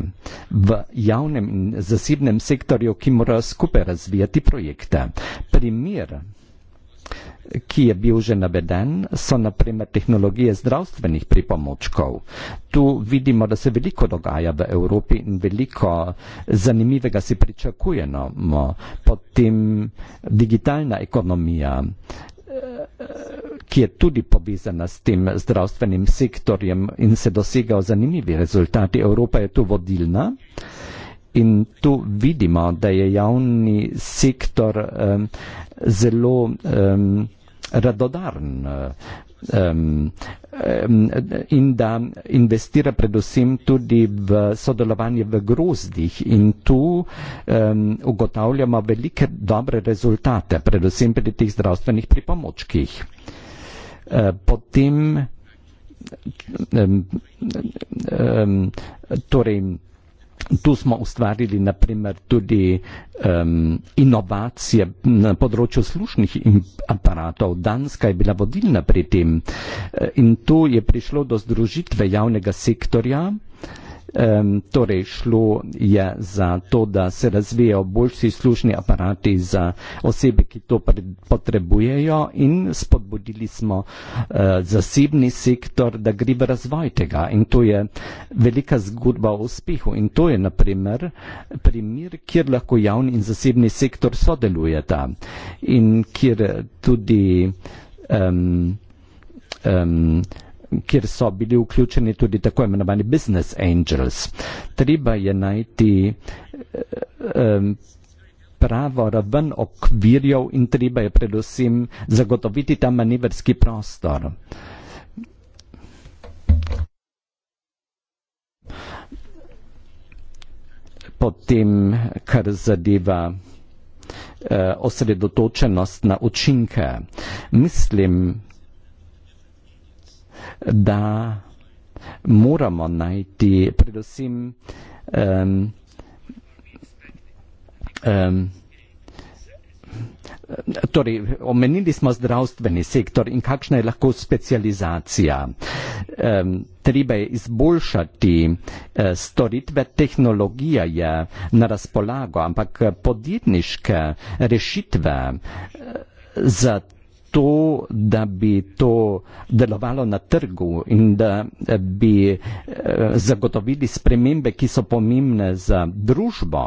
v javnem in zasebnem sektorju, ki morajo skupaj razvijati projekte. Primer ki je bil že naveden, so naprimer tehnologije zdravstvenih pripomočkov. Tu vidimo, da se veliko dogaja v Evropi in veliko zanimivega si pričakujemo. Potem digitalna ekonomija, eh, ki je tudi povezana s tem zdravstvenim sektorjem in se dosegajo zanimivi rezultati. Evropa je tu vodilna. In tu vidimo, da je javni sektor um, zelo um, radodaren um, um, in da investira predvsem tudi v sodelovanje v grozdih. In tu um, ugotavljamo velike dobre rezultate, predvsem pri teh zdravstvenih pripomočkih. E, potem, torej, Tu smo ustvarili naprimer tudi um, inovacije na področju slušnih aparatov. Danska je bila vodilna pri tem e, in tu je prišlo do združitve javnega sektorja uh, Um, torej, šlo je za to, da se razvijajo boljši slušni aparati za osebe, ki to potrebujejo in spodbudili smo uh, zasebni sektor, da gre v razvoj tega in to je velika zgodba o uspehu in to je naprimer primer, kjer lahko javni in zasebni sektor sodelujeta in kjer tudi um, um, kjer so bili vključeni tudi tako imenovani business angels. Treba je najti um, pravo raven okvirjev in treba je predvsem zagotoviti ta manevrski prostor. Potem, kar zadeva eh, osredotočenost na učinke, mislim, da moramo najti predvsem um, um, Torej, omenili smo zdravstveni sektor in kakšna je lahko specializacija. Um, treba je izboljšati uh, storitve, tehnologija je na razpolago, ampak podjetniške rešitve uh, za to, da bi to delovalo na trgu in da bi eh, zagotovili spremembe, ki so pomembne za družbo,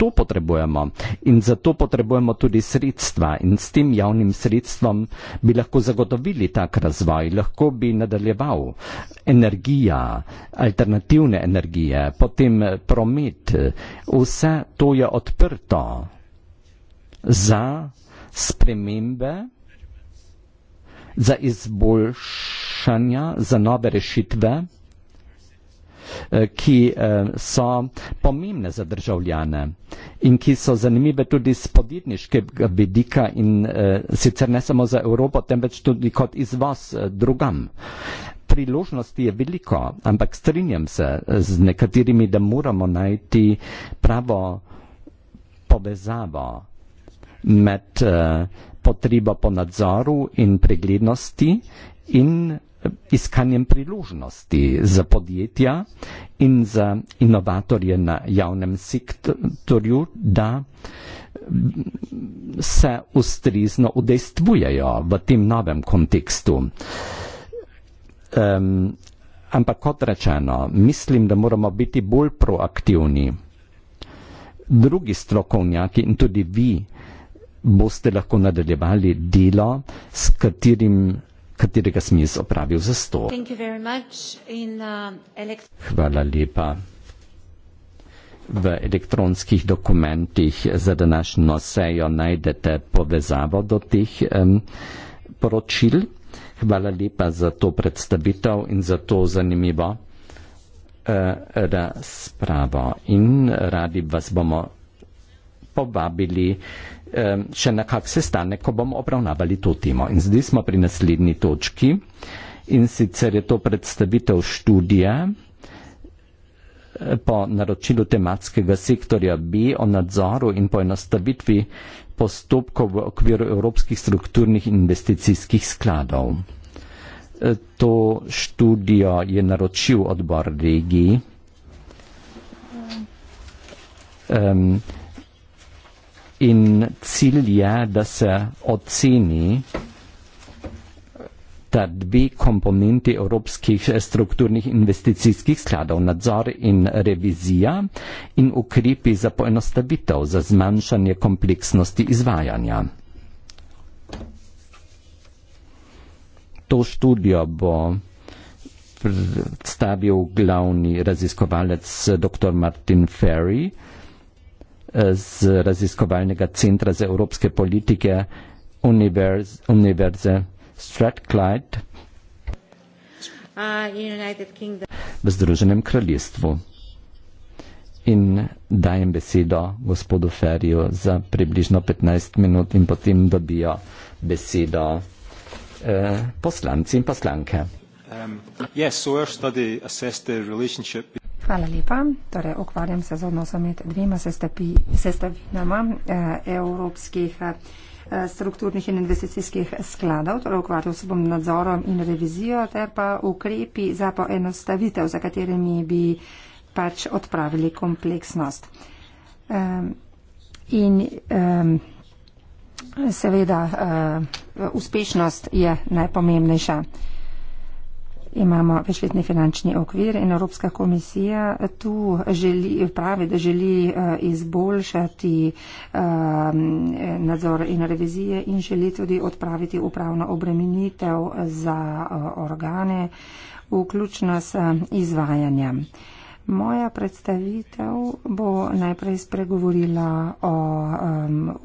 to potrebujemo in zato potrebujemo tudi sredstva in s tem javnim sredstvom bi lahko zagotovili tak razvoj, lahko bi nadaljeval energija, alternativne energije, potem eh, promet, eh, vse to je odprto za spremembe, za izboljšanja, za nove rešitve, eh, ki eh, so pomembne za državljane in ki so zanimive tudi z podjetniškega vidika in eh, sicer ne samo za Evropo, temveč tudi kot izvoz drugam. Priložnosti je veliko, ampak strinjam se z nekaterimi, da moramo najti pravo povezavo med, potreba po nadzoru in preglednosti in eh, iskanjem priložnosti za podjetja in za inovatorje na javnem sektorju, da mm, se ustrezno udejstvujejo v tem novem kontekstu. Um, ampak kot rečeno, mislim, da moramo biti bolj proaktivni. Drugi strokovnjaki in tudi vi boste lahko nadaljevali delo, s katerim katerega sem jaz opravil za sto. Uh, Hvala lepa. V elektronskih dokumentih za današnjo sejo najdete povezavo do teh um, poročil. Hvala lepa za to predstavitev in za to zanimivo uh, razpravo. In radi vas bomo povabili eh, še na kak sestanek, ko bomo obravnavali to temo. In zdaj smo pri naslednji točki in sicer je to predstavitev študije eh, po naročilu tematskega sektorja B o nadzoru in poenostavitvi postopkov v okviru evropskih strukturnih investicijskih skladov. Eh, to študijo je naročil odbor regiji. Um, in cilj je, da se oceni ta dve komponenti evropskih eh, strukturnih investicijskih skladov, nadzor in revizija in ukrepi za poenostavitev, za zmanjšanje kompleksnosti izvajanja. To študijo bo predstavil glavni raziskovalec dr. Martin Ferry z raziskovalnega centra za evropske politike univerz, Univerze Strathclyde uh, v Združenem kraljestvu. In dajem besedo gospodu Ferju za približno 15 minut in potem dobijo besedo eh, poslanci in poslanke. Um, Hvala lepa. Torej, ukvarjam se z odnosom med dvema sestavinama eh, evropskih eh, strukturnih in investicijskih skladov, torej ukvarjal se bom nadzorom in revizijo, ter pa ukrepi za poenostavitev, za katerimi bi pač odpravili kompleksnost. Ehm, in ehm, seveda eh, uspešnost je najpomembnejša imamo večletni finančni okvir in Evropska komisija tu želi, pravi, da želi eh, izboljšati eh, nadzor in revizije in želi tudi odpraviti upravno obremenitev za eh, organe, vključno s izvajanjem. Moja predstavitev bo najprej spregovorila o um,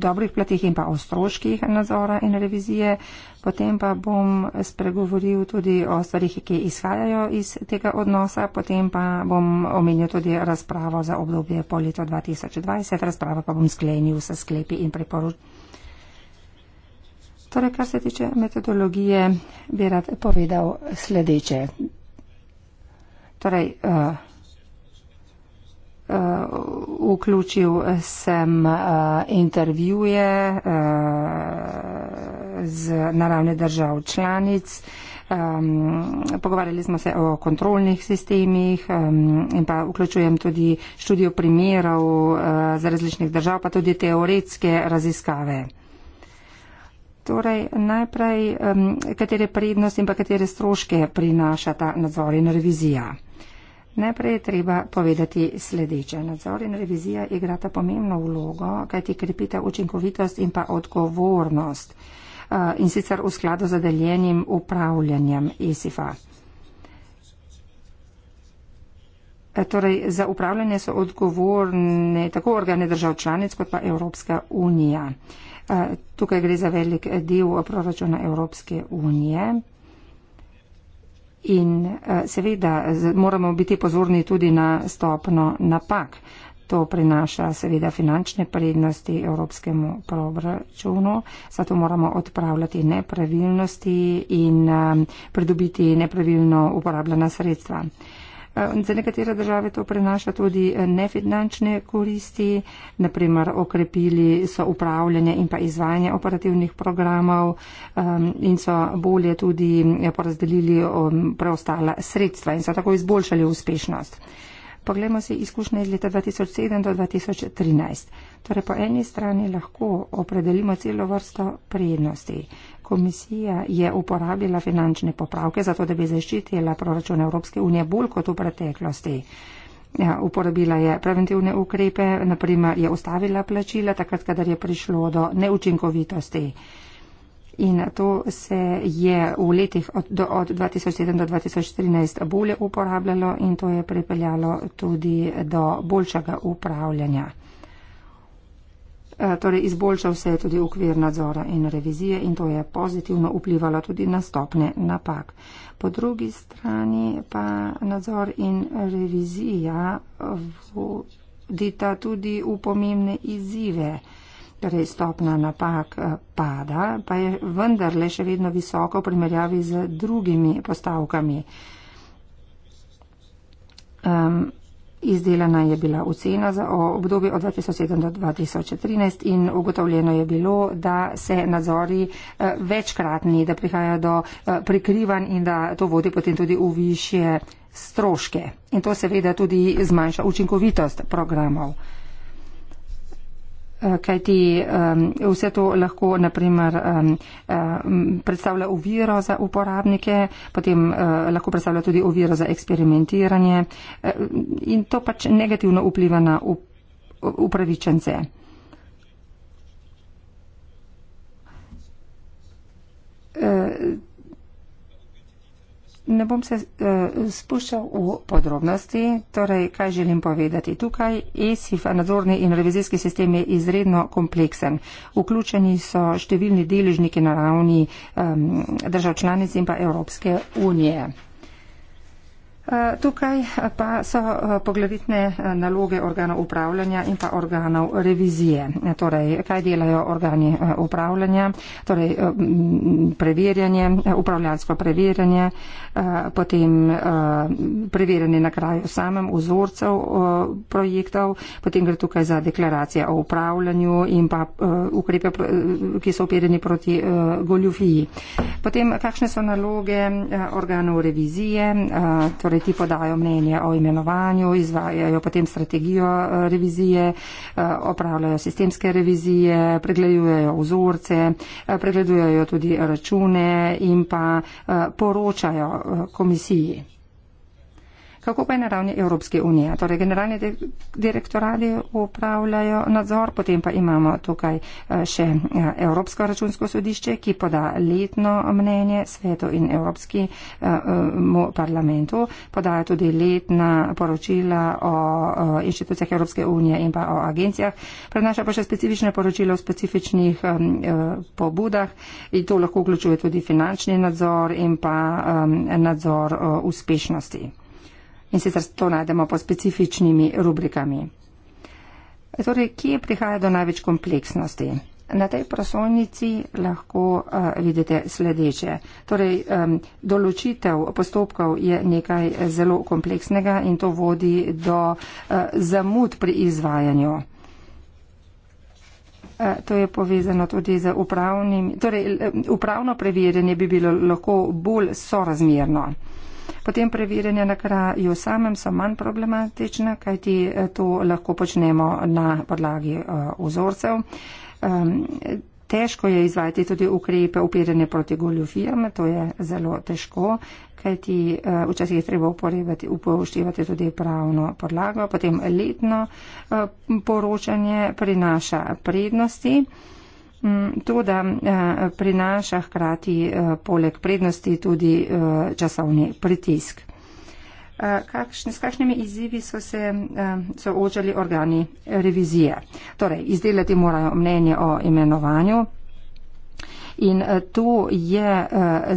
dobrih platih in pa o stroških nadzora in revizije, potem pa bom spregovoril tudi o stvarih, ki izhajajo iz tega odnosa, potem pa bom omenil tudi razpravo za obdobje po leto 2020, razpravo pa bom sklenil s sklepi in priporočili. Torej, kar se tiče metodologije, bi rad povedal sledeče. Torej, uh, uh, vključil sem uh, intervjuje uh, z naravne držav članic. Um, pogovarjali smo se o kontrolnih sistemih um, in pa vključujem tudi študijo primerov uh, za različnih držav, pa tudi teoretske raziskave. Torej, najprej, um, katere prednosti in pa katere stroške prinaša ta nadzor in revizija. Najprej je treba povedati sledeče. Nadzor in revizija igrata pomembno vlogo, kajti krepita učinkovitost in pa odgovornost eh, in sicer v skladu z deljenim upravljanjem ESIFA. Eh, torej, za upravljanje so odgovorni tako organe držav članic kot pa Evropska unija. Eh, tukaj gre za velik del proračuna Evropske unije. In eh, seveda moramo biti pozorni tudi na stopno napak. To prinaša seveda finančne prednosti evropskemu proračunu, zato moramo odpravljati nepravilnosti in eh, pridobiti nepravilno uporabljena sredstva. Eh, za nekatere države to prenaša tudi eh, nefinančne koristi, naprimer okrepili so upravljanje in pa izvajanje operativnih programov ehm, in so bolje tudi eh, porazdelili um, preostala sredstva in so tako izboljšali uspešnost. Poglejmo si izkušnje iz leta 2007 do 2013. Torej, po eni strani lahko opredelimo celo vrsto prednosti. Komisija je uporabila finančne popravke zato, da bi zaščitila proračun Evropske unije bolj kot v preteklosti. Ja, uporabila je preventivne ukrepe, naprimer je ustavila plačila takrat, kadar je prišlo do neučinkovitosti. In to se je v letih od, do, od 2007 do 2013 bolje uporabljalo in to je pripeljalo tudi do boljšega upravljanja. Eh, torej, izboljšal se je tudi okvir nadzora in revizije in to je pozitivno vplivalo tudi na stopne napak. Po drugi strani pa nadzor in revizija vodita tudi v pomembne izzive. Torej, stopna napak eh, pada, pa je vendarle še vedno visoko v primerjavi z drugimi postavkami. Um, Izdelana je bila ocena za obdobje od 2007 do 2013 in ugotovljeno je bilo, da se nadzori eh, večkratni, da prihaja do eh, prikrivanj in da to vodi potem tudi v više stroške. In to seveda tudi zmanjša učinkovitost programov. Eh, kaj ti um, vse to lahko, naprimer, um, predstavlja uviro za uporabnike, potem uh, lahko predstavlja tudi uviro za eksperimentiranje uh, in to pač negativno vpliva na up, upravičence. Uh, Ne bom se uh, spuščal v podrobnosti, torej kaj želim povedati tukaj. ESIF, nadzorni in revizijski sistem je izredno kompleksen. Vključeni so številni deležniki na ravni um, držav članic in pa Evropske unije. Tukaj pa so eh, poglavitne eh, naloge organov upravljanja in pa organov revizije. Torej, kaj delajo organi eh, upravljanja? Torej, preverjanje, upravljansko preverjanje, potem preverjanje na kraju samem vzorcev projektov, potem gre tukaj za deklaracije o upravljanju in pa ukrepe, ki so opereni proti goljufiji. Potem, kakšne so naloge organov revizije? Torej, torej ti podajo mnenje o imenovanju, izvajajo potem strategijo eh, revizije, eh, opravljajo sistemske revizije, pregledujejo vzorce, eh, pregledujejo tudi račune in pa poročajo komisiji. Kako pa je na ravni Evropske unije? Torej, generalni direktorati upravljajo nadzor, potem pa imamo tukaj eh, še eh, Evropsko računsko sodišče, ki poda letno mnenje svetu in Evropskemu eh, parlamentu, podajo tudi letna poročila o inštitucijah Evropske unije in pa o agencijah, prenaša pa še specifične poročila o specifičnih pobudah in to lahko vključuje tudi finančni nadzor in pa nadzor uspešnosti in sicer to najdemo pod specifičnimi rubrikami. Torej, kje prihaja do največ kompleksnosti? Na tej prosojnici lahko uh, vidite sledeče. Torej, um, določitev postopkov je nekaj zelo kompleksnega in to vodi do uh, zamud pri izvajanju. Eh, to je povezano tudi z upravnim, torej upravno preverjanje bi bilo lahko bolj sorazmerno. Potem preverjanja na kraju samem so manj problematična, kajti eh, to lahko počnemo na podlagi ozorcev. Eh, ehm, težko je izvajati tudi ukrepe upirjene proti goljofijam, to je zelo težko, kajti eh, včasih je treba upoštevati tudi pravno podlago. Potem letno poročanje prinaša prednosti. Mm, to, da eh, prinaša hkrati eh, poleg prednosti tudi eh, časovni pritisk. Kakšne, s kakšnimi izzivi so se soočali organi revizije? Torej, izdelati morajo mnenje o imenovanju In eh, to je eh,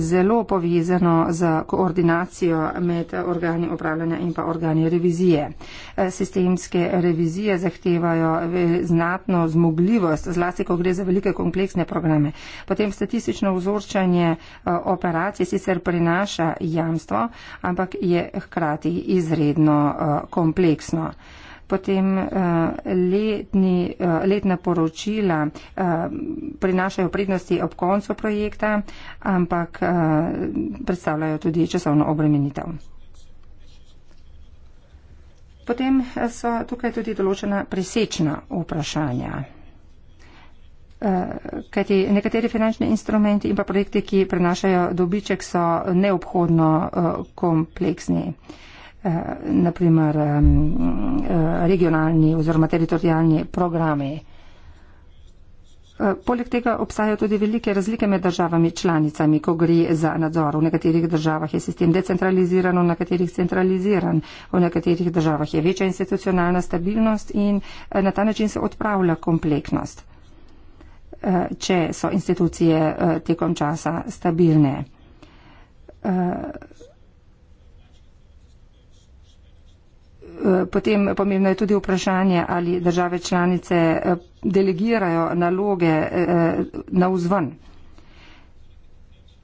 zelo povezano z koordinacijo med organi upravljanja in pa organi revizije. Eh, sistemske revizije zahtevajo znatno zmogljivost, zlasti, ko gre za velike kompleksne programe. Potem statistično vzorčanje operacij sicer prinaša jamstvo, ampak je hkrati izredno kompleksno potem uh, letni, uh, letna poročila uh, prinašajo prednosti ob koncu projekta, ampak uh, predstavljajo tudi časovno obremenitev. Potem so tukaj tudi določena presečna vprašanja. Kajti nekateri finančni instrumenti in pa projekti, ki prenašajo dobiček, so neobhodno kompleksni. Eh, na primer eh, regionalni oziroma teritorijalni programi. Eh, poleg tega obstajajo tudi velike razlike med državami članicami, ko gre za nadzor. V nekaterih državah je sistem decentraliziran, v nekaterih centraliziran, v nekaterih državah je večja institucionalna stabilnost in na ta način se odpravlja kompleksnost, če so institucije tekom časa stabilne. Eh, potem pomembno je tudi vprašanje, ali države članice eh, delegirajo naloge eh, na vzven.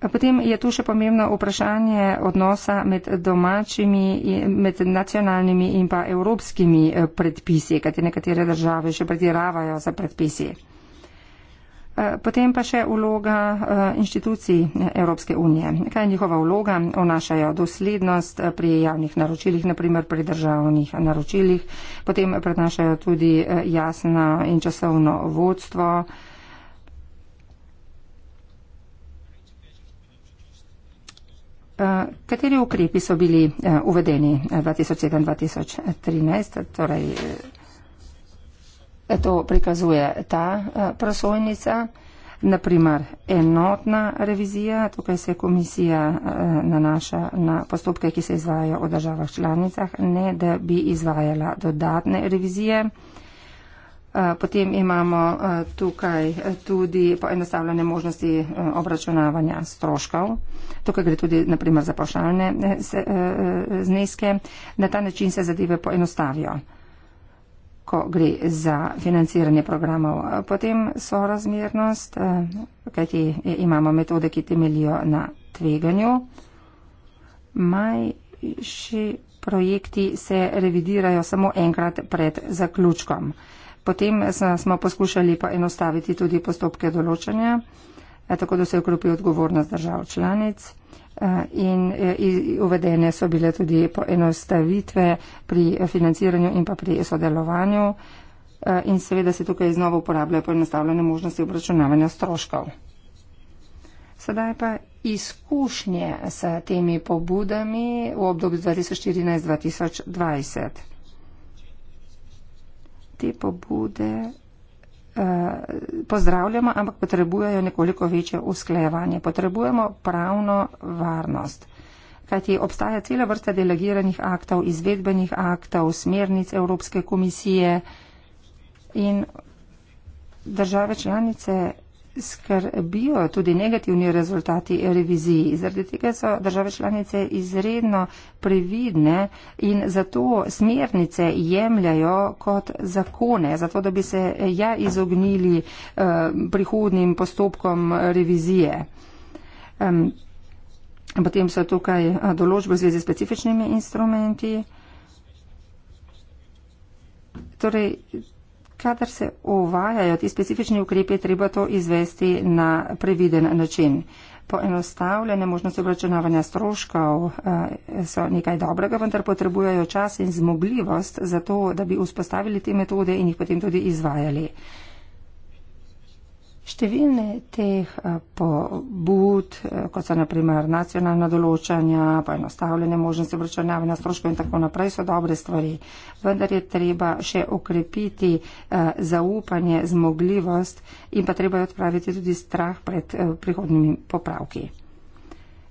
Potem je tu še pomembno vprašanje odnosa med domačimi, med nacionalnimi in pa evropskimi predpisi, kajti nekatere države še pretiravajo za predpisi. Potem pa še vloga eh, inštitucij Evropske unije. Kaj je njihova vloga? Onašajo doslednost eh, pri javnih naročilih, naprimer pri državnih naročilih. Potem prenašajo tudi eh, jasno in časovno vodstvo. Kateri ukrepi so bili uvedeni 2007-2013? Torej to prikazuje ta eh, prosojnica. Naprimer, enotna revizija, tukaj se komisija eh, nanaša na postopke, ki se izvajajo v državah članicah, ne da bi izvajala dodatne revizije. Eh, potem imamo tukaj tudi poenostavljene možnosti obračunavanja stroškov. Tukaj gre tudi naprimer za pošaljne zneske. Na ta način se zadeve poenostavijo ko gre za financiranje programov. Potem sorazmernost, eh, kajti imamo metode, ki temelijo na tveganju. Majši projekti se revidirajo samo enkrat pred zaključkom. Potem smo poskušali pa enostaviti tudi postopke določanja, eh, tako da se je okrupi odgovornost držav članic. Eh, in eh, uvedene so bile tudi poenostavitve pri financiranju in pa pri sodelovanju eh, in seveda se tukaj znova uporabljajo poenostavljene možnosti obračunavanja stroškov. Sedaj pa izkušnje s temi pobudami v obdobju 2014-2020. Te pobude pozdravljamo, ampak potrebujejo nekoliko večje usklajevanje. Potrebujemo pravno varnost. Kajti obstaja cela vrsta delegiranih aktov, izvedbenih aktov, smernic Evropske komisije in države članice skrbijo tudi negativni rezultati reviziji. Zaradi tega so države članice izredno previdne in zato smernice jemljajo kot zakone, zato da bi se ja izognili eh, prihodnim postopkom revizije. Potem so tukaj eh, določbe v zvezi s specifičnimi instrumenti. Torej, kadar se uvajajo ti specifični ukrepi, treba to izvesti na previden način. Poenostavljene možnosti obračunavanja stroškov eh, so nekaj dobrega, vendar potrebujejo čas in zmogljivost za to, da bi vzpostavili te metode in jih potem tudi izvajali. Številne teh eh, pobud, eh, kot so naprimer nacionalna določanja, poenostavljene možnosti obračunavanja stroškov in tako naprej, so dobre stvari. Vendar je treba še okrepiti eh, zaupanje, zmogljivost in pa treba je odpraviti tudi strah pred prihodnimi popravki.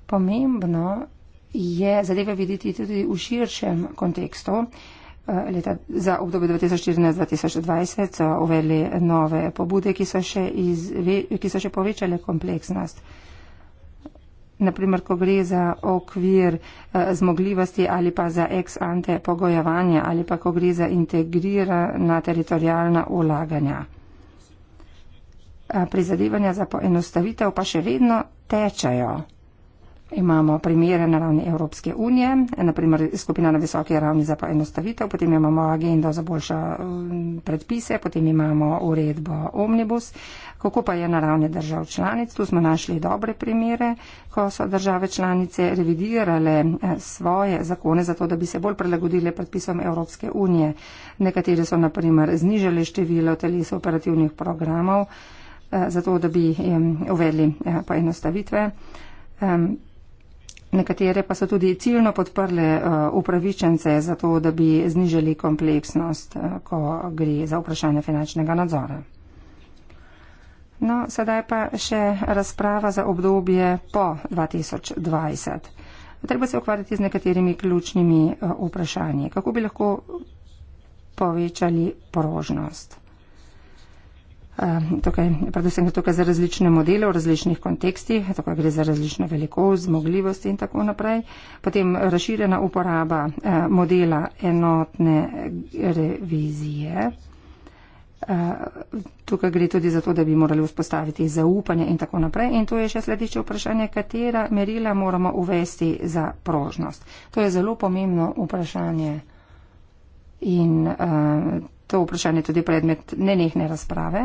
Pomembno je zadeve videti tudi v širšem kontekstu. Eh, leta, za obdobje 2014-2020 so uvedli nove pobude, ki so še, iz, ki so še povečale kompleksnost. Naprimer, ko gre za okvir eh, zmogljivosti ali pa za ex ante pogojevanje ali pa ko gre za integrirana teritorijalna ulaganja. Eh, prizadevanja za poenostavitev pa še vedno tečajo. Imamo primere na ravni Evropske unije, naprimer skupina na visoki ravni za poenostavitev, potem imamo agendo za boljše um, predpise, potem imamo uredbo omnibus. Kako pa je na ravni držav članic? Tu smo našli dobre primere, ko so države članice revidirale eh, svoje zakone, zato da bi se bolj prilagodile predpisom Evropske unije. Nekatere so naprimer znižali število teles operativnih programov, eh, zato da bi uvedli eh, poenostavitve nekatere pa so tudi ciljno podprle eh, upravičence za to, da bi znižali kompleksnost, eh, ko gre za vprašanje finančnega nadzora. No, sedaj pa še razprava za obdobje po 2020. Treba se ukvarjati z nekaterimi ključnimi eh, vprašanji. Kako bi lahko povečali porožnost? Eh, tukaj, predvsem je tukaj za različne modele v različnih kontekstih, tukaj gre za različno velikost, zmogljivosti in tako naprej. Potem razširjena uporaba eh, modela enotne revizije. Eh, tukaj gre tudi za to, da bi morali vzpostaviti zaupanje in tako naprej. In to je še sledeče vprašanje, katera merila moramo uvesti za prožnost. To je zelo pomembno vprašanje. In, To vprašanje je tudi predmet nenehne razprave.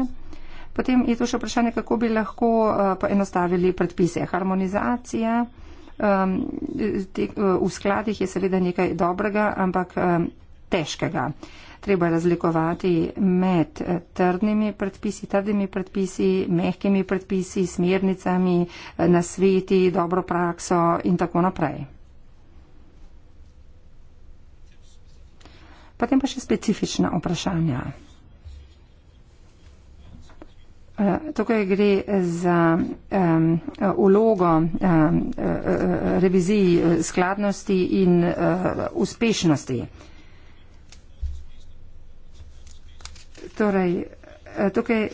Potem je tu še vprašanje, kako bi lahko eh, poenostavili predpise. Harmonizacija ehm, eh, v skladih je seveda nekaj dobrega, ampak ehm, težkega. Treba razlikovati med eh, trdnimi predpisi, trdnimi predpisi, mehkimi predpisi, smernicami, nasveti, dobro prakso in tako naprej. Potem pa še specifična vprašanja. Eh, tukaj gre za um, ulogo um, eh, eh, reviziji skladnosti in uh, uspešnosti. Torej, tukaj,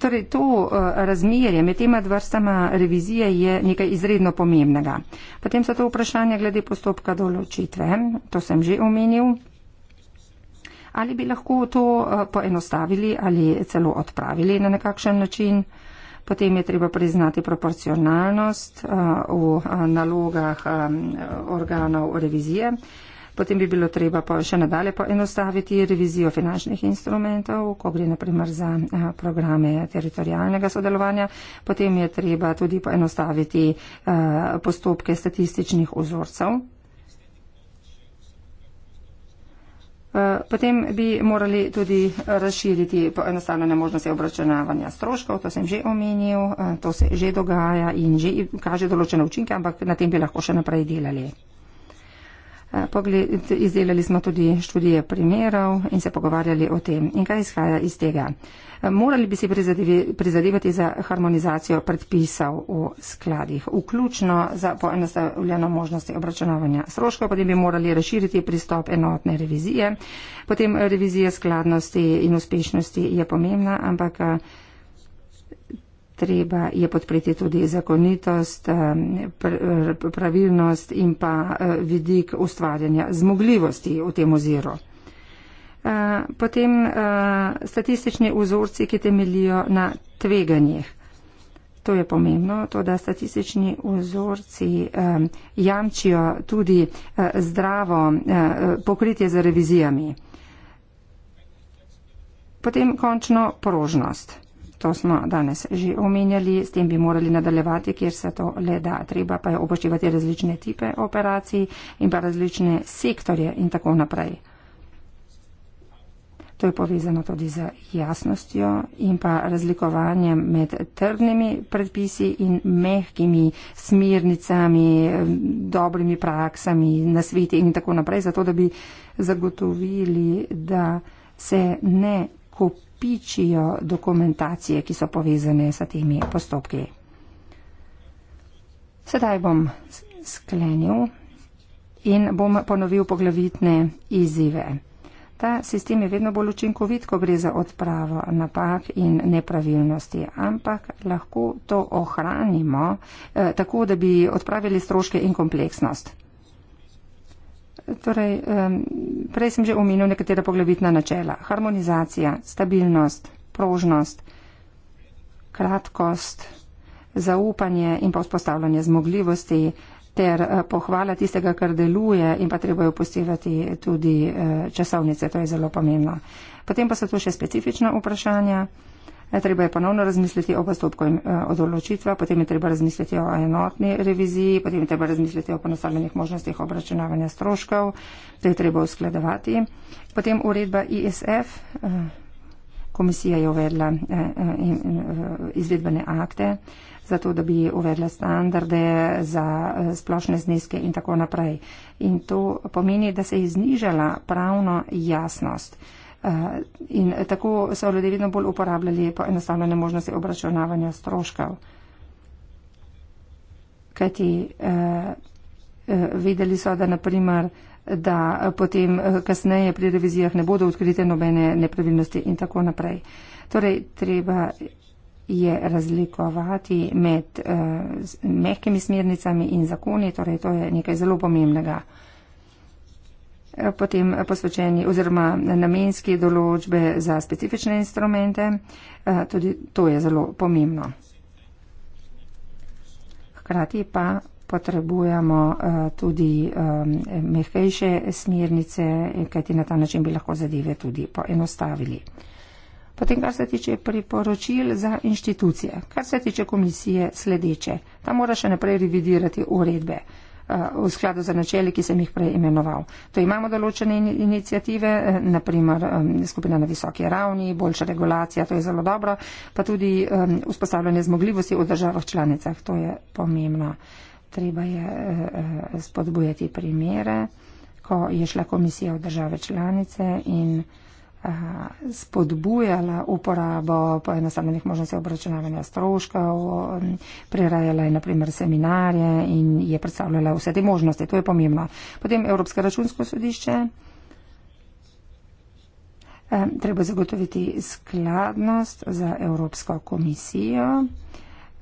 torej to uh, razmerje med tema vrstama revizije je nekaj izredno pomembnega. Potem so to vprašanja glede postopka določitve, to sem že omenil ali bi lahko to eh, poenostavili ali celo odpravili na nekakšen način. Potem je treba priznati proporcionalnost eh, v eh, nalogah organov revizije. Potem bi bilo treba pa še nadalje poenostaviti revizijo finančnih instrumentov, ko gre naprimer za programe teritorijalnega sodelovanja. Potem je treba tudi poenostaviti postopke statističnih ozorcev. Eh, potem bi morali tudi razširiti poenostavljene možnosti obračunavanja stroškov, to sem že omenil, eh, to se že dogaja in že kaže določene učinke, ampak na tem bi lahko še naprej delali. Pogled, izdelali smo tudi študije primerov in se pogovarjali o tem, in kaj izhaja iz tega. Morali bi si prizadevati za harmonizacijo predpisov v skladih, vključno za poenostavljeno možnosti obračunavanja stroškov, potem bi morali razširiti pristop enotne revizije. Potem revizija skladnosti in uspešnosti je pomembna, ampak Treba je podpreti tudi zakonitost, eh, pravilnost in pa eh, vidik ustvarjanja zmogljivosti v tem oziru. Eh, potem statistični vzorci, ki temelijo na tveganjih. To je pomembno, to da statistični vzorci jamčijo tudi zdravo pokritje za revizijami. Potem končno porožnost to smo danes že omenjali, s tem bi morali nadaljevati, kjer se to le da. Treba pa je upoštevati različne tipe operacij in pa različne sektorje in tako naprej. To je povezano tudi z jasnostjo in pa razlikovanjem med trdnimi predpisi in mehkimi smernicami, dobrimi praksami na sveti in tako naprej, zato da bi zagotovili, da se ne kopirajo kopičijo dokumentacije, ki so povezane s temi postopki. Sedaj bom sklenil in bom ponovil poglavitne izzive. Ta sistem je vedno bolj učinkovit, ko gre za odpravo napak in nepravilnosti, ampak lahko to ohranimo eh, tako, da bi odpravili stroške in kompleksnost torej, um, prej sem že omenil nekatera poglavitna načela. Harmonizacija, stabilnost, prožnost, kratkost, zaupanje in pa vzpostavljanje zmogljivosti ter eh, pohvala tistega, kar deluje in pa treba je upostevati tudi eh, časovnice, to je zelo pomembno. Potem pa so tu še specifična vprašanja. Treba je ponovno razmisliti o postopku eh, odločitve, potem je treba razmisliti o enotni reviziji, potem je treba razmisliti o ponostavljenih možnostih obračunavanja stroškov, to je treba uskladevati. Potem uredba ISF, eh, komisija je uvedla eh, izvedbene akte, zato da bi uvedla standarde za splošne zneske in tako naprej. In to pomeni, da se je znižala pravno jasnost. Eh, in tako so ljudje vedno bolj uporabljali poenostavljene možnosti obračunavanja stroškov. Kajti eh, eh, vedeli so, da naprimer, da potem kasneje pri revizijah ne bodo odkrite nobene nepravilnosti in tako naprej. Torej, treba je razlikovati med eh, mehkimi smernicami in zakoni, torej to je nekaj zelo pomembnega. Eh, potem eh, posvečeni oziroma namenski določbe za specifične instrumente. Eh, tudi to je zelo pomembno. Hkrati pa potrebujemo tudi mehkejše smernice, kajti na ta način bi lahko zadeve tudi poenostavili. Potem, kar se tiče priporočil za inštitucije, kar se tiče komisije sledeče, ta mora še naprej revidirati uredbe. Eh, v skladu za načeli, ki sem jih preimenoval. To imamo določene in, inicijative, eh, naprimer skupina na visoki ravni, boljša regulacija, to je zelo dobro, pa tudi um, vzpostavljanje zmogljivosti v državah članicah, to je pomembno. Treba je uh, spodbujati primere, ko je šla komisija v države članice in spodbujala uporabo poenostavljenih možnosti obračunavanja stroškov, um, prirajala je naprimer seminarje in je predstavljala vse te možnosti. To je pomembno. Potem Evropsko računsko sodišče. Um, treba zagotoviti skladnost za Evropsko komisijo.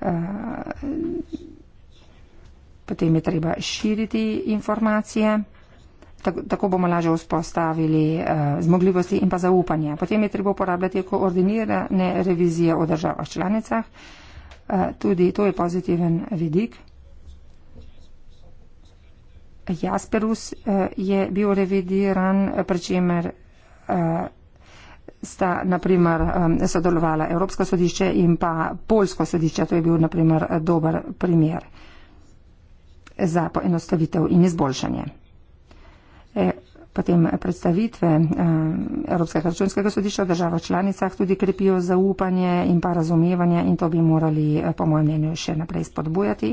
Uh, potem je treba širiti informacije tako bomo lažje vzpostavili uh, zmogljivosti in pa zaupanje. Potem je treba uporabljati koordinirane revizije v državah članicah. Uh, tudi to je pozitiven vidik. Jasperus uh, je bil revidiran, pričemer uh, sta naprimer um, sodelovala Evropsko sodišče in pa Polsko sodišče. To je bil naprimer dober primer za poenostavitev in izboljšanje. E, potem predstavitve e, Evropskega računskega sodišča v državah članicah tudi krepijo zaupanje in pa razumevanje in to bi morali, e, po mojem mnenju, še naprej spodbujati.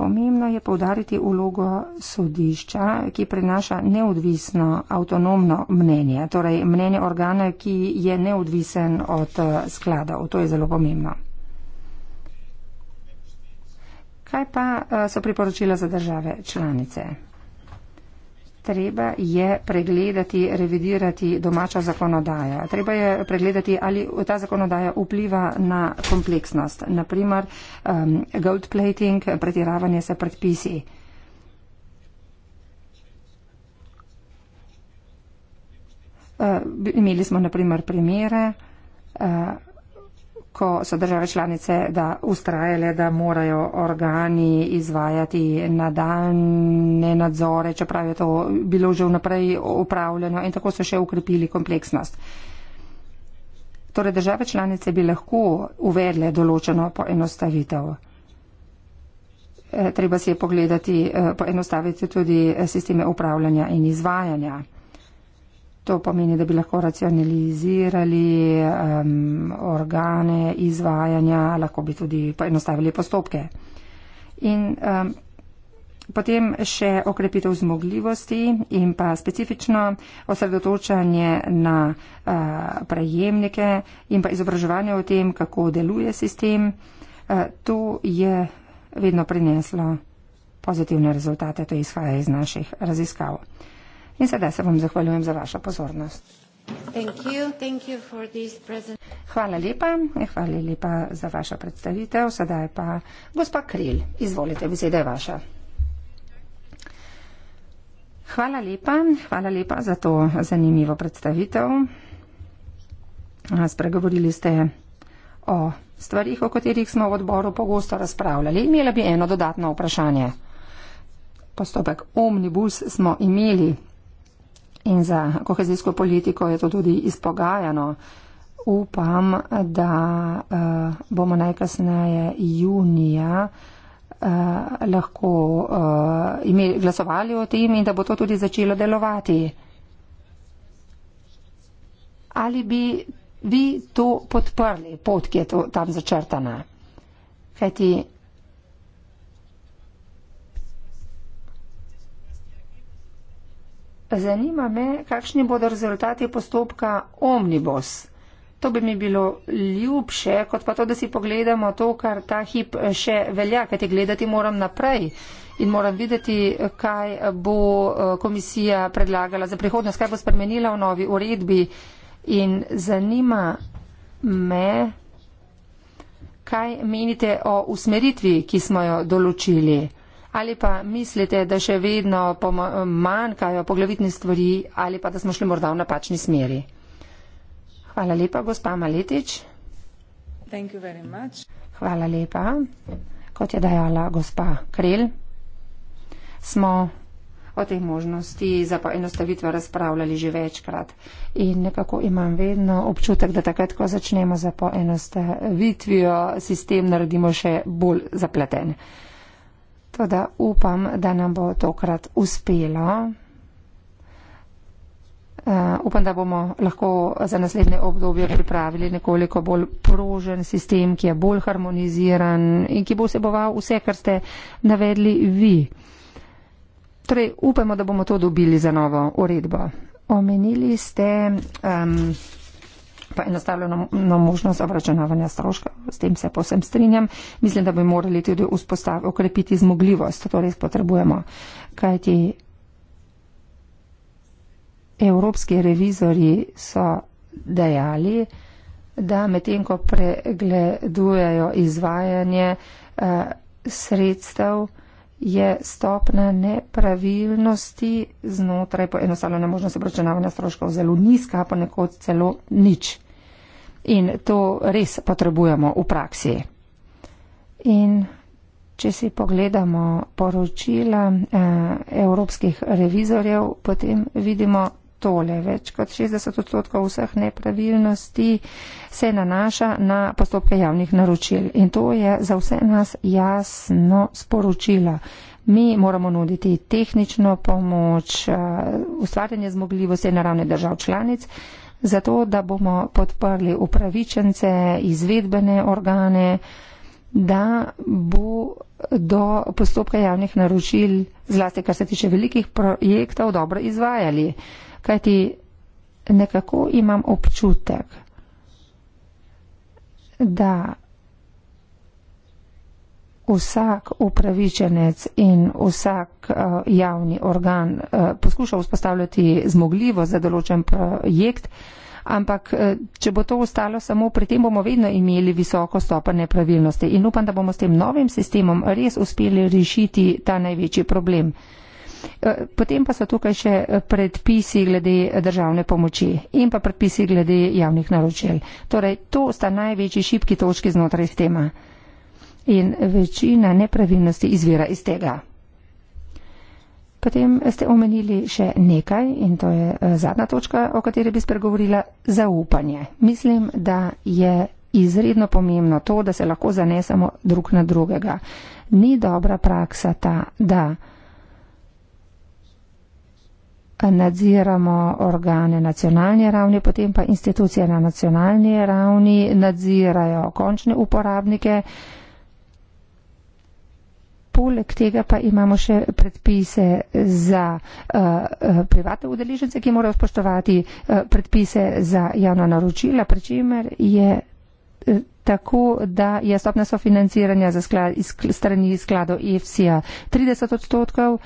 Pomembno je povdariti ulogo sodišča, ki prenaša neodvisno, avtonomno mnenje, torej mnenje organa, ki je neodvisen od skladov. To je zelo pomembno. Kaj pa so priporočila za države članice? treba je pregledati, revidirati domača zakonodaja. Treba je pregledati, ali ta zakonodaja vpliva na kompleksnost. Naprimer, um, gold plating, pretiravanje se predpisi. Uh, imeli smo naprimer primere. Uh, ko so države članice da ustrajale, da morajo organi izvajati nadaljne nadzore, čeprav je to bilo že vnaprej upravljeno in tako so še ukrepili kompleksnost. Torej države članice bi lahko uvedle določeno poenostavitev. E, treba si je pogledati, e, poenostaviti tudi e, sisteme upravljanja in izvajanja. To pomeni, da bi lahko racionalizirali um, organe izvajanja, lahko bi tudi poenostavili postopke. In um, potem še okrepitev zmogljivosti in pa specifično osredotočanje na uh, prejemnike in pa izobraževanje o tem, kako deluje sistem. Uh, to je vedno prineslo pozitivne rezultate, to izhaja iz naših raziskav. In sedaj se vam zahvaljujem za vašo pozornost. Thank you. Thank you hvala lepa, hvala lepa za vašo predstavitev. Sedaj pa gospa Kril, izvolite, beseda je vaša. Hvala lepa, hvala lepa za to zanimivo predstavitev. Spregovorili ste o stvarih, o katerih smo v odboru pogosto razpravljali. Imela bi eno dodatno vprašanje. Postopek omnibus smo imeli In za kohezijsko politiko je to tudi izpogajano. Upam, da uh, bomo najkasneje junija uh, lahko uh, imeli glasovali o tem in da bo to tudi začelo delovati. Ali bi vi to podprli, pot, ki je to, tam začrtana? Kajti Zanima me, kakšni bodo rezultati postopka omnibus. To bi mi bilo ljubše, kot pa to, da si pogledamo to, kar ta hip še velja, kaj ti gledati moram naprej in moram videti, kaj bo eh, komisija predlagala za prihodnost, kaj bo spremenila v novi uredbi. In zanima me, kaj menite o usmeritvi, ki smo jo določili ali pa mislite, da še vedno manjkajo poglavitni stvari ali pa da smo šli morda v napačni smeri? Hvala lepa, gospa Maletič. Hvala lepa, kot je dajala gospa Krel. Smo o tej možnosti za poenostavitve razpravljali že večkrat in nekako imam vedno občutek, da takrat, ko začnemo za poenostavitvijo, sistem naredimo še bolj zapleten. Tada upam, da nam bo tokrat uspelo. Uh, upam, da bomo lahko za naslednje obdobje pripravili nekoliko bolj prožen sistem, ki je bolj harmoniziran in ki bo seboval vse, kar ste navedli vi. Torej, upamo, da bomo to dobili za novo uredbo. Omenili ste. Um, poenostavljeno možnost obračunavanja stroška. S tem se posem strinjam. Mislim, da bi morali tudi ukrepiti zmogljivost, to res potrebujemo. Kajti evropski revizori so dejali, da medtem, ko pregledujejo izvajanje eh, sredstev, je stopna nepravilnosti znotraj poenostavljena možnost obračunavanja stroškov zelo nizka, ponekod celo nič. In to res potrebujemo v praksi. In če si pogledamo poročila eh, evropskih revizorjev, potem vidimo tole. Več kot 60 odstotkov vseh nepravilnosti se nanaša na postopke javnih naročil. In to je za vse nas jasno sporočilo. Mi moramo nuditi tehnično pomoč, eh, ustvarjanje zmogljivosti na ravni držav članic zato da bomo podprli upravičence, izvedbene organe, da bo do postopka javnih naročil, zlasti kar se tiče velikih projektov, dobro izvajali. Kajti nekako imam občutek, da vsak upravičenec in vsak eh, javni organ eh, poskuša vzpostavljati zmogljivost za določen projekt, ampak eh, če bo to ostalo samo pri tem, bomo vedno imeli visoko stopanje pravilnosti in upam, da bomo s tem novim sistemom res uspeli rešiti ta največji problem. Potem pa so tukaj še predpisi glede državne pomoči in pa predpisi glede javnih naročil. Torej, to sta največji šipki točki znotraj sistema in večina nepravilnosti izvira iz tega. Potem ste omenili še nekaj in to je eh, zadnja točka, o kateri bi spregovorila - zaupanje. Mislim, da je izredno pomembno to, da se lahko zanesemo drug na drugega. Ni dobra praksa ta, da nadziramo organe nacionalne ravni, potem pa institucije na nacionalni ravni nadzirajo končne uporabnike poleg tega pa imamo še predpise za uh, private udeležence, ki morajo spoštovati uh, predpise za javna naročila, pri čemer je tako, da je stopna sofinanciranja za sklad, iz, strani skladu EFSI-a 30 odstotkov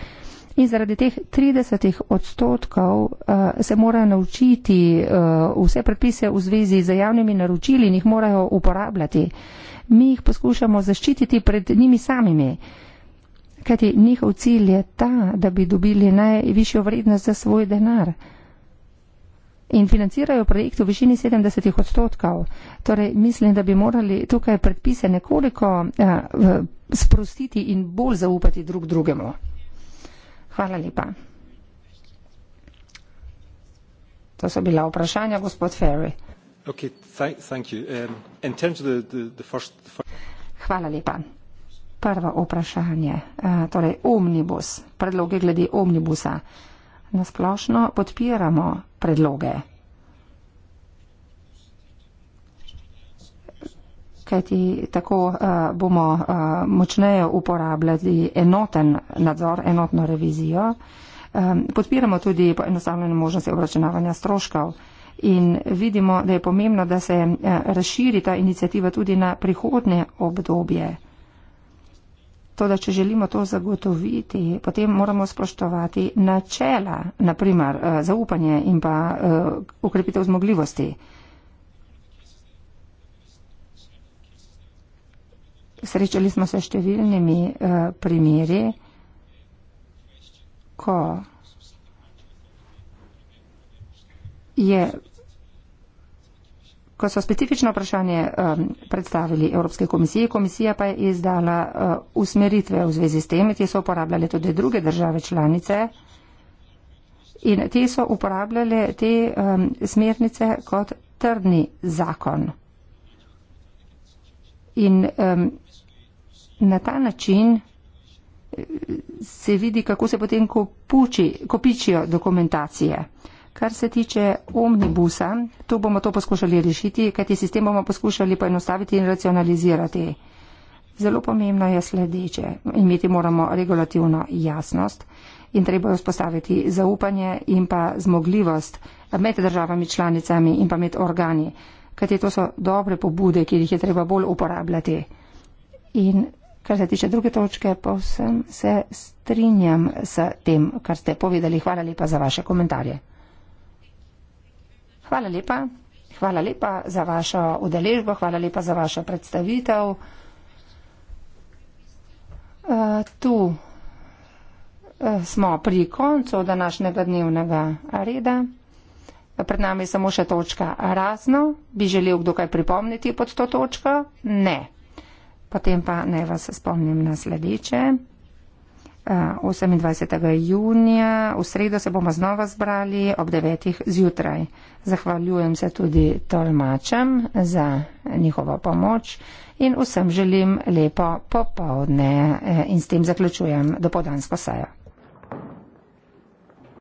in zaradi teh 30 odstotkov uh, se morajo naučiti uh, vse predpise v zvezi z javnimi naročili in jih morajo uporabljati. Mi jih poskušamo zaščititi pred njimi samimi. Uh, kajti njihov cilj je ta, da bi dobili najvišjo vrednost za svoj denar. In financirajo projekt v višini 70 odstotkov. Torej, mislim, da bi morali tukaj predpise nekoliko eh, sprostiti in bolj zaupati drug drugemu. Hvala lepa. To so bila vprašanja, gospod Ferry. Okay, thank, thank um, the, the, the first, the first... Hvala lepa. Prvo vprašanje, eh, torej omnibus, predloge glede omnibusa. Nasplošno podpiramo predloge. Kajti tako eh, bomo eh, močneje uporabljali enoten nadzor, enotno revizijo. Ehm, podpiramo tudi poenostavljene možnosti obračunavanja stroškov. In vidimo, da je pomembno, da se razširi ta inicijativa tudi na prihodne obdobje. To, da če želimo to zagotoviti, potem moramo spoštovati načela, naprimer eh, zaupanje in pa eh, ukrepitev zmogljivosti. Srečali smo se številnimi eh, primeri, ko je ko so specifično vprašanje um, predstavili Evropske komisije, komisija pa je izdala uh, usmeritve v zvezi s tem, ki so uporabljale tudi druge države članice. In te so uporabljale te um, smernice kot trdni zakon. In um, na ta način uh, se vidi, kako se potem kopiči, kopičijo dokumentacije. Uh, Kar se tiče omnibusa, tu bomo to poskušali rešiti, kajti sistem bomo poskušali poenostaviti in racionalizirati. Zelo pomembno je sledeče. Imeti moramo regulativno jasnost in treba je vzpostaviti zaupanje in pa zmogljivost med državami članicami in pa med organi, kajti to so dobre pobude, ki jih je treba bolj uporabljati. In kar se tiče druge točke, pa vsem se strinjam s tem, kar ste povedali. Hvala lepa za vaše komentarje. Hvala lepa. Hvala lepa za vašo udeležbo, hvala lepa za vašo predstavitev. Eh, tu eh, smo pri koncu današnjega dnevnega reda. Pred nami je samo še točka razno. Bi želel kdo kaj pripomniti pod to točko? Ne. Potem pa naj vas spomnim na sledeče. 28. Eh, junija, v sredo se bomo znova zbrali ob 9. zjutraj. Zahvaljujem se tudi tolmačem za njihovo pomoč in vsem želim lepo popovdne eh, in s tem zaključujem dopodansko sejo.